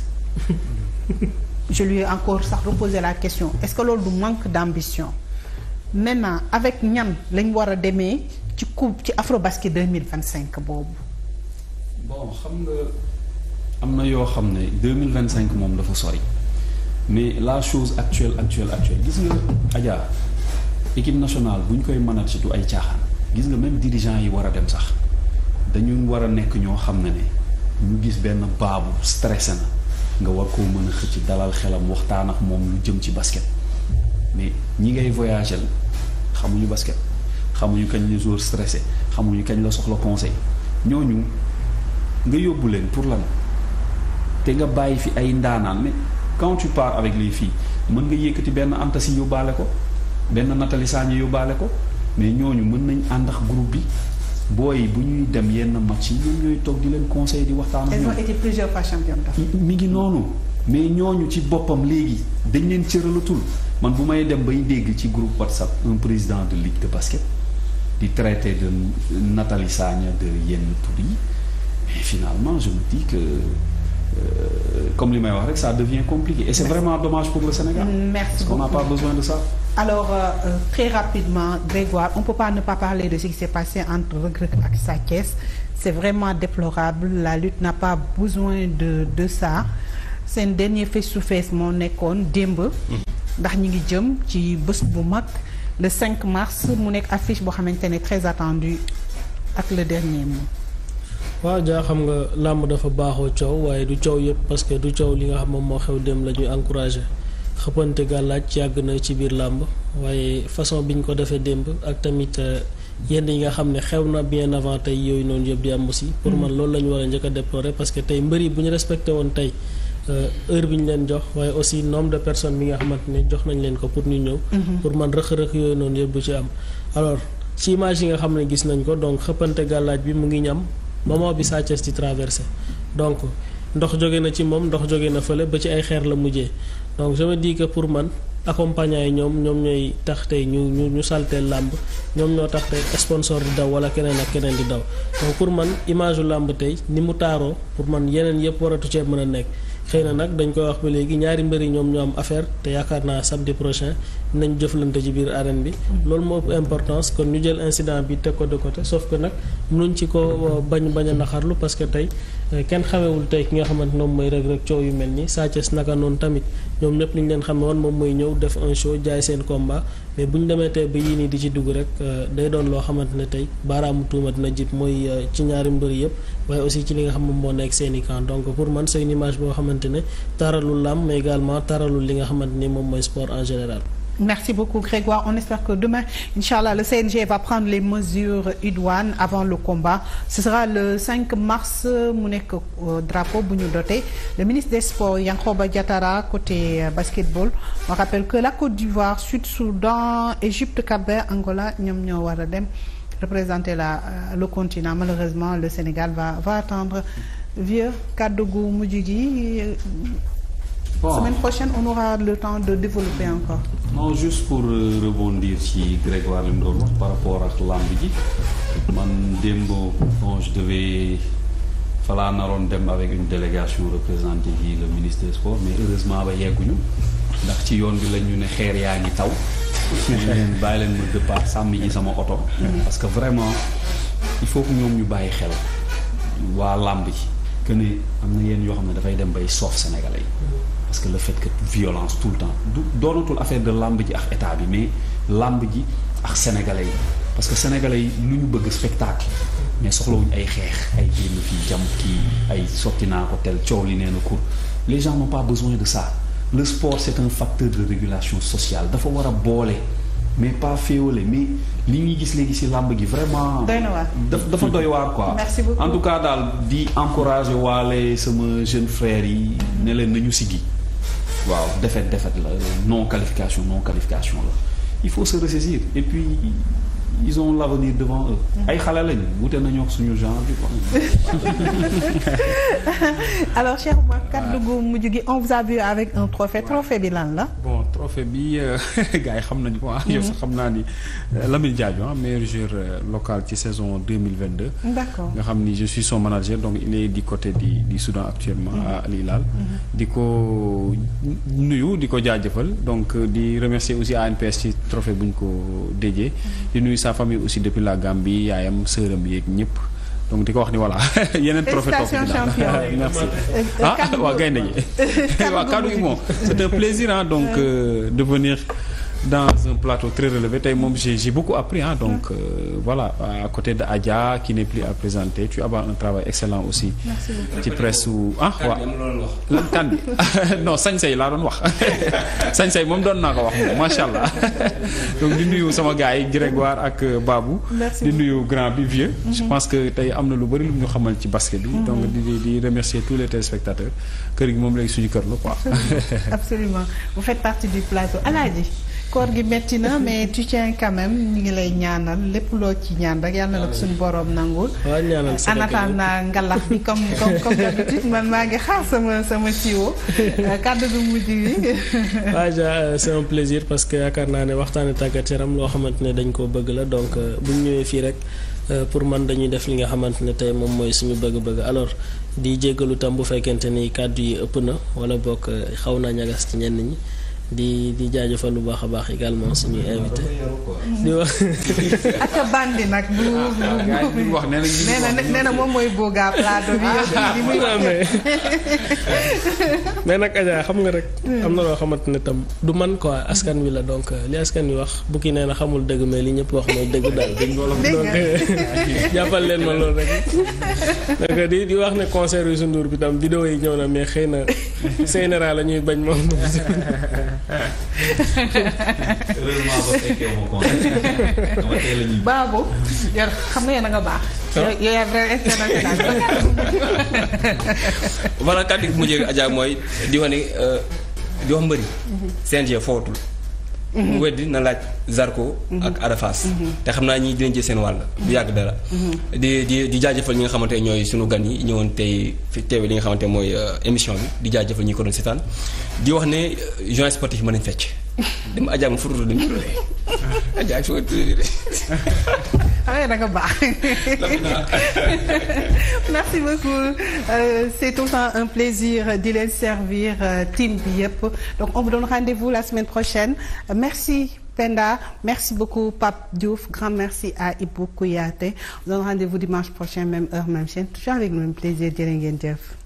je lui encore sax reposé la question est-ce que loolu du manque d'ambition maintenant avec ñan lañ war a demee ci coupe ci Afrobasket 2025 boobu bon xam nga am na yoo xam ne 2025 moom dafa sori mais la chose actuelle actuelle actuelle gis nga Adja équipe nationale bu ñu koy manager du ay caaxaan gis nga même dirigeant yi war a dem sax dañu war a nekk ñoo xam ne ne ñu gis benn baabu stressé na nga war ko mën a xëcc dalal xelam waxtaan ak moom lu jëm ci basket mais ñi ngay voyagel xamuñu basket xamuñu kañ la jour stressé xamuñu kañ la soxla conseil ñu nga yóbbu leen pour lan te nga bàyyi fi ay ndaanaan mais quand tu avec les filles mën nga yëkkati benn antasi yóbbaale ko benn Nathalie Sagne yóbbaale ko mais ñooñu mën nañ ànd ak groupe bi booy bu ñuy dem yenn match yi ñoom ñooy toog di leen conseil di waxtaan ak ñoom. elles mi ngi noonu mais ñooñu ci boppam léegi dañ leen cëralatul man bu may dem bay dégg ci groupe WhatsApp un président de ligue de basket di traité de Nathalie Sagna de yenn tur yi mais finalement je me Euh, comme li may wax rek ça devient compliqué et c'est vraiment dommage pour le Sénégal. merci beaucoup parce qu'on n'a pas besoin de ça. alors euh, euh, très rapidement Grégoire on peut pas ne pas parler de ce qui s'est passé entre Reug Reug ak Sa c'est vraiment déplorable la lutte n'a pas besoin de de ça seen dernier face to face moo nekkoon démb. Mm-hmm. ndax ñu ngi jëm ci bés bu mag le 5 mars mu nekk affiche boo xamante ne très attendu ak le dernier mot. waaw jaa xam nga làmb dafa baaxoo coow waaye du coow yëpp parce que du coow li nga xam moom moo xew dem la ñuy encouragé xëppante gàllaaj yàgg na ci biir làmb waaye façon bi ñu ko defee démb ak tamit eh, yenn yi nga xam ne xew na bien avant tey yooyu noonu yëpp di am aussi. pour mm-hmm. man loolu la ñu war a njëkk a déplorer que tey mbëri bu ñu respecté woon tey. Eh, heure bi ñu jox waaye aussi nombre de personnes bi nga xamante ne jox leen ko pour ñu ñëw. Mm-hmm. pour man rëq-rëq yooyu image yi nga xam ne gis nañ ko donc xëppante gàllaaj bi mu ngi ñam moment bi Sa Thiès di traversé donc ndox jóge na ci moom ndox jóge na fële ba ci ay xeer la mujjee donc je me dis que pour man accompagnant yi ñoom ñoom ñooy tax tey ñu ñu ñu salte làmb ñoom ñoo tax tey sponsor di daw wala keneen ak keneen di daw donc pour man image u làmb tey ni mu taaroo pour man yeneen yëpp waratu cee mën a nekk xëy na nag dañ koy wax ba léegi ñaari mbër yi ñoom ñoo am affaire te yaakaar naa samedi prochain nañ jëflante ci biir arène bi. Mm-hmm. loolu moo ëpp importance kon ñu jël incident bi teg ko de côté sauf que nag mënuñ ci ko euh, bañ bañ a naxarlu parce que tey euh, kenn xamewul tey ki nga xamante moom mooy Reug Reug coow yu mel nii Sa Thiès naka noonu tamit ñoom ñëpp li ñu leen xame woon moom mooy ñëw def un show jaay seen combat. mais bu ñu demee tey bi yii nii di ci dugg rek euh, day doon loo xamante ne tey baaraamu tuuma dina jib mooy euh, ci ñaari mbër yëpp waaye aussi ci li nga xam moom moo nekk seen i camp donc pour man c'est une image boo xamante ne taaralul làmb mais également taaralul li nga xamante ni moom mooy sport en général. Merci beaucoup Grégoire. On espère que demain, Inch'Allah, le CNG va prendre les mesures idoines avant le combat. Ce sera le mars, mu nekk euh, drapeau bu ñu doté. Le ministre des Sports, Yankhoba Diattara, côté euh, basketball. On rappelle que la Côte d'Ivoire, Sud-Soudan, Égypte, cap Angola, ñoom ñoo war a dem représenter la euh, le continent. Malheureusement, le Sénégal va attendre vieux kàddu gu mujj bon. semaine prochaine on aura le temps de développer encore. non juste pour euh, rebondir ci Grégoire li mu doon par rapport ak làmb ji man démb bon je devais falaa naroon dem avec une délégation représentée yi le ministre des sports mais heureusement ba yegguñu ndax ci yoon bi lañ ñu ne xeer yaa ngi taw. ñu [laughs] leen bàyyi leen sàmm ji sama oto. parce que vraiment il faut ñoom ñu bàyyi xel waa làmb ji que ne am na yenn yoo xam ne dafay dem bay soof Sénégalais parce que le fait que violence tout le temps du doonatul affaire de làmb ji ak état bi mais làmb ji ak sénégalais yi parce que sénégalais yi lu ñu bëgg spectacle mais soxlawuñ ay xeex ay génn fii jam kii ay sotti naa ko tel coow li nee na kur les gens n'ont pas besoin de ça le sport c'est un facteur de régulation sociale dafa war a boole mais pas féewale mais li ñuy gis léegi ci làmb gi vraiment. doy na waar dafa doy waar quoi. merci beaucoup en tout cas daal di encourager waale sama jeune frère yi. ne leen nañu siggi waaw défaite défaite la non qualification non qualification la il faut se ressaisir et puis ils ont l'avenir devant eux. Mm-hmm. ay xale lañu wute nañoo ak suñu genre bi quoi. [laughs] alors Cheikh Oumar kaddu gu mujj gi on vous a vu avec un trophée trophée bi lan la. bon trophée bi euh, [laughs] gars xam nañu ko ah. Mm-hmm. yow sax xam naa ni euh, Lamine Diadio ah meilleur joueur euh, local ci saison deux mille vingt deux. nga xam ni je suis son manager donc il est du côté du Soudan actuellement mm-hmm. à di ko nuyu di ko jaajëfal donc di remercier aussi ANPS ci trophée bu ko déjee di nuyu. sa famille aussi depuis la Gambie yaayam sëram yeeg ñëpp donc di ko wax ni voilà [laughs] yeneen trophée topp bi merci euh, ah waa gaynde gi [laughs] [laughs] waaw kaddu gi moom c'est un plaisir donc euh, de dans un plateau très relevé tey moom j'ai j'ai beaucoup appris ah donc euh, voilà à côté de Adja qui n'est plus à présenter tu as un travail excellent aussi ci presse u ah waaw lan kan bi [laughs] non sañ-say laa doon wax [laughs] sañ-say moom doon naa ko wax moom macha allah [laughs] donc di nuyu sama gars yi Grégoire ak euh, Babou di nuyu grand bi vieux mm-hmm. je pense que tey am na lu bëri lu ñu xamal ci basket bi mm-hmm. donc di di remercier tous les téléspectateurs kër gi moom léegi suñu kër la ko absolument koor gi métti na [laughs] mais tu tiens quand même ñu ngi lay ñaanal lépp loo ci ñaan rek yàlla na la suñu borom nangul. [laughs] anataan naa ngalax bi comme comme comme [laughs] d'habitude man maa ngi xaar sama sama ciwo kàddu bu mujj bi. waaw ja euh, c'est un plaisir parce que yaakaar naa ne waxtaanee tàggat yaram loo xamante ne dañ koo bëgg la donc euh, bu ñu ñëwee fii rek. Euh, pour man dañuy def li nga xamante ne tey moom mooy suñu bëgg-bëgg alors di jéggalu tam bu fekkente ni kàddu yi ëpp na wala bokk xaw na ñagas ci ñenn ñi di di jaajëfal lu baax a baax également suñuy invité. di wax. [laughs] ak a nag bu ah, ah, wax nee na nee moom mooy Boga plateau bi ah, muy [laughs] mais nag Adja xam nga rek. am na loo xamante ne tam du man quoi askan wi la donc euh, li askan wi wax bu kii nee na xamul dëgg mais li ñëpp wax mooy dëgg daal. [laughs] dëgg donc euh, jàppal leen ma loolu rek. donc euh, di di wax ne concert yu bi tam vidéo yi ñëw na mais xëy na général la ñuy bañ moom. [laughs] heureusement ba xam wu ma ko dama teel a ñibbi. na nga baax. Ah. yow yaa vrai international. [laughs] gi mujjee Adja mooy di wax ne euh, di wax mbëri. Mhm. CNG footul. mu weddi na laaj Zarko ak Ada Fass te xam naa ñi dinañ ci seen wàll bu yàgg dara di di di jaajëfal ñi nga xamante ñooy sunu gan yi ñëwoon tey fi teewe li nga xamante mooy euh, émission bi di jaajëfal ñi ko doon seetaan di wax ne euh, journée sportive mën nañ fecc dem Adja mu furutu di murule Adja ak furutu di de ah danga baax merci beaucoup euh, c'est tout le plaisir di servir euh, team bi yëpp donc on vous donne rendez-vous la semaine prochaine merci Penda merci beaucoup Pape Diouf grand merci à Ibou Kouyaté on vous rendez-vous dimanche prochain même heure même chaîne toujours avec le même plaisir jërë ngeen jëf